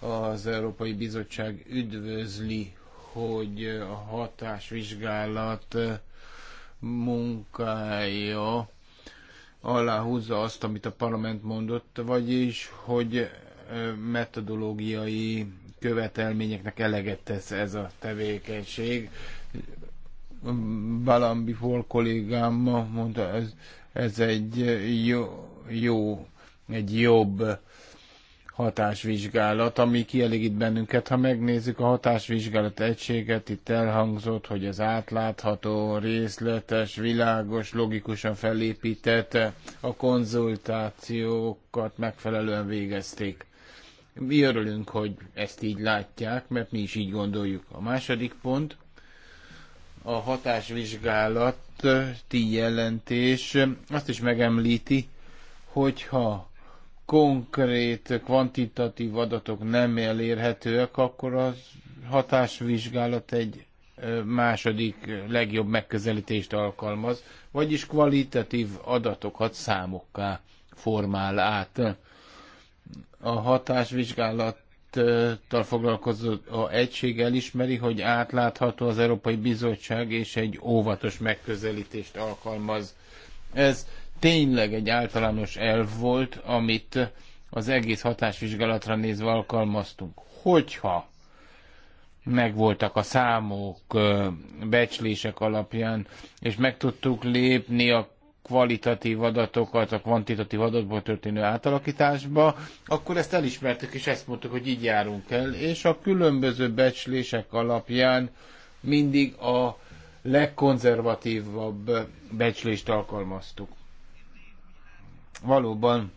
az Európai Bizottság üdvözli, hogy a hatásvizsgálat munkája aláhúzza azt, amit a parlament mondott, vagyis, hogy metodológiai követelményeknek eleget tesz ez a tevékenység. Balambi Fol kollégám mondta, ez, ez egy jó, jó, egy jobb hatásvizsgálat, ami kielégít bennünket. Ha megnézzük a hatásvizsgálat egységet, itt elhangzott, hogy az átlátható, részletes, világos, logikusan felépített, a konzultációkat megfelelően végezték. Mi örülünk, hogy ezt így látják, mert mi is így gondoljuk. A második pont, a hatásvizsgálat ti jelentés azt is megemlíti, hogyha konkrét, kvantitatív adatok nem elérhetőek, akkor a hatásvizsgálat egy második legjobb megközelítést alkalmaz, vagyis kvalitatív adatokat számokká formál át a hatásvizsgálattal foglalkozó a egység elismeri, hogy átlátható az Európai Bizottság és egy óvatos megközelítést alkalmaz. Ez tényleg egy általános elv volt, amit az egész hatásvizsgálatra nézve alkalmaztunk. Hogyha megvoltak a számok, becslések alapján, és meg tudtuk lépni a kvalitatív adatokat a kvantitatív adatból történő átalakításba, akkor ezt elismertük, és ezt mondtuk, hogy így járunk el, és a különböző becslések alapján mindig a legkonzervatívabb becslést alkalmaztuk. Valóban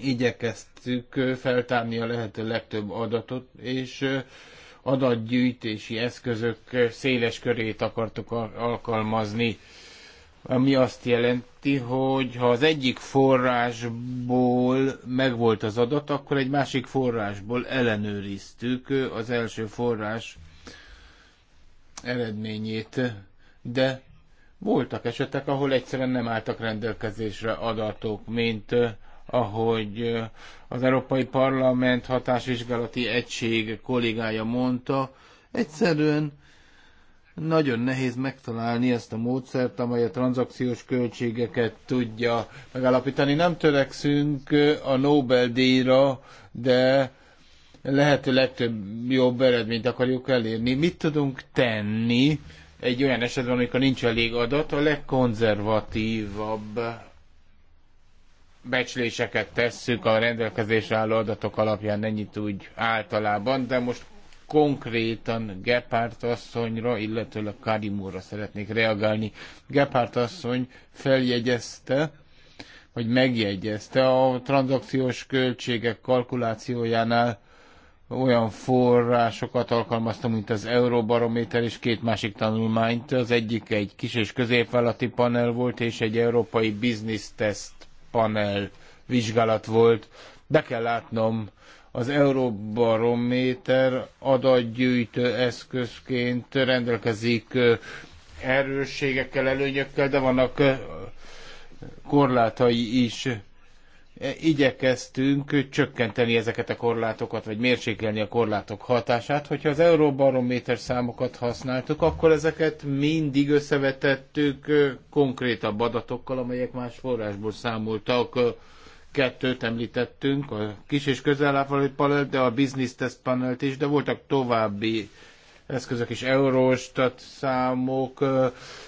igyekeztük feltárni a lehető legtöbb adatot, és adatgyűjtési eszközök széles körét akartuk alkalmazni ami azt jelenti, hogy ha az egyik forrásból megvolt az adat, akkor egy másik forrásból ellenőriztük az első forrás eredményét. De voltak esetek, ahol egyszerűen nem álltak rendelkezésre adatok, mint eh, ahogy eh, az Európai Parlament hatásvizsgálati egység kollégája mondta, egyszerűen nagyon nehéz megtalálni ezt a módszert, amely a tranzakciós költségeket tudja megállapítani. Nem törekszünk eh, a Nobel-díjra, de lehető legtöbb jobb eredményt akarjuk elérni. Mit tudunk tenni egy olyan esetben, amikor nincs elég adat, a legkonzervatívabb becsléseket tesszük a rendelkezésre álló adatok alapján, ennyit úgy általában, de most konkrétan Gepárt asszonyra, illetőleg Karim úrra szeretnék reagálni. Gepárt asszony feljegyezte, vagy megjegyezte a tranzakciós költségek kalkulációjánál olyan forrásokat alkalmaztam, mint az Euróbarométer és két másik tanulmányt. Az egyik egy kis és középvállalati panel volt, és egy európai business test panel vizsgálat volt. Be kell látnom, az Euróbarométer adatgyűjtő eszközként rendelkezik erősségekkel, előnyökkel, de vannak korlátai is. Igyekeztünk csökkenteni ezeket a korlátokat, vagy mérsékelni a korlátok hatását. Hogyha az Euróbarométer számokat használtuk, akkor ezeket mindig összevetettük konkrétabb adatokkal, amelyek más forrásból számoltak kettőt említettünk, a kis és közelállapot panelt, de a business test panelt is, de voltak további eszközök is, euróstat számok,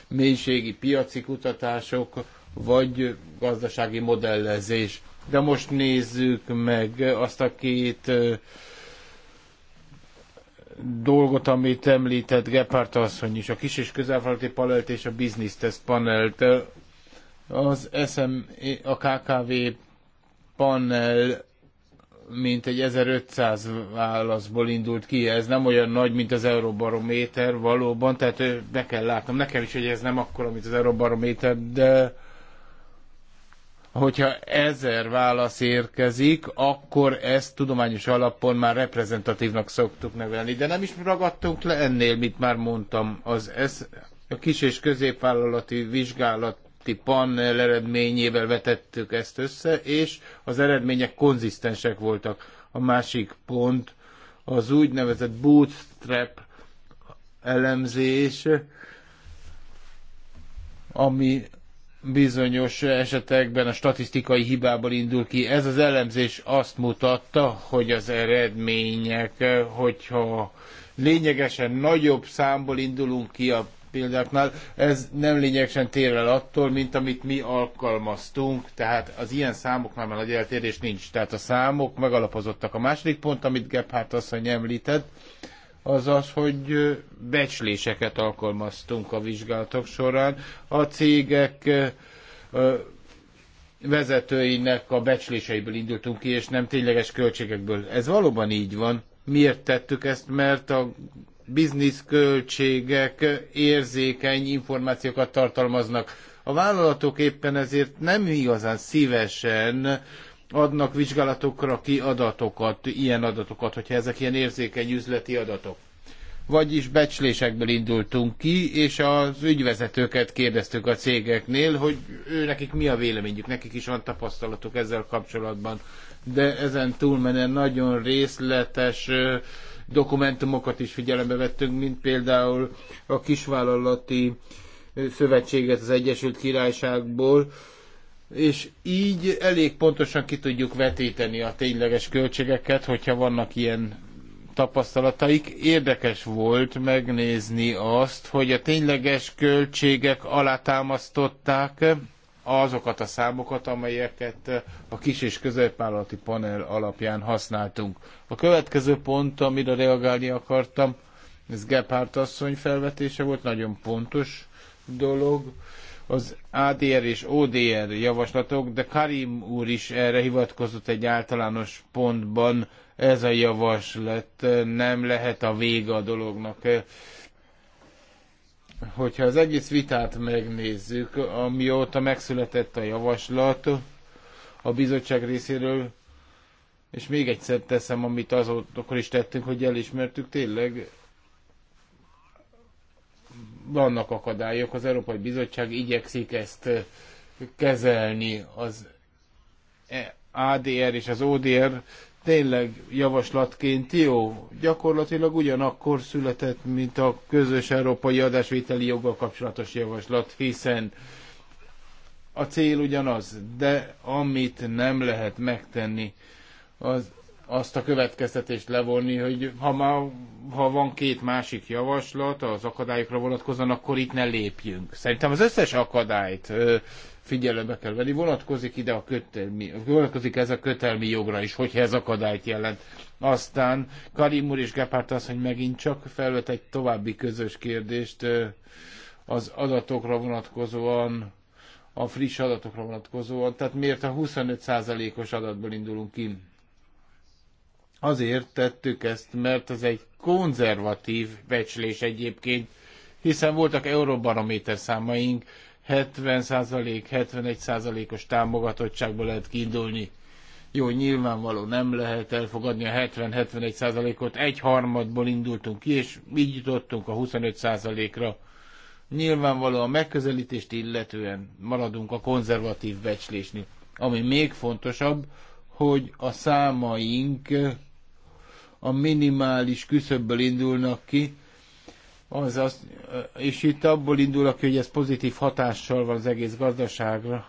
mélységi piaci kutatások, vagy gazdasági modellezés. De most nézzük meg azt a két dolgot, amit említett Gephardt asszony is, a kis és közelfalati panelt és a business test panelt. Az SM, a KKV panel mint egy 1500 válaszból indult ki, ez nem olyan nagy, mint az Euróbarométer valóban, tehát be kell látnom nekem is, hogy ez nem akkora, mint az Euróbarométer, de hogyha ezer válasz érkezik, akkor ezt tudományos alapon már reprezentatívnak szoktuk nevelni, de nem is ragadtunk le ennél, mint már mondtam, az ez, a kis és középvállalati vizsgálat panel eredményével vetettük ezt össze, és az eredmények konzisztensek voltak. A másik pont az úgynevezett bootstrap elemzés, ami bizonyos esetekben a statisztikai hibából indul ki. Ez az elemzés azt mutatta, hogy az eredmények, hogyha lényegesen nagyobb számból indulunk ki a példáknál, ez nem lényegesen tér el attól, mint amit mi alkalmaztunk, tehát az ilyen számoknál már nagy eltérés nincs. Tehát a számok megalapozottak. A második pont, amit Gebhardt asszony említett, az az, hogy becsléseket alkalmaztunk a vizsgálatok során. A cégek vezetőinek a becsléseiből indultunk ki, és nem tényleges költségekből. Ez valóban így van. Miért tettük ezt? Mert a bizniszköltségek érzékeny információkat tartalmaznak. A vállalatok éppen ezért nem igazán szívesen adnak vizsgálatokra ki adatokat, ilyen adatokat, hogyha ezek ilyen érzékeny üzleti adatok. Vagyis becslésekből indultunk ki, és az ügyvezetőket kérdeztük a cégeknél, hogy ő nekik mi a véleményük, nekik is van tapasztalatuk ezzel kapcsolatban. De ezen túlmenően nagyon részletes dokumentumokat is figyelembe vettünk, mint például a kisvállalati szövetséget az Egyesült Királyságból, és így elég pontosan ki tudjuk vetíteni a tényleges költségeket, hogyha vannak ilyen tapasztalataik. Érdekes volt megnézni azt, hogy a tényleges költségek alátámasztották azokat a számokat, amelyeket a kis és középvállalati panel alapján használtunk. A következő pont, amire reagálni akartam, ez Gephardt asszony felvetése volt, nagyon pontos dolog. Az ADR és ODR javaslatok, de Karim úr is erre hivatkozott egy általános pontban, ez a javaslat nem lehet a vége a dolognak hogyha az egész vitát megnézzük, amióta megszületett a javaslat a bizottság részéről, és még egyszer teszem, amit azóta is tettünk, hogy elismertük, tényleg vannak akadályok, az Európai Bizottság igyekszik ezt kezelni. Az e ADR és az ODR tényleg javaslatként jó. Gyakorlatilag ugyanakkor született, mint a közös európai adásvételi joggal kapcsolatos javaslat, hiszen a cél ugyanaz, de amit nem lehet megtenni, az, azt a következtetést levonni, hogy ha, már, ha van két másik javaslat az akadályokra vonatkozóan, akkor itt ne lépjünk. Szerintem az összes akadályt ö, figyelembe kell venni. Vonatkozik ide a kötelmi, vonatkozik ez a kötelmi jogra is, hogyha ez akadályt jelent. Aztán Karim úr és Gepárt az, hogy megint csak felvet egy további közös kérdést az adatokra vonatkozóan, a friss adatokra vonatkozóan. Tehát miért a 25%-os adatból indulunk ki? Azért tettük ezt, mert ez egy konzervatív becslés egyébként, hiszen voltak euróbarométer számaink, 70-71%-os támogatottságból lehet kiindulni. Jó, nyilvánvaló nem lehet elfogadni a 70-71%-ot, egy harmadból indultunk ki, és így jutottunk a 25%-ra. Nyilvánvaló a megközelítést illetően maradunk a konzervatív becslésnél. Ami még fontosabb, hogy a számaink a minimális küszöbből indulnak ki, az, az, és itt abból indulok, hogy ez pozitív hatással van az egész gazdaságra,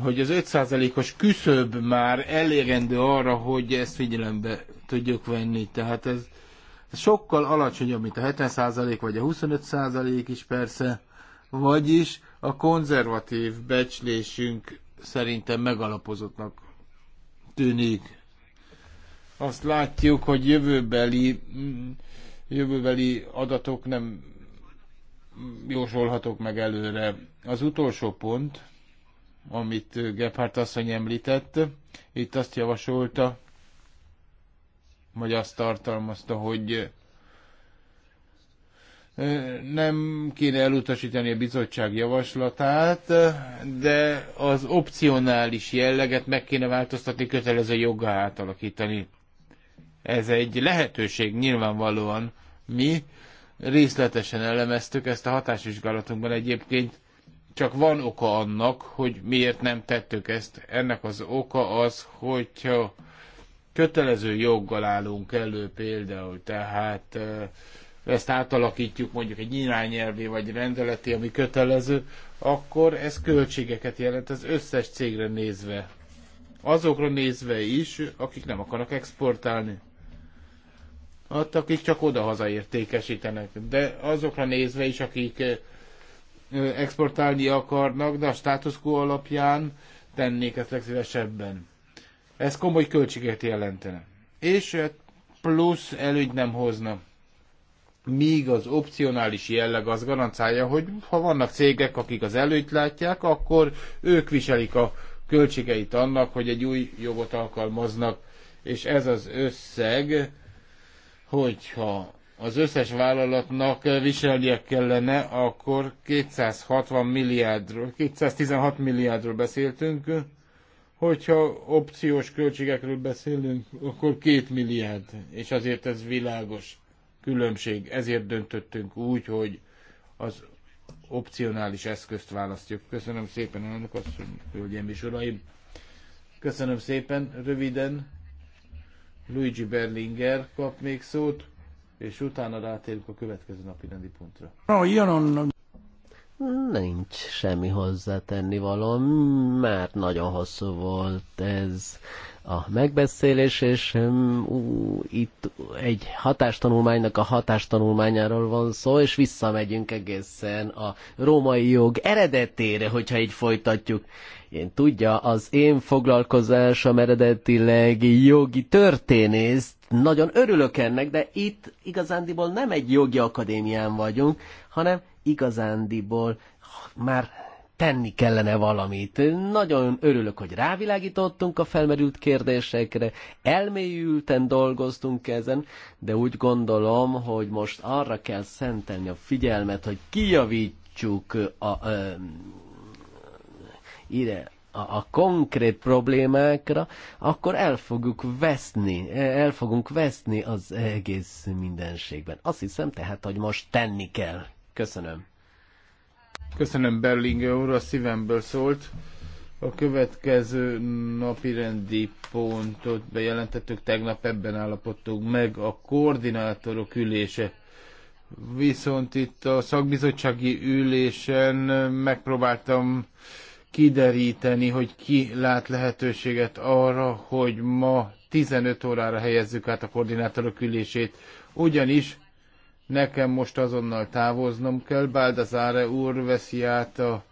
hogy az 5%-os küszöb már elérendő arra, hogy ezt figyelembe tudjuk venni. Tehát ez, ez sokkal alacsonyabb, mint a 70% vagy a 25% is persze, vagyis a konzervatív becslésünk szerintem megalapozottnak tűnik. Azt látjuk, hogy jövőbeli jövőbeli adatok nem jósolhatók meg előre. Az utolsó pont, amit Gephardt asszony említett, itt azt javasolta, vagy azt tartalmazta, hogy eh, nem kéne elutasítani a bizottság javaslatát, de az opcionális jelleget meg kéne változtatni, kötelező joggá átalakítani. Ez egy lehetőség nyilvánvalóan. Mi részletesen elemeztük ezt a hatásvizsgálatunkban egyébként, csak van oka annak, hogy miért nem tettük ezt. Ennek az oka az, hogyha kötelező joggal állunk elő például, tehát ezt átalakítjuk mondjuk egy irányelvé vagy rendeleti, ami kötelező, akkor ez költségeket jelent az összes cégre nézve. Azokra nézve is, akik nem akarnak exportálni ott, akik csak oda-haza értékesítenek. De azokra nézve is, akik exportálni akarnak, de a status quo alapján tennék ezt legszívesebben. Ez komoly költséget jelentene. És plusz előny nem hozna. Míg az opcionális jelleg az garancálja, hogy ha vannak cégek, akik az előnyt látják, akkor ők viselik a költségeit annak, hogy egy új jogot alkalmaznak, és ez az összeg hogyha az összes vállalatnak viselnie kellene, akkor 260 milliárdról, 216 milliárdról beszéltünk, hogyha opciós költségekről beszélünk, akkor 2 milliárd, és azért ez világos különbség. Ezért döntöttünk úgy, hogy az opcionális eszközt választjuk. Köszönöm szépen, elnök asszony, hölgyeim és uraim. Köszönöm szépen, röviden Luigi Berlinger kap még szót, és utána rátérünk a következő napi rendi pontra. No, io Nincs semmi hozzátenni való, mert nagyon hosszú volt ez a megbeszélés, és hm, ú, itt egy hatástanulmánynak a hatástanulmányáról van szó, és visszamegyünk egészen a római jog eredetére, hogyha így folytatjuk. Én tudja, az én foglalkozásom eredetileg jogi történész, nagyon örülök ennek, de itt igazándiból nem egy jogi akadémián vagyunk, hanem igazándiból már tenni kellene valamit. Nagyon örülök, hogy rávilágítottunk a felmerült kérdésekre, elmélyülten dolgoztunk ezen, de úgy gondolom, hogy most arra kell szentelni a figyelmet, hogy kijavítsuk a, a, ide a, a konkrét problémákra, akkor el fogjuk veszni, el fogunk veszni az egész mindenségben. Azt hiszem tehát, hogy most tenni kell. Köszönöm. Köszönöm Berlinger úr, a szívemből szólt. A következő napi rendi pontot bejelentettük, tegnap ebben állapodtunk meg a koordinátorok ülése. Viszont itt a szakbizottsági ülésen megpróbáltam kideríteni, hogy ki lát lehetőséget arra, hogy ma 15 órára helyezzük át a koordinátorok ülését, ugyanis nekem most azonnal távoznom kell, Báldazáre úr veszi át az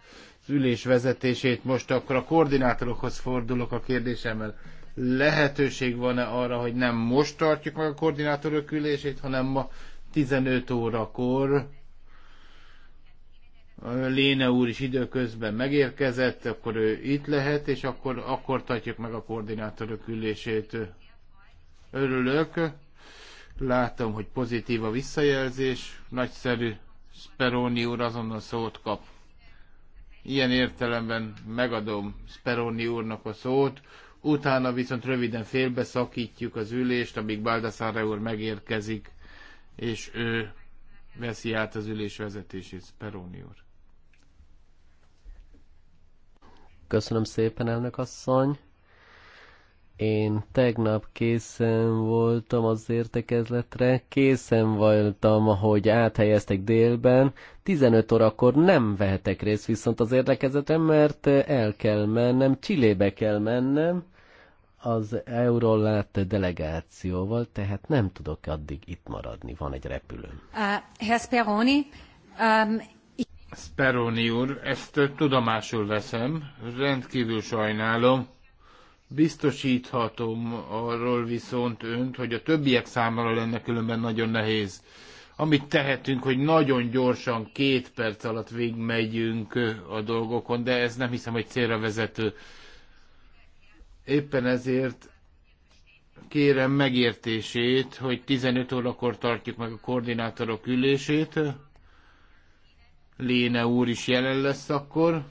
ülés vezetését, most akkor a koordinátorokhoz fordulok a kérdésemmel. Lehetőség van-e arra, hogy nem most tartjuk meg a koordinátorok ülését, hanem ma 15 órakor Léne úr is időközben megérkezett, akkor ő itt lehet, és akkor, akkor tartjuk meg a koordinátorok ülését. Örülök. Látom, hogy pozitív a visszajelzés. Nagyszerű. Speroni úr azonnal szót kap. Ilyen értelemben megadom Speroni úrnak a szót. Utána viszont röviden félbeszakítjuk az ülést, amíg Baldassare úr megérkezik, és ő veszi át az ülés vezetését, Speroni úr. Köszönöm szépen, elnök asszony. Én tegnap készen voltam az értekezletre, készen voltam, hogy áthelyeztek délben. 15 órakor nem vehetek részt viszont az érdekezetem, mert el kell mennem, Csillébe kell mennem az Eurolát delegációval, tehát nem tudok addig itt maradni, van egy repülőm. Uh, Herr Speroni, um, Speroni úr, ezt tudomásul veszem, rendkívül sajnálom. Biztosíthatom arról viszont önt, hogy a többiek számára lenne különben nagyon nehéz. Amit tehetünk, hogy nagyon gyorsan, két perc alatt végigmegyünk a dolgokon, de ez nem hiszem, hogy célra vezető. Éppen ezért kérem megértését, hogy 15 órakor tartjuk meg a koordinátorok ülését Léne úr is jelen lesz akkor.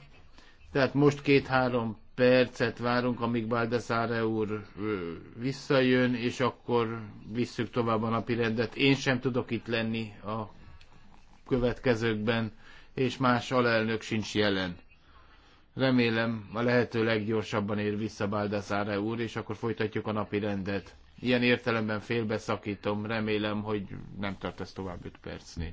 Tehát most két-három percet várunk, amíg Baldassare úr visszajön, és akkor visszük tovább a napi rendet. Én sem tudok itt lenni a következőkben, és más alelnök sincs jelen. Remélem a lehető leggyorsabban ér vissza Baldassare úr, és akkor folytatjuk a napi rendet. Ilyen értelemben félbeszakítom, remélem, hogy nem tart ez tovább 5 percnél.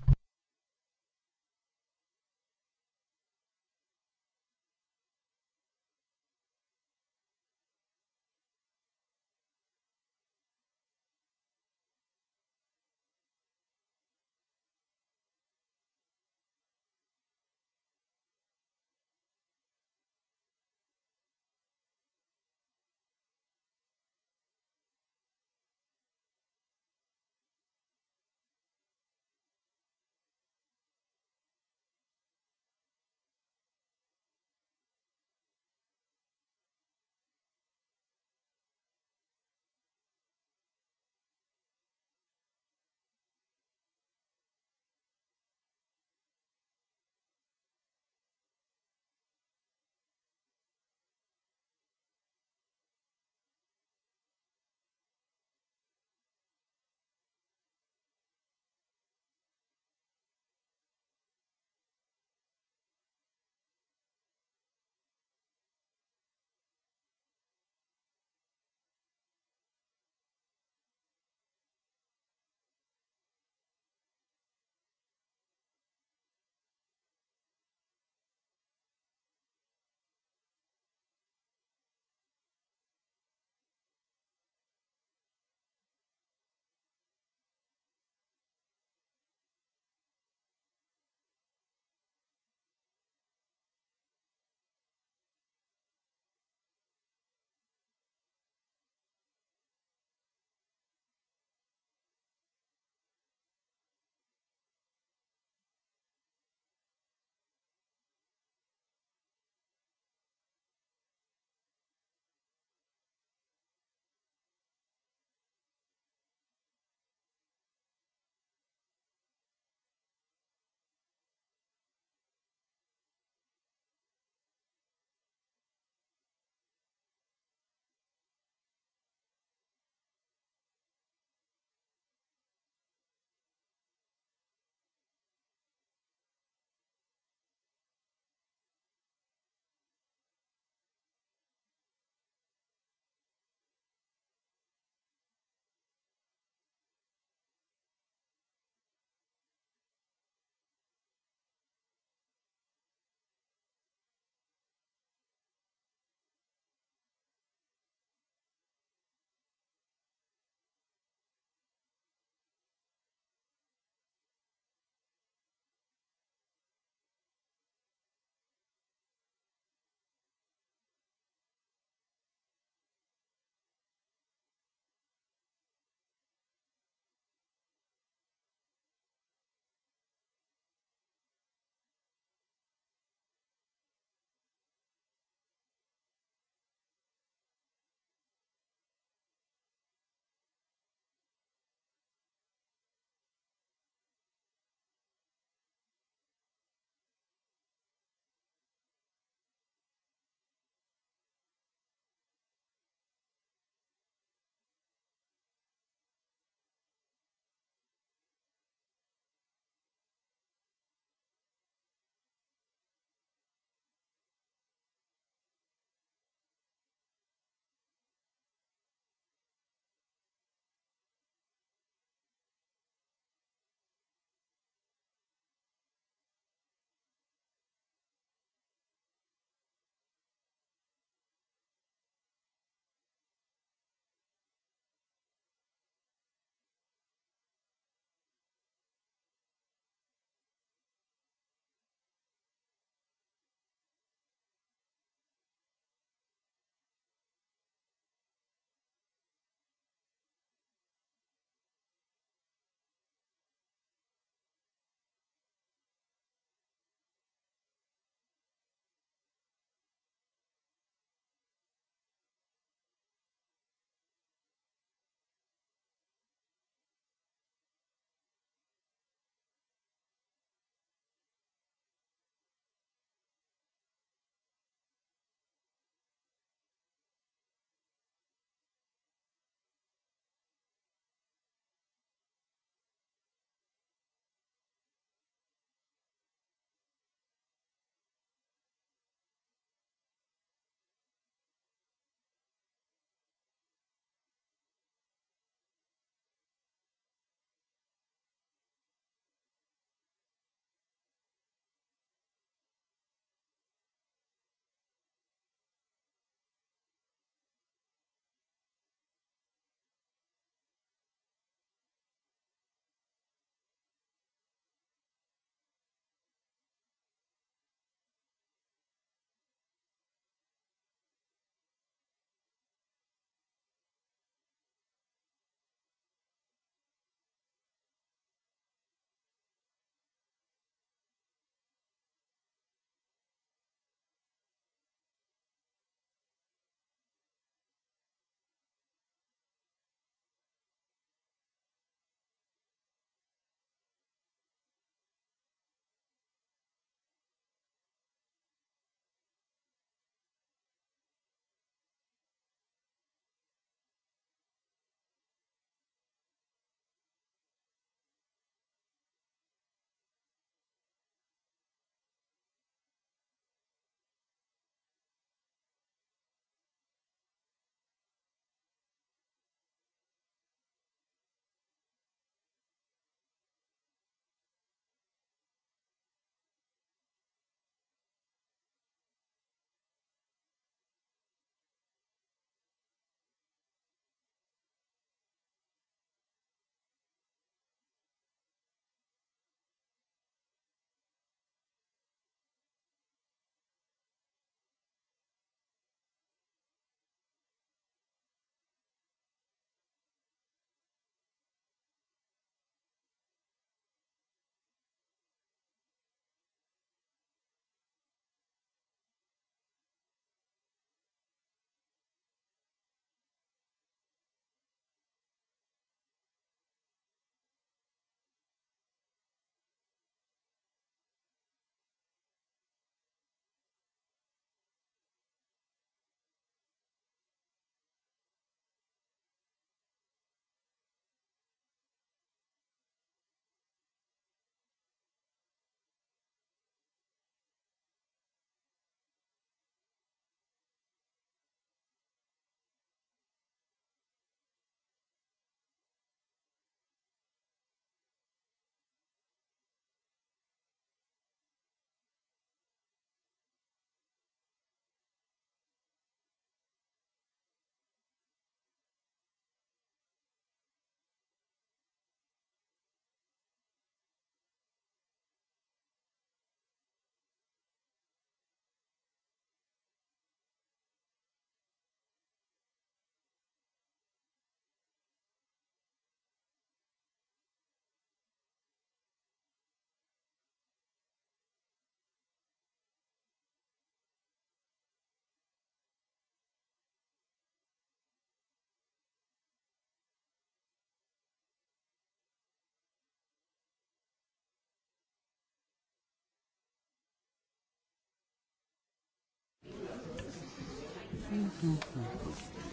Mm-hmm.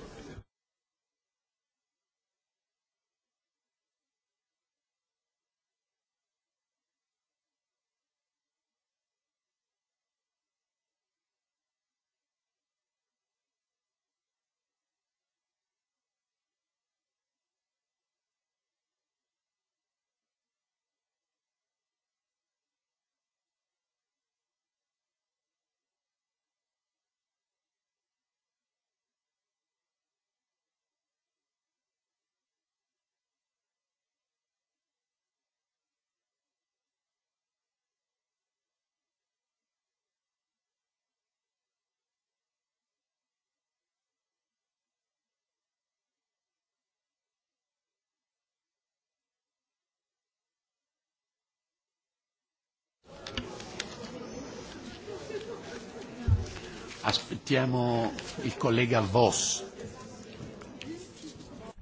Aspettiamo il collega Voss.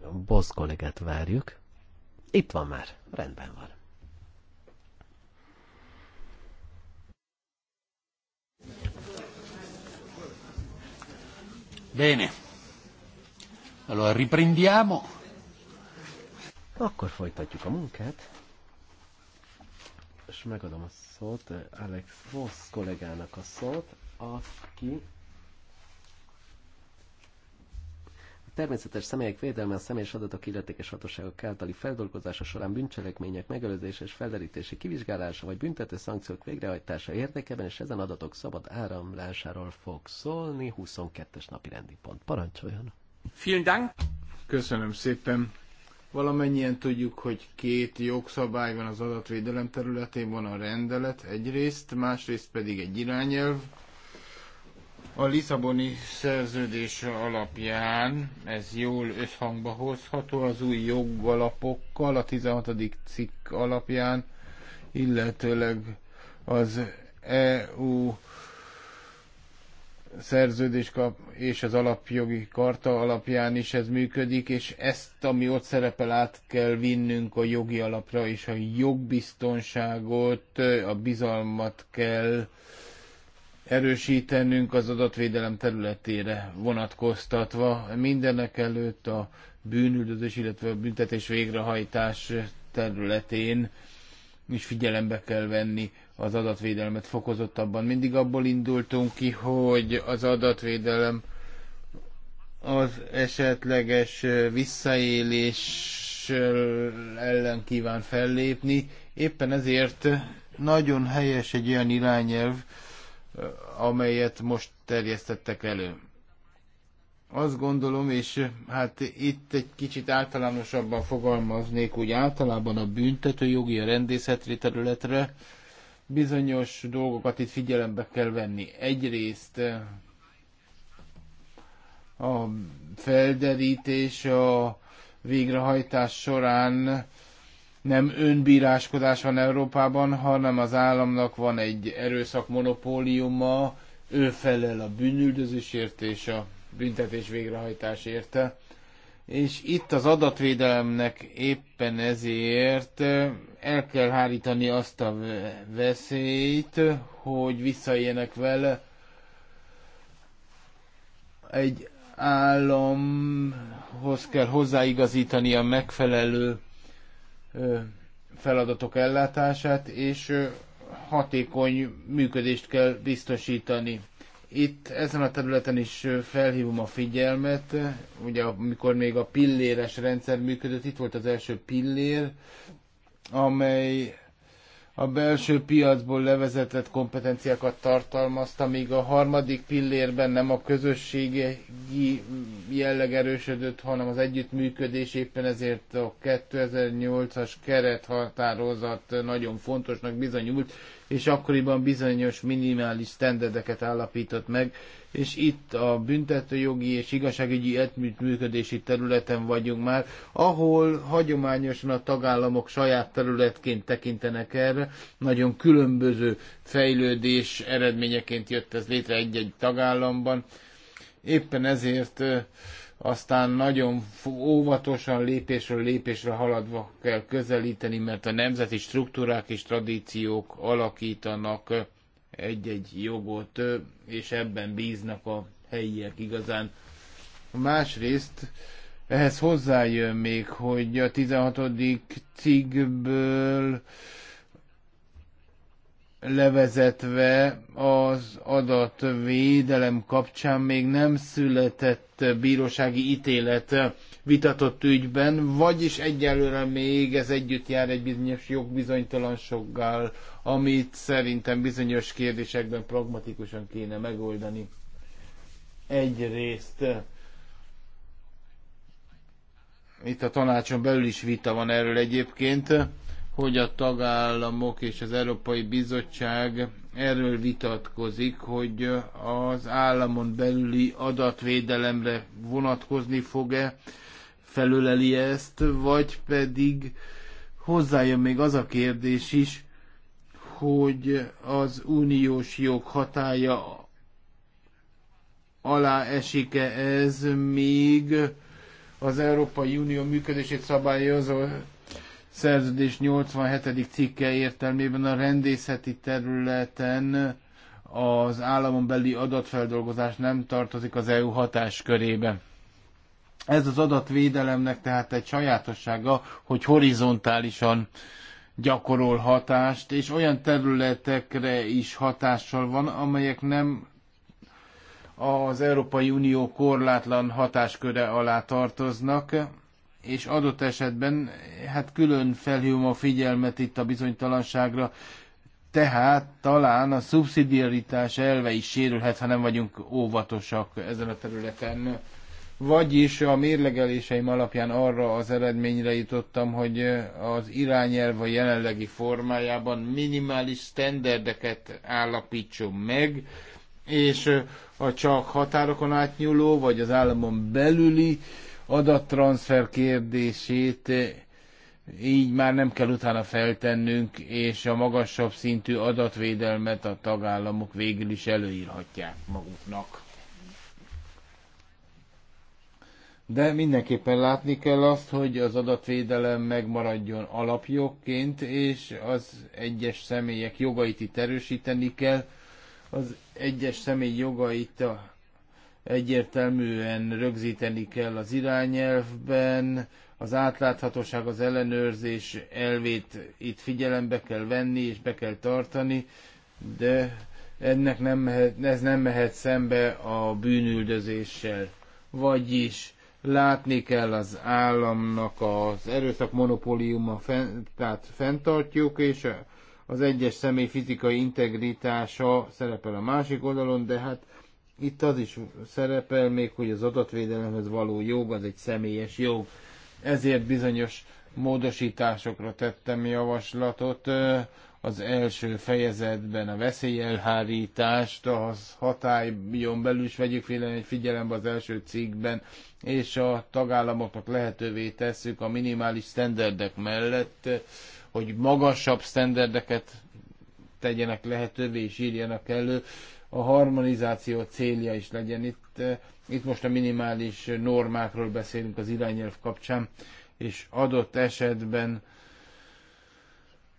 Voss kollégát várjuk. Itt van már, rendben van. Bene. Allora riprendiamo. Akkor folytatjuk a munkát. És megadom a szót eh, Alex Voss kollégának a szót, aki természetes személyek védelme a személyes adatok illetékes hatóságok általi feldolgozása során bűncselekmények megelőzése és felderítési kivizsgálása vagy büntető szankciók végrehajtása érdekében, és ezen adatok szabad áramlásáról fog szólni 22-es napi rendi pont. Parancsoljon! Vielen Dank! Köszönöm szépen! Valamennyien tudjuk, hogy két jogszabály van az adatvédelem területén, van a rendelet egyrészt, másrészt pedig egy irányelv, a Lisszaboni szerződés alapján ez jól összhangba hozható az új jogalapokkal, a 16. cikk alapján, illetőleg az EU szerződés kap, és az alapjogi karta alapján is ez működik, és ezt, ami ott szerepel, át kell vinnünk a jogi alapra, és a jogbiztonságot, a bizalmat kell erősítenünk az adatvédelem területére vonatkoztatva. Mindenek előtt a bűnüldözés, illetve a büntetés végrehajtás területén is figyelembe kell venni az adatvédelmet fokozottabban. Mindig abból indultunk ki, hogy az adatvédelem az esetleges visszaélés ellen kíván fellépni. Éppen ezért nagyon helyes egy olyan irányelv, amelyet most terjesztettek elő. Azt gondolom, és hát itt egy kicsit általánosabban fogalmaznék, hogy általában a büntető jogi a rendészetri területre bizonyos dolgokat itt figyelembe kell venni. Egyrészt eh, a felderítés, a végrehajtás során nem önbíráskodás van Európában, hanem az államnak van egy erőszak monopóliuma, ő felel a bűnüldözésért és a büntetés végrehajtásért. És itt az adatvédelemnek éppen ezért eh, el kell hárítani azt a veszélyt, hogy visszaéljenek vele. Egy államhoz kell hozzáigazítani a megfelelő feladatok ellátását, és hatékony működést kell biztosítani. Itt ezen a területen is felhívom a figyelmet, ugye amikor még a pilléres rendszer működött, itt volt az első pillér, amely a belső piacból levezetett kompetenciákat tartalmazta, míg a harmadik pillérben nem a közösségi jelleg erősödött, hanem az együttműködés, éppen ezért a 2008-as kerethatározat nagyon fontosnak bizonyult, és akkoriban bizonyos minimális standardeket állapított meg, és itt a büntetőjogi és igazságügyi együttműködési területen vagyunk már, ahol hagyományosan a tagállamok saját területként tekintenek erre, nagyon különböző fejlődés eredményeként jött ez létre egy-egy tagállamban. Éppen ezért aztán nagyon óvatosan lépésről lépésre haladva kell közelíteni, mert a nemzeti struktúrák és tradíciók alakítanak egy-egy jogot, és ebben bíznak a helyiek igazán. Másrészt ehhez hozzájön még, hogy a 16. cikkből levezetve az adatvédelem kapcsán még nem született bírósági ítélet vitatott ügyben, vagyis egyelőre még ez együtt jár egy bizonyos jogbizonytalansággal, amit szerintem bizonyos kérdésekben pragmatikusan kéne megoldani. Egyrészt itt a tanácson belül is vita van erről egyébként, hogy a tagállamok és az Európai Bizottság erről vitatkozik, hogy az államon belüli adatvédelemre vonatkozni fog-e, felöleli -e ezt, vagy pedig hozzájön még az a kérdés is, hogy az uniós jog hatája alá esik-e ez még az Európai Unió működését szabályozó szerződés 87. cikke értelmében a rendészeti területen az államon belüli adatfeldolgozás nem tartozik az EU hatáskörébe. Ez az adatvédelemnek tehát egy sajátossága, hogy horizontálisan gyakorol hatást, és olyan területekre is hatással van, amelyek nem az Európai Unió korlátlan hatásköre alá tartoznak, és adott esetben hát külön felhívom a figyelmet itt a bizonytalanságra, tehát talán a szubszidiaritás elve is sérülhet, ha nem vagyunk óvatosak ezen a területen. Vagyis a mérlegeléseim alapján arra az eredményre jutottam, hogy az irányelv a jelenlegi formájában minimális standardeket állapítson meg, és a csak határokon átnyúló, vagy az államon belüli uh, adattranszfer kérdését így már nem kell utána feltennünk, és a magasabb szintű adatvédelmet a tagállamok végül is előírhatják maguknak. De mindenképpen látni kell azt, hogy az adatvédelem megmaradjon alapjogként, és az egyes személyek jogait itt erősíteni kell. Az egyes személy jogait a egyértelműen rögzíteni kell az irányelvben, az átláthatóság, az ellenőrzés elvét itt figyelembe kell venni és be kell tartani, de ennek nem mehet, ez nem mehet szembe a bűnüldözéssel. Vagyis látni kell az államnak az erőszak monopóliuma, tehát fenntartjuk, és az egyes személy fizikai integritása szerepel a másik oldalon, de hát itt az is szerepel még, hogy az adatvédelemhez való jog az egy személyes jog. Ezért bizonyos módosításokra tettem javaslatot. Az első fejezetben a veszélyelhárítást a hatályon belül is vegyük figyelembe az első cikkben, és a tagállamoknak lehetővé tesszük a minimális standardek mellett, hogy magasabb standardeket tegyenek lehetővé és írjanak elő, a harmonizáció célja is legyen. Itt, eh, itt most a minimális normákról beszélünk az irányelv kapcsán, és adott esetben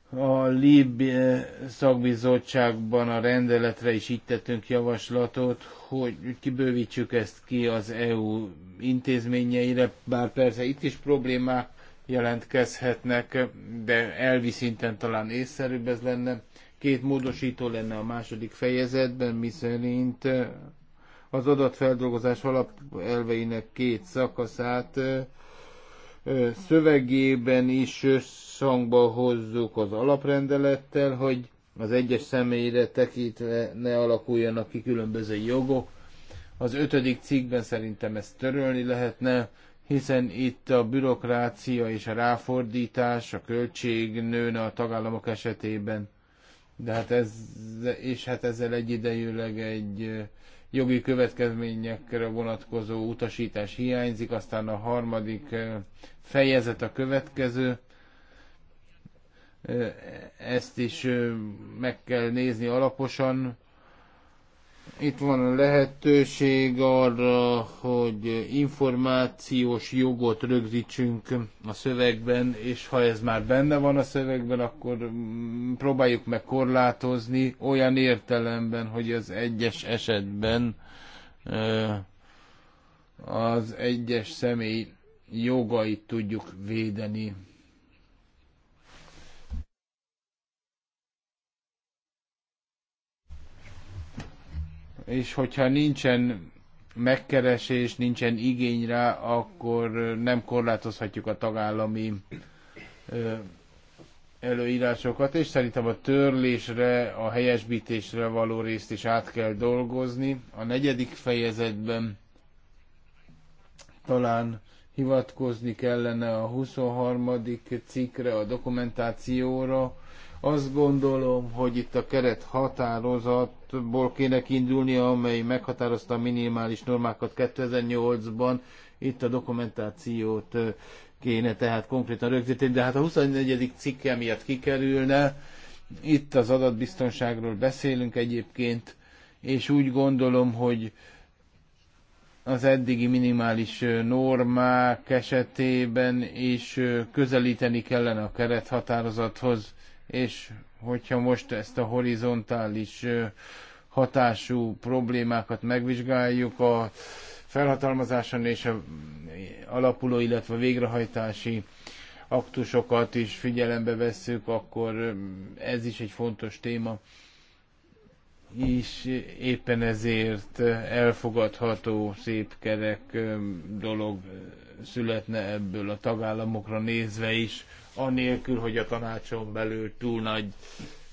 a LIB eh, szakbizottságban a rendeletre is így tettünk javaslatot, hogy kibővítsük ezt ki az EU intézményeire, bár persze itt is problémák jelentkezhetnek, de elvi szinten talán észszerűbb ez lenne. Két módosító lenne a második fejezetben, miszerint az adatfeldolgozás alapelveinek két szakaszát szövegében is összhangba hozzuk az alaprendelettel, hogy az egyes személyre tekintve ne alakuljanak ki különböző jogok. Az ötödik cikkben szerintem ezt törölni lehetne, hiszen itt a bürokrácia és a ráfordítás, a költség nőne a tagállamok esetében de hát ez, és hát ezzel egyidejűleg egy jogi következményekre vonatkozó utasítás hiányzik, aztán a harmadik fejezet a következő, e, ezt is meg kell nézni alaposan, itt van a lehetőség arra, hogy információs jogot rögzítsünk a szövegben, és ha ez már benne van a szövegben, akkor mm, próbáljuk meg korlátozni olyan értelemben, hogy az egyes esetben az egyes személy jogait tudjuk védeni és hogyha nincsen megkeresés, nincsen igény rá, akkor nem korlátozhatjuk a tagállami előírásokat, és szerintem a törlésre, a helyesbítésre való részt is át kell dolgozni. A negyedik fejezetben talán hivatkozni kellene a 23. cikkre, a dokumentációra. Azt gondolom, hogy itt a keret határozat javaslatból kéne kiindulni, amely meghatározta a minimális normákat 2008-ban. Itt a dokumentációt kéne tehát konkrétan rögzíteni, de hát a 24. cikke miatt kikerülne. Itt az adatbiztonságról beszélünk egyébként, és úgy gondolom, hogy az eddigi minimális normák esetében is közelíteni kellene a kerethatározathoz, és hogyha most ezt a horizontális hatású problémákat megvizsgáljuk, a felhatalmazáson és a alapuló, illetve végrehajtási aktusokat is figyelembe vesszük, akkor ez is egy fontos téma, és éppen ezért elfogadható, szép kerek dolog születne ebből a tagállamokra nézve is, anélkül, hogy a tanácson belül túl nagy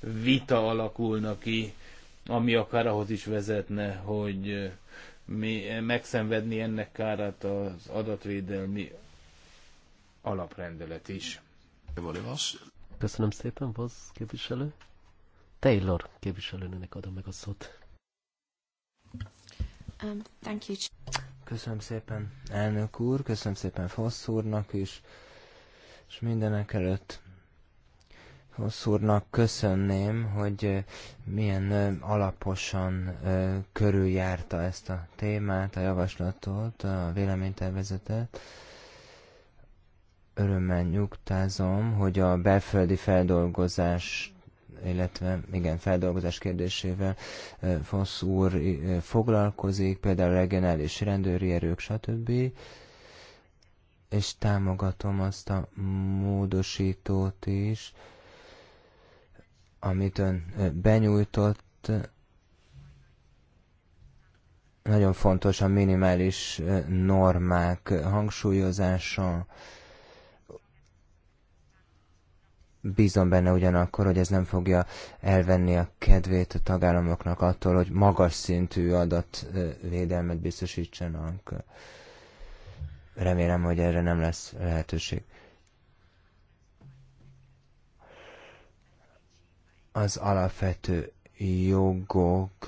vita alakulna ki, ami akár ahhoz is vezetne, hogy eh, mi eh, megszenvedni ennek kárát az adatvédelmi alaprendelet is. Köszönöm szépen, Vaz képviselő. Taylor képviselőnek adom meg a szót. Um, thank you. Köszönöm szépen, elnök úr, köszönöm szépen Fosz úrnak is. És mindenek előtt Hosszúrnak köszönném, hogy milyen alaposan körüljárta ezt a témát, a javaslatot, a véleménytervezetet. Örömmel nyugtázom, hogy a belföldi feldolgozás illetve igen, feldolgozás kérdésével Fosz úr foglalkozik, például regionális rendőri erők, stb és támogatom azt a módosítót is, amit ön benyújtott. Nagyon fontos a minimális normák hangsúlyozása. Bízom benne ugyanakkor, hogy ez nem fogja elvenni a kedvét a tagállamoknak attól, hogy magas szintű adatvédelmet biztosítsanak. Remélem, hogy erre nem lesz lehetőség. Az alapvető jogok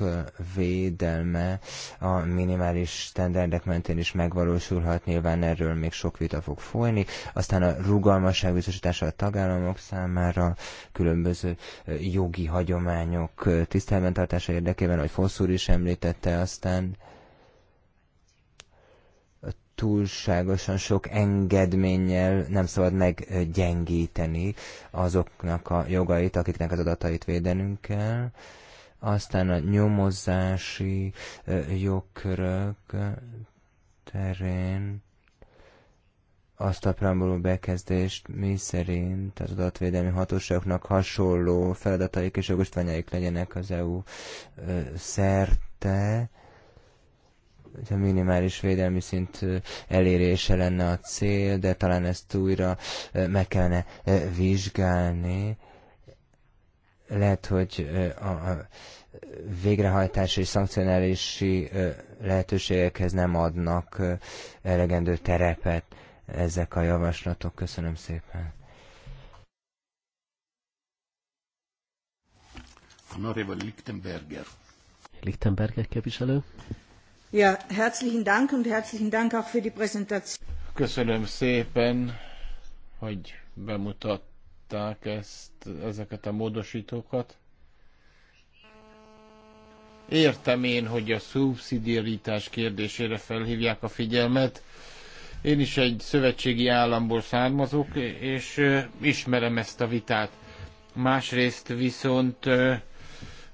védelme a minimális standardek mentén is megvalósulhat, nyilván erről még sok vita fog folyni. Aztán a rugalmasság biztosítása a tagállamok számára, különböző jogi hagyományok tisztelben tartása érdekében, hogy Fosszúr is említette, aztán túlságosan sok engedménnyel nem szabad meggyengíteni azoknak a jogait, akiknek az adatait védenünk kell. Aztán a nyomozási jogkörök terén azt a preambuló bekezdést, mi szerint az adatvédelmi hatóságoknak hasonló feladataik és jogosítványaik legyenek az EU szerte, a minimális védelmi szint elérése lenne a cél, de talán ezt újra meg kellene vizsgálni. Lehet, hogy a végrehajtási és szankcionálási lehetőségekhez nem adnak elegendő terepet ezek a javaslatok. Köszönöm szépen. Honorable Lichtenberger. Lichtenberger képviselő. Ja, herzlichen Dank und herzlichen Dank auch für die Präsentation. Köszönöm szépen, hogy bemutatták ezt, ezeket a módosítókat. Értem én, hogy a szubszidiaritás kérdésére felhívják a figyelmet. Én is egy szövetségi államból származok, és ismerem ezt a vitát. Másrészt viszont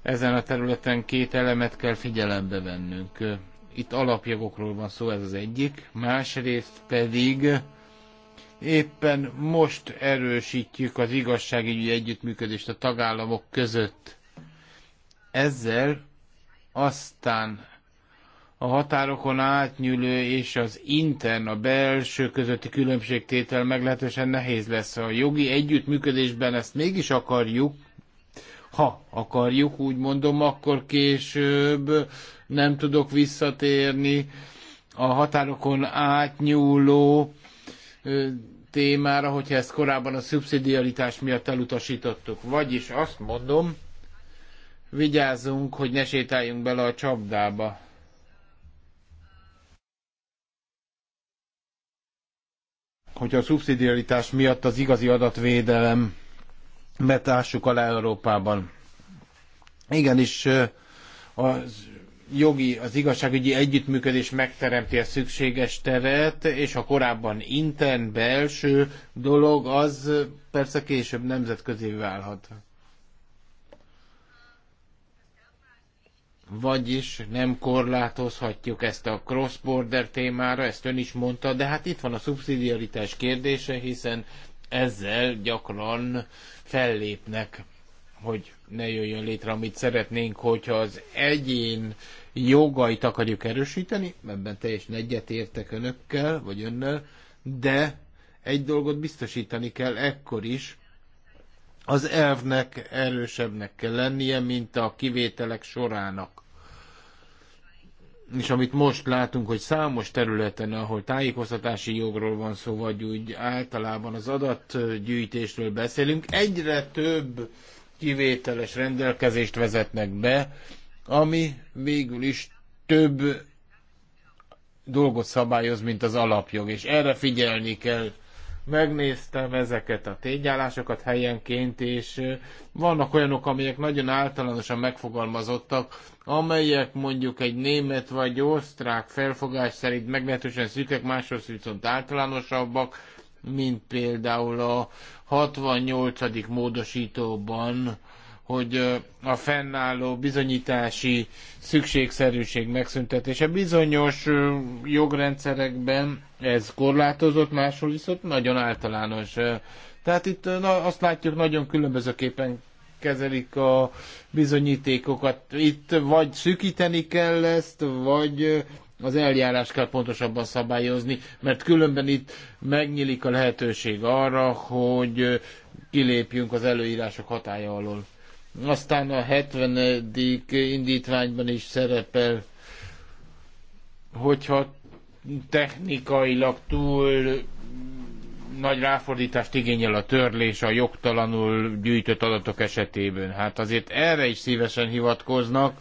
ezen a területen két elemet kell figyelembe vennünk itt alapjogokról van szó, ez az egyik. Másrészt pedig éppen most erősítjük az igazságügyi együttműködést a tagállamok között. Ezzel aztán a határokon átnyúló és az intern, a belső közötti különbségtétel meglehetősen nehéz lesz. A jogi együttműködésben ezt mégis akarjuk, ha akarjuk, úgy mondom, akkor később nem tudok visszatérni a határokon átnyúló témára, hogyha ezt korábban a szubszidiaritás miatt elutasítottuk. Vagyis azt mondom, vigyázzunk, hogy ne sétáljunk bele a csapdába. Hogyha a szubszidiaritás miatt az igazi adatvédelem mert ássuk alá Európában. Igenis az jogi, az igazságügyi együttműködés megteremti a szükséges teret, és a korábban intern, belső dolog, az persze később nemzetközi válhat. Vagyis nem korlátozhatjuk ezt a cross-border témára, ezt ön is mondta, de hát itt van a szubszidiaritás kérdése, hiszen ezzel gyakran fellépnek, hogy ne jöjjön létre, amit szeretnénk, hogyha az egyén jogait akarjuk erősíteni, ebben teljesen egyetértek önökkel, vagy önnel, de egy dolgot biztosítani kell ekkor is, az elvnek erősebbnek kell lennie, mint a kivételek sorának és amit most látunk, hogy számos területen, ahol tájékoztatási jogról van szó, vagy úgy általában az adatgyűjtésről beszélünk, egyre több kivételes rendelkezést vezetnek be, ami végül is több dolgot szabályoz, mint az alapjog, és erre figyelni kell megnéztem ezeket a tényállásokat helyenként, és vannak olyanok, amelyek nagyon általánosan megfogalmazottak, amelyek mondjuk egy német vagy osztrák felfogás szerint meglehetősen szűkek, máshoz viszont általánosabbak, mint például a 68. módosítóban hogy a fennálló bizonyítási szükségszerűség megszüntetése bizonyos jogrendszerekben ez korlátozott, máshol viszont nagyon általános. Tehát itt na, azt látjuk, nagyon különbözőképpen kezelik a bizonyítékokat. Itt vagy szűkíteni kell ezt, vagy az eljárás kell pontosabban szabályozni, mert különben itt megnyílik a lehetőség arra, hogy kilépjünk az előírások hatája alól. Aztán a 70. indítványban is szerepel, hogyha technikailag túl nagy ráfordítást igényel a törlés a jogtalanul gyűjtött adatok esetében. Hát azért erre is szívesen hivatkoznak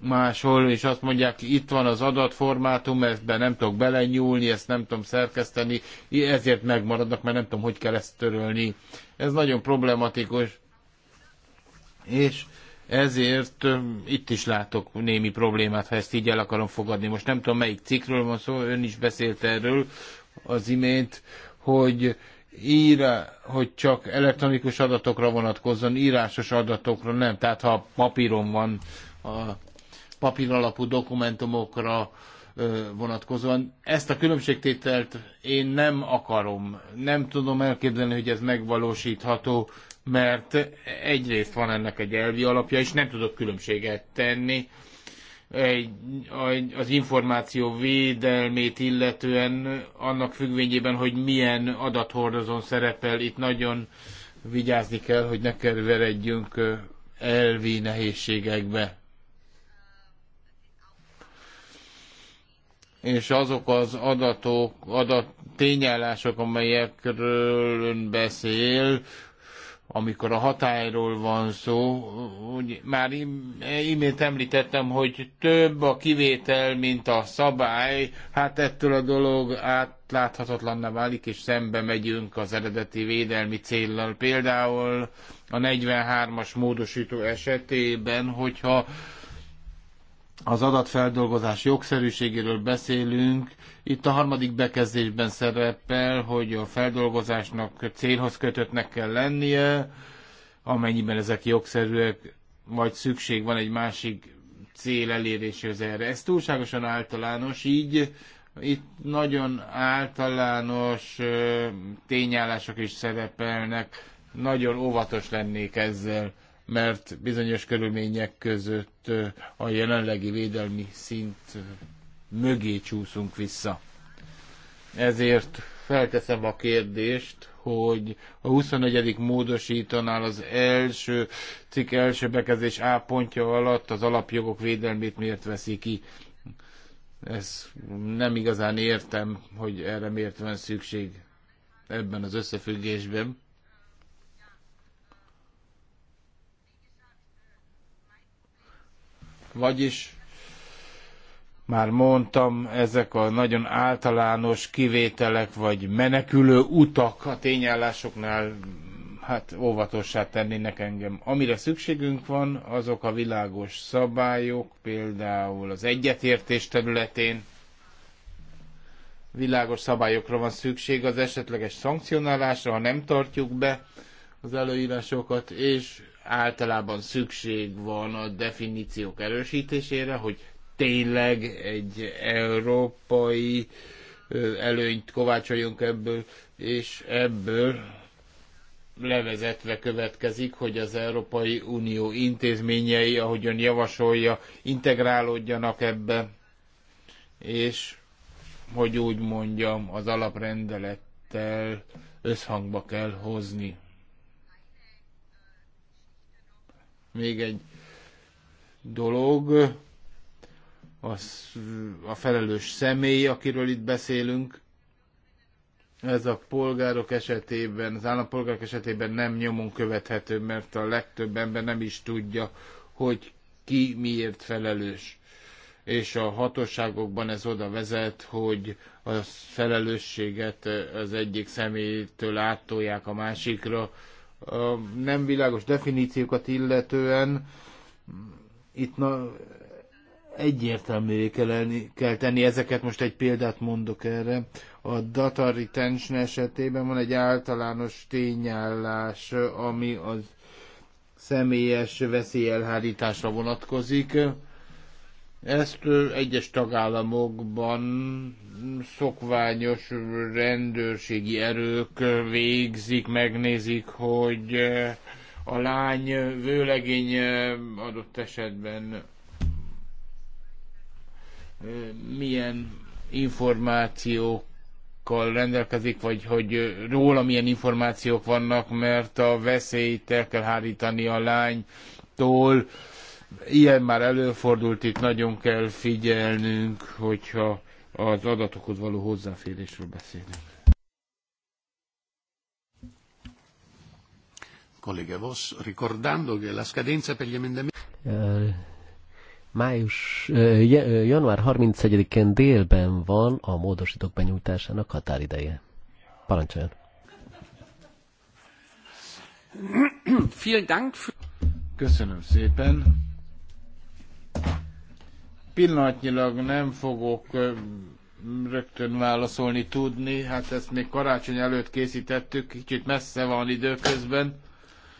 máshol, és azt mondják, itt van az adatformátum, ebben nem tudok belenyúlni, ezt nem tudom szerkeszteni, ezért megmaradnak, mert nem tudom, hogy kell ezt törölni. Ez nagyon problematikus és ezért itt is látok némi problémát, ha ezt így el akarom fogadni. Most nem tudom, melyik cikkről van szó, ön is beszélt erről az imént, hogy ír, hogy csak elektronikus adatokra vonatkozzon, írásos adatokra nem. Tehát ha papíron van, a papír alapú dokumentumokra vonatkozóan. Ezt a különbségtételt én nem akarom, nem tudom elképzelni, hogy ez megvalósítható, mert egyrészt van ennek egy elvi alapja, és nem tudok különbséget tenni egy, az információ védelmét illetően annak függvényében, hogy milyen adathordozón szerepel, itt nagyon vigyázni kell, hogy ne kerveredjünk elvi nehézségekbe. és azok az adatok, adat tényállások, amelyekről ön beszél, amikor a hatályról van szó, úgy már imént említettem, hogy több a kivétel, mint a szabály, hát ettől a dolog átláthatatlanná válik, és szembe megyünk az eredeti védelmi céllal. Például a 43-as módosító esetében, hogyha az adatfeldolgozás jogszerűségéről beszélünk. Itt a harmadik bekezdésben szerepel, hogy a feldolgozásnak célhoz kötöttnek kell lennie, amennyiben ezek jogszerűek, vagy szükség van egy másik cél eléréséhez erre. Ez túlságosan általános, így itt nagyon általános tényállások is szerepelnek, nagyon óvatos lennék ezzel mert bizonyos körülmények között a jelenlegi védelmi szint mögé csúszunk vissza. Ezért felteszem a kérdést, hogy a 24. módosítanál az első cikk első bekezdés A pontja alatt az alapjogok védelmét miért veszi ki. Ez nem igazán értem, hogy erre miért van szükség ebben az összefüggésben. Vagyis már mondtam, ezek a nagyon általános kivételek vagy menekülő utak a tényállásoknál hát óvatossá tennének engem. Amire szükségünk van, azok a világos szabályok, például az egyetértés területén világos szabályokra van szükség az esetleges szankcionálásra, ha nem tartjuk be az előírásokat, és általában szükség van a definíciók erősítésére, hogy tényleg egy európai előnyt kovácsoljunk ebből, és ebből levezetve következik, hogy az Európai Unió intézményei, ahogyan javasolja, integrálódjanak ebbe, és hogy úgy mondjam, az alaprendelettel összhangba kell hozni Még egy dolog, az a felelős személy, akiről itt beszélünk, ez a polgárok esetében, az állampolgárok esetében nem nyomon követhető, mert a legtöbb ember nem is tudja, hogy ki miért felelős. És a hatóságokban ez oda vezet, hogy a felelősséget az egyik személytől áttolják a másikra, nem világos definíciókat illetően itt na, egyértelművé kell, kell tenni ezeket, most egy példát mondok erre. A data retention esetében van egy általános tényállás, ami az személyes veszélyelhárításra vonatkozik. Ezt egyes tagállamokban szokványos rendőrségi erők végzik, megnézik, hogy eh, a lány vőlegény eh, adott esetben eh, milyen információkkal rendelkezik, vagy hogy róla milyen információk vannak, mert a veszélyt el kell hárítani a lánytól, Ilyen már előfordult, itt nagyon kell figyelnünk, hogyha az adatokhoz való hozzáférésről beszélünk. Kollége, Voss, ricordando che la scadenza per gli emendamenti... Május, január 31-én délben van a módosítók benyújtásának határideje. Parancsoljon! Köszönöm szépen! Pillanatnyilag nem fogok rögtön válaszolni tudni, hát ezt még karácsony előtt készítettük, kicsit messze van időközben.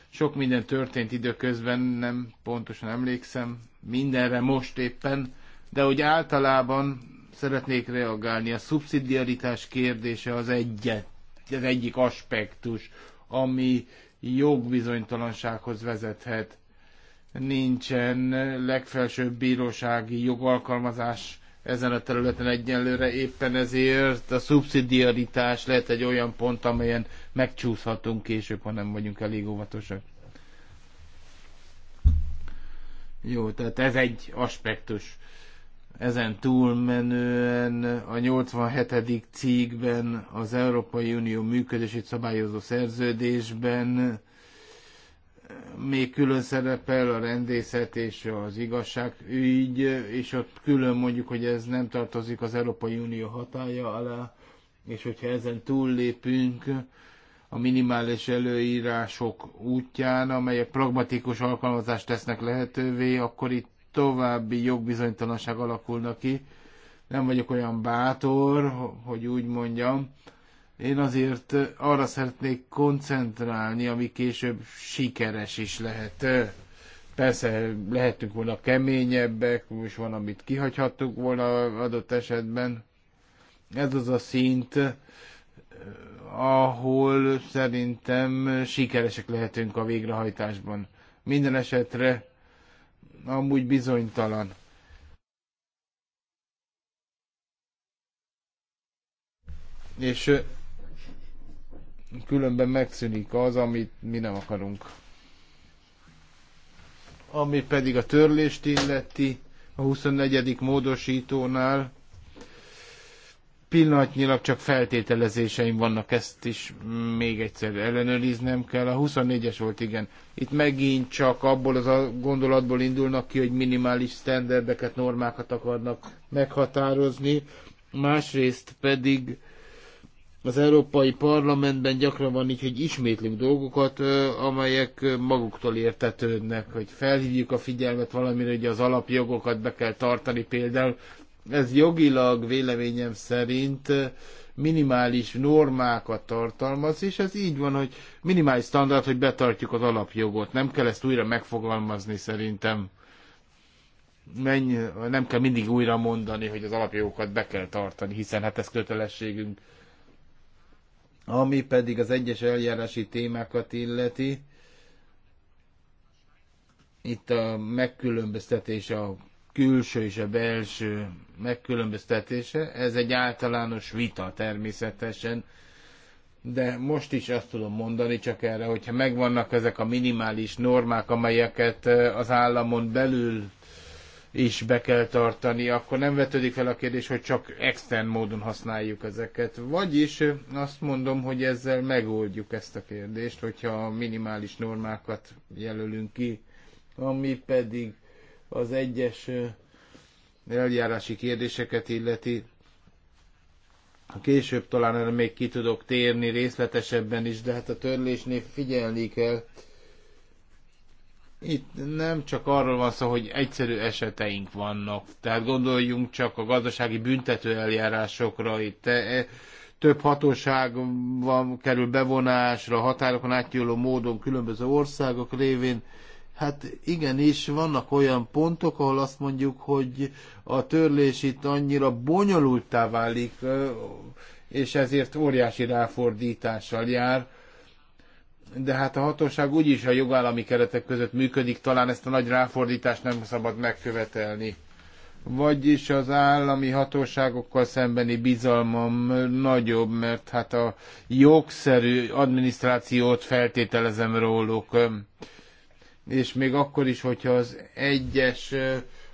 Sok minden történt időközben, nem pontosan emlékszem mindenre most éppen, de úgy általában szeretnék reagálni. A szubszidiaritás kérdése az, egyet, az egyik aspektus, ami jogbizonytalansághoz vezethet nincsen legfelsőbb bírósági jogalkalmazás ezen a területen egyenlőre, éppen ezért a szubszidiaritás lehet egy olyan pont, amelyen megcsúszhatunk később, ha nem vagyunk elég óvatosak. Jó, tehát ez egy aspektus. Ezen túlmenően a 87. cikkben az Európai Unió működését szabályozó szerződésben még külön szerepel a rendészet és az igazság ügy, és ott külön mondjuk, hogy ez nem tartozik az Európai Unió hatája alá, és hogyha ezen túllépünk a minimális előírások útján, amelyek pragmatikus alkalmazást tesznek lehetővé, akkor itt további jogbizonytalanság alakulna ki. Nem vagyok olyan bátor, hogy úgy mondjam, én azért arra szeretnék koncentrálni, ami később sikeres is lehet. Persze lehetünk volna keményebbek, és van, amit kihagyhattuk volna adott esetben. Ez az a szint, ahol szerintem sikeresek lehetünk a végrehajtásban. Minden esetre amúgy bizonytalan. És különben megszűnik az, amit mi nem akarunk. Ami pedig a törlést illeti, a 24. módosítónál pillanatnyilag csak feltételezéseim vannak, ezt is még egyszer ellenőriznem kell. A 24-es volt, igen. Itt megint csak abból az a gondolatból indulnak ki, hogy minimális standardeket, normákat akarnak meghatározni. Másrészt pedig az Európai Parlamentben gyakran van így, hogy ismétlünk dolgokat, amelyek maguktól értetődnek, hogy felhívjuk a figyelmet valamire, hogy az alapjogokat be kell tartani például. Ez jogilag véleményem szerint minimális normákat tartalmaz, és ez így van, hogy minimális standard, hogy betartjuk az alapjogot. Nem kell ezt újra megfogalmazni szerintem. Menj, nem kell mindig újra mondani, hogy az alapjogokat be kell tartani, hiszen hát ez kötelességünk. Ami pedig az egyes eljárási témákat illeti, itt a megkülönböztetés a külső és a belső megkülönböztetése. Ez egy általános vita természetesen, de most is azt tudom mondani csak erre, hogyha megvannak ezek a minimális normák, amelyeket az államon belül is be kell tartani, akkor nem vetődik fel a kérdés, hogy csak extern módon használjuk ezeket. Vagyis azt mondom, hogy ezzel megoldjuk ezt a kérdést, hogyha minimális normákat jelölünk ki, ami pedig az egyes eljárási kérdéseket illeti. Később talán erre még ki tudok térni részletesebben is, de hát a törlésnél figyelni kell, itt nem csak arról van szó, hogy egyszerű eseteink vannak. Tehát gondoljunk csak a gazdasági büntető eljárásokra. Itt e, e, több hatóság van, kerül bevonásra, határokon átnyúló módon különböző országok révén. Hát igenis, vannak olyan pontok, ahol azt mondjuk, hogy a törlés itt annyira bonyolultá válik, és ezért óriási ráfordítással jár de hát a hatóság úgyis a jogállami keretek között működik, talán ezt a nagy ráfordítást nem szabad megkövetelni. Vagyis az állami hatóságokkal szembeni bizalmam nagyobb, mert hát a jogszerű adminisztrációt feltételezem róluk. És még akkor is, hogyha az egyes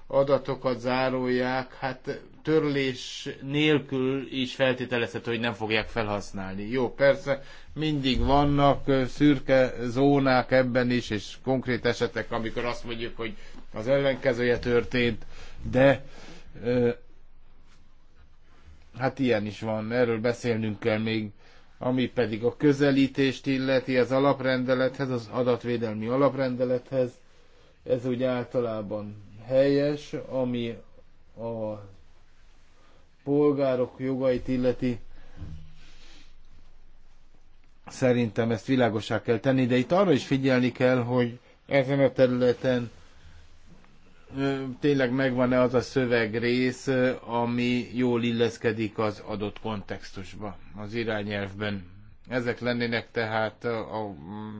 adatokat zárolják, hát törlés nélkül is feltételezhető, hogy nem fogják felhasználni. Jó, persze, mindig vannak szürke zónák ebben is, és konkrét esetek, amikor azt mondjuk, hogy az ellenkezője történt, de hát ilyen is van, erről beszélnünk kell még, ami pedig a közelítést illeti az alaprendelethez, az adatvédelmi alaprendelethez, ez úgy általában helyes, ami a polgárok jogait illeti, szerintem ezt világosá kell tenni, de itt arra is figyelni kell, hogy ezen a területen tényleg megvan-e az a szövegrész, ami jól illeszkedik az adott kontextusba, az irányelvben. Ezek lennének tehát a mm,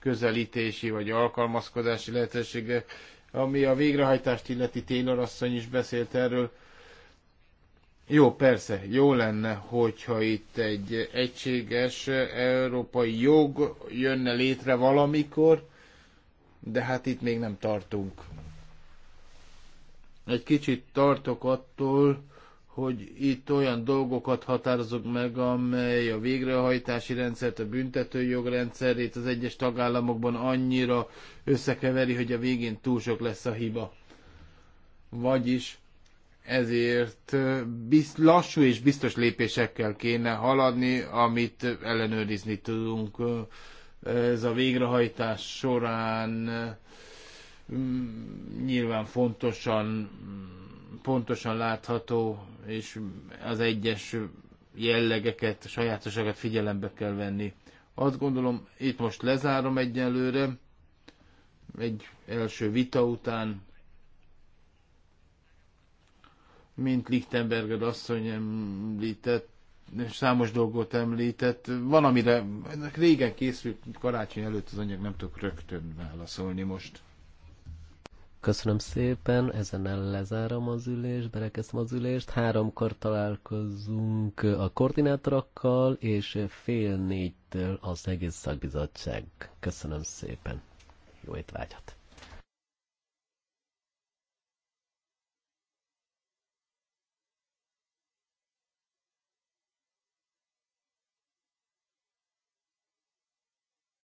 közelítési vagy alkalmazkodási lehetőségek, ami a végrehajtást illeti Taylor asszony is beszélt erről. Jó, persze, jó lenne, hogyha itt egy egységes európai jog jönne létre valamikor, de hát itt még nem tartunk. Egy kicsit tartok attól, hogy itt olyan dolgokat határozok meg, amely a végrehajtási rendszert, a büntetőjogrendszerét az egyes tagállamokban annyira összekeveri, hogy a végén túl sok lesz a hiba. Vagyis ezért bizt, lassú és biztos lépésekkel kéne haladni, amit ellenőrizni tudunk ez a végrehajtás során mm, nyilván fontosan, mm, pontosan látható, és az egyes jellegeket, sajátosakat figyelembe kell venni. Azt gondolom, itt most lezárom egyelőre, egy első vita után, mint Lichtenberger asszony említett, számos dolgot említett. Van, amire régen készült karácsony előtt az anyag, nem tudok rögtön válaszolni most. Köszönöm szépen, ezen el lezárom az ülést, berekeztem az ülést. Háromkor találkozunk a koordinátorokkal, és fél négytől az egész szakbizottság. Köszönöm szépen. Jó étvágyat!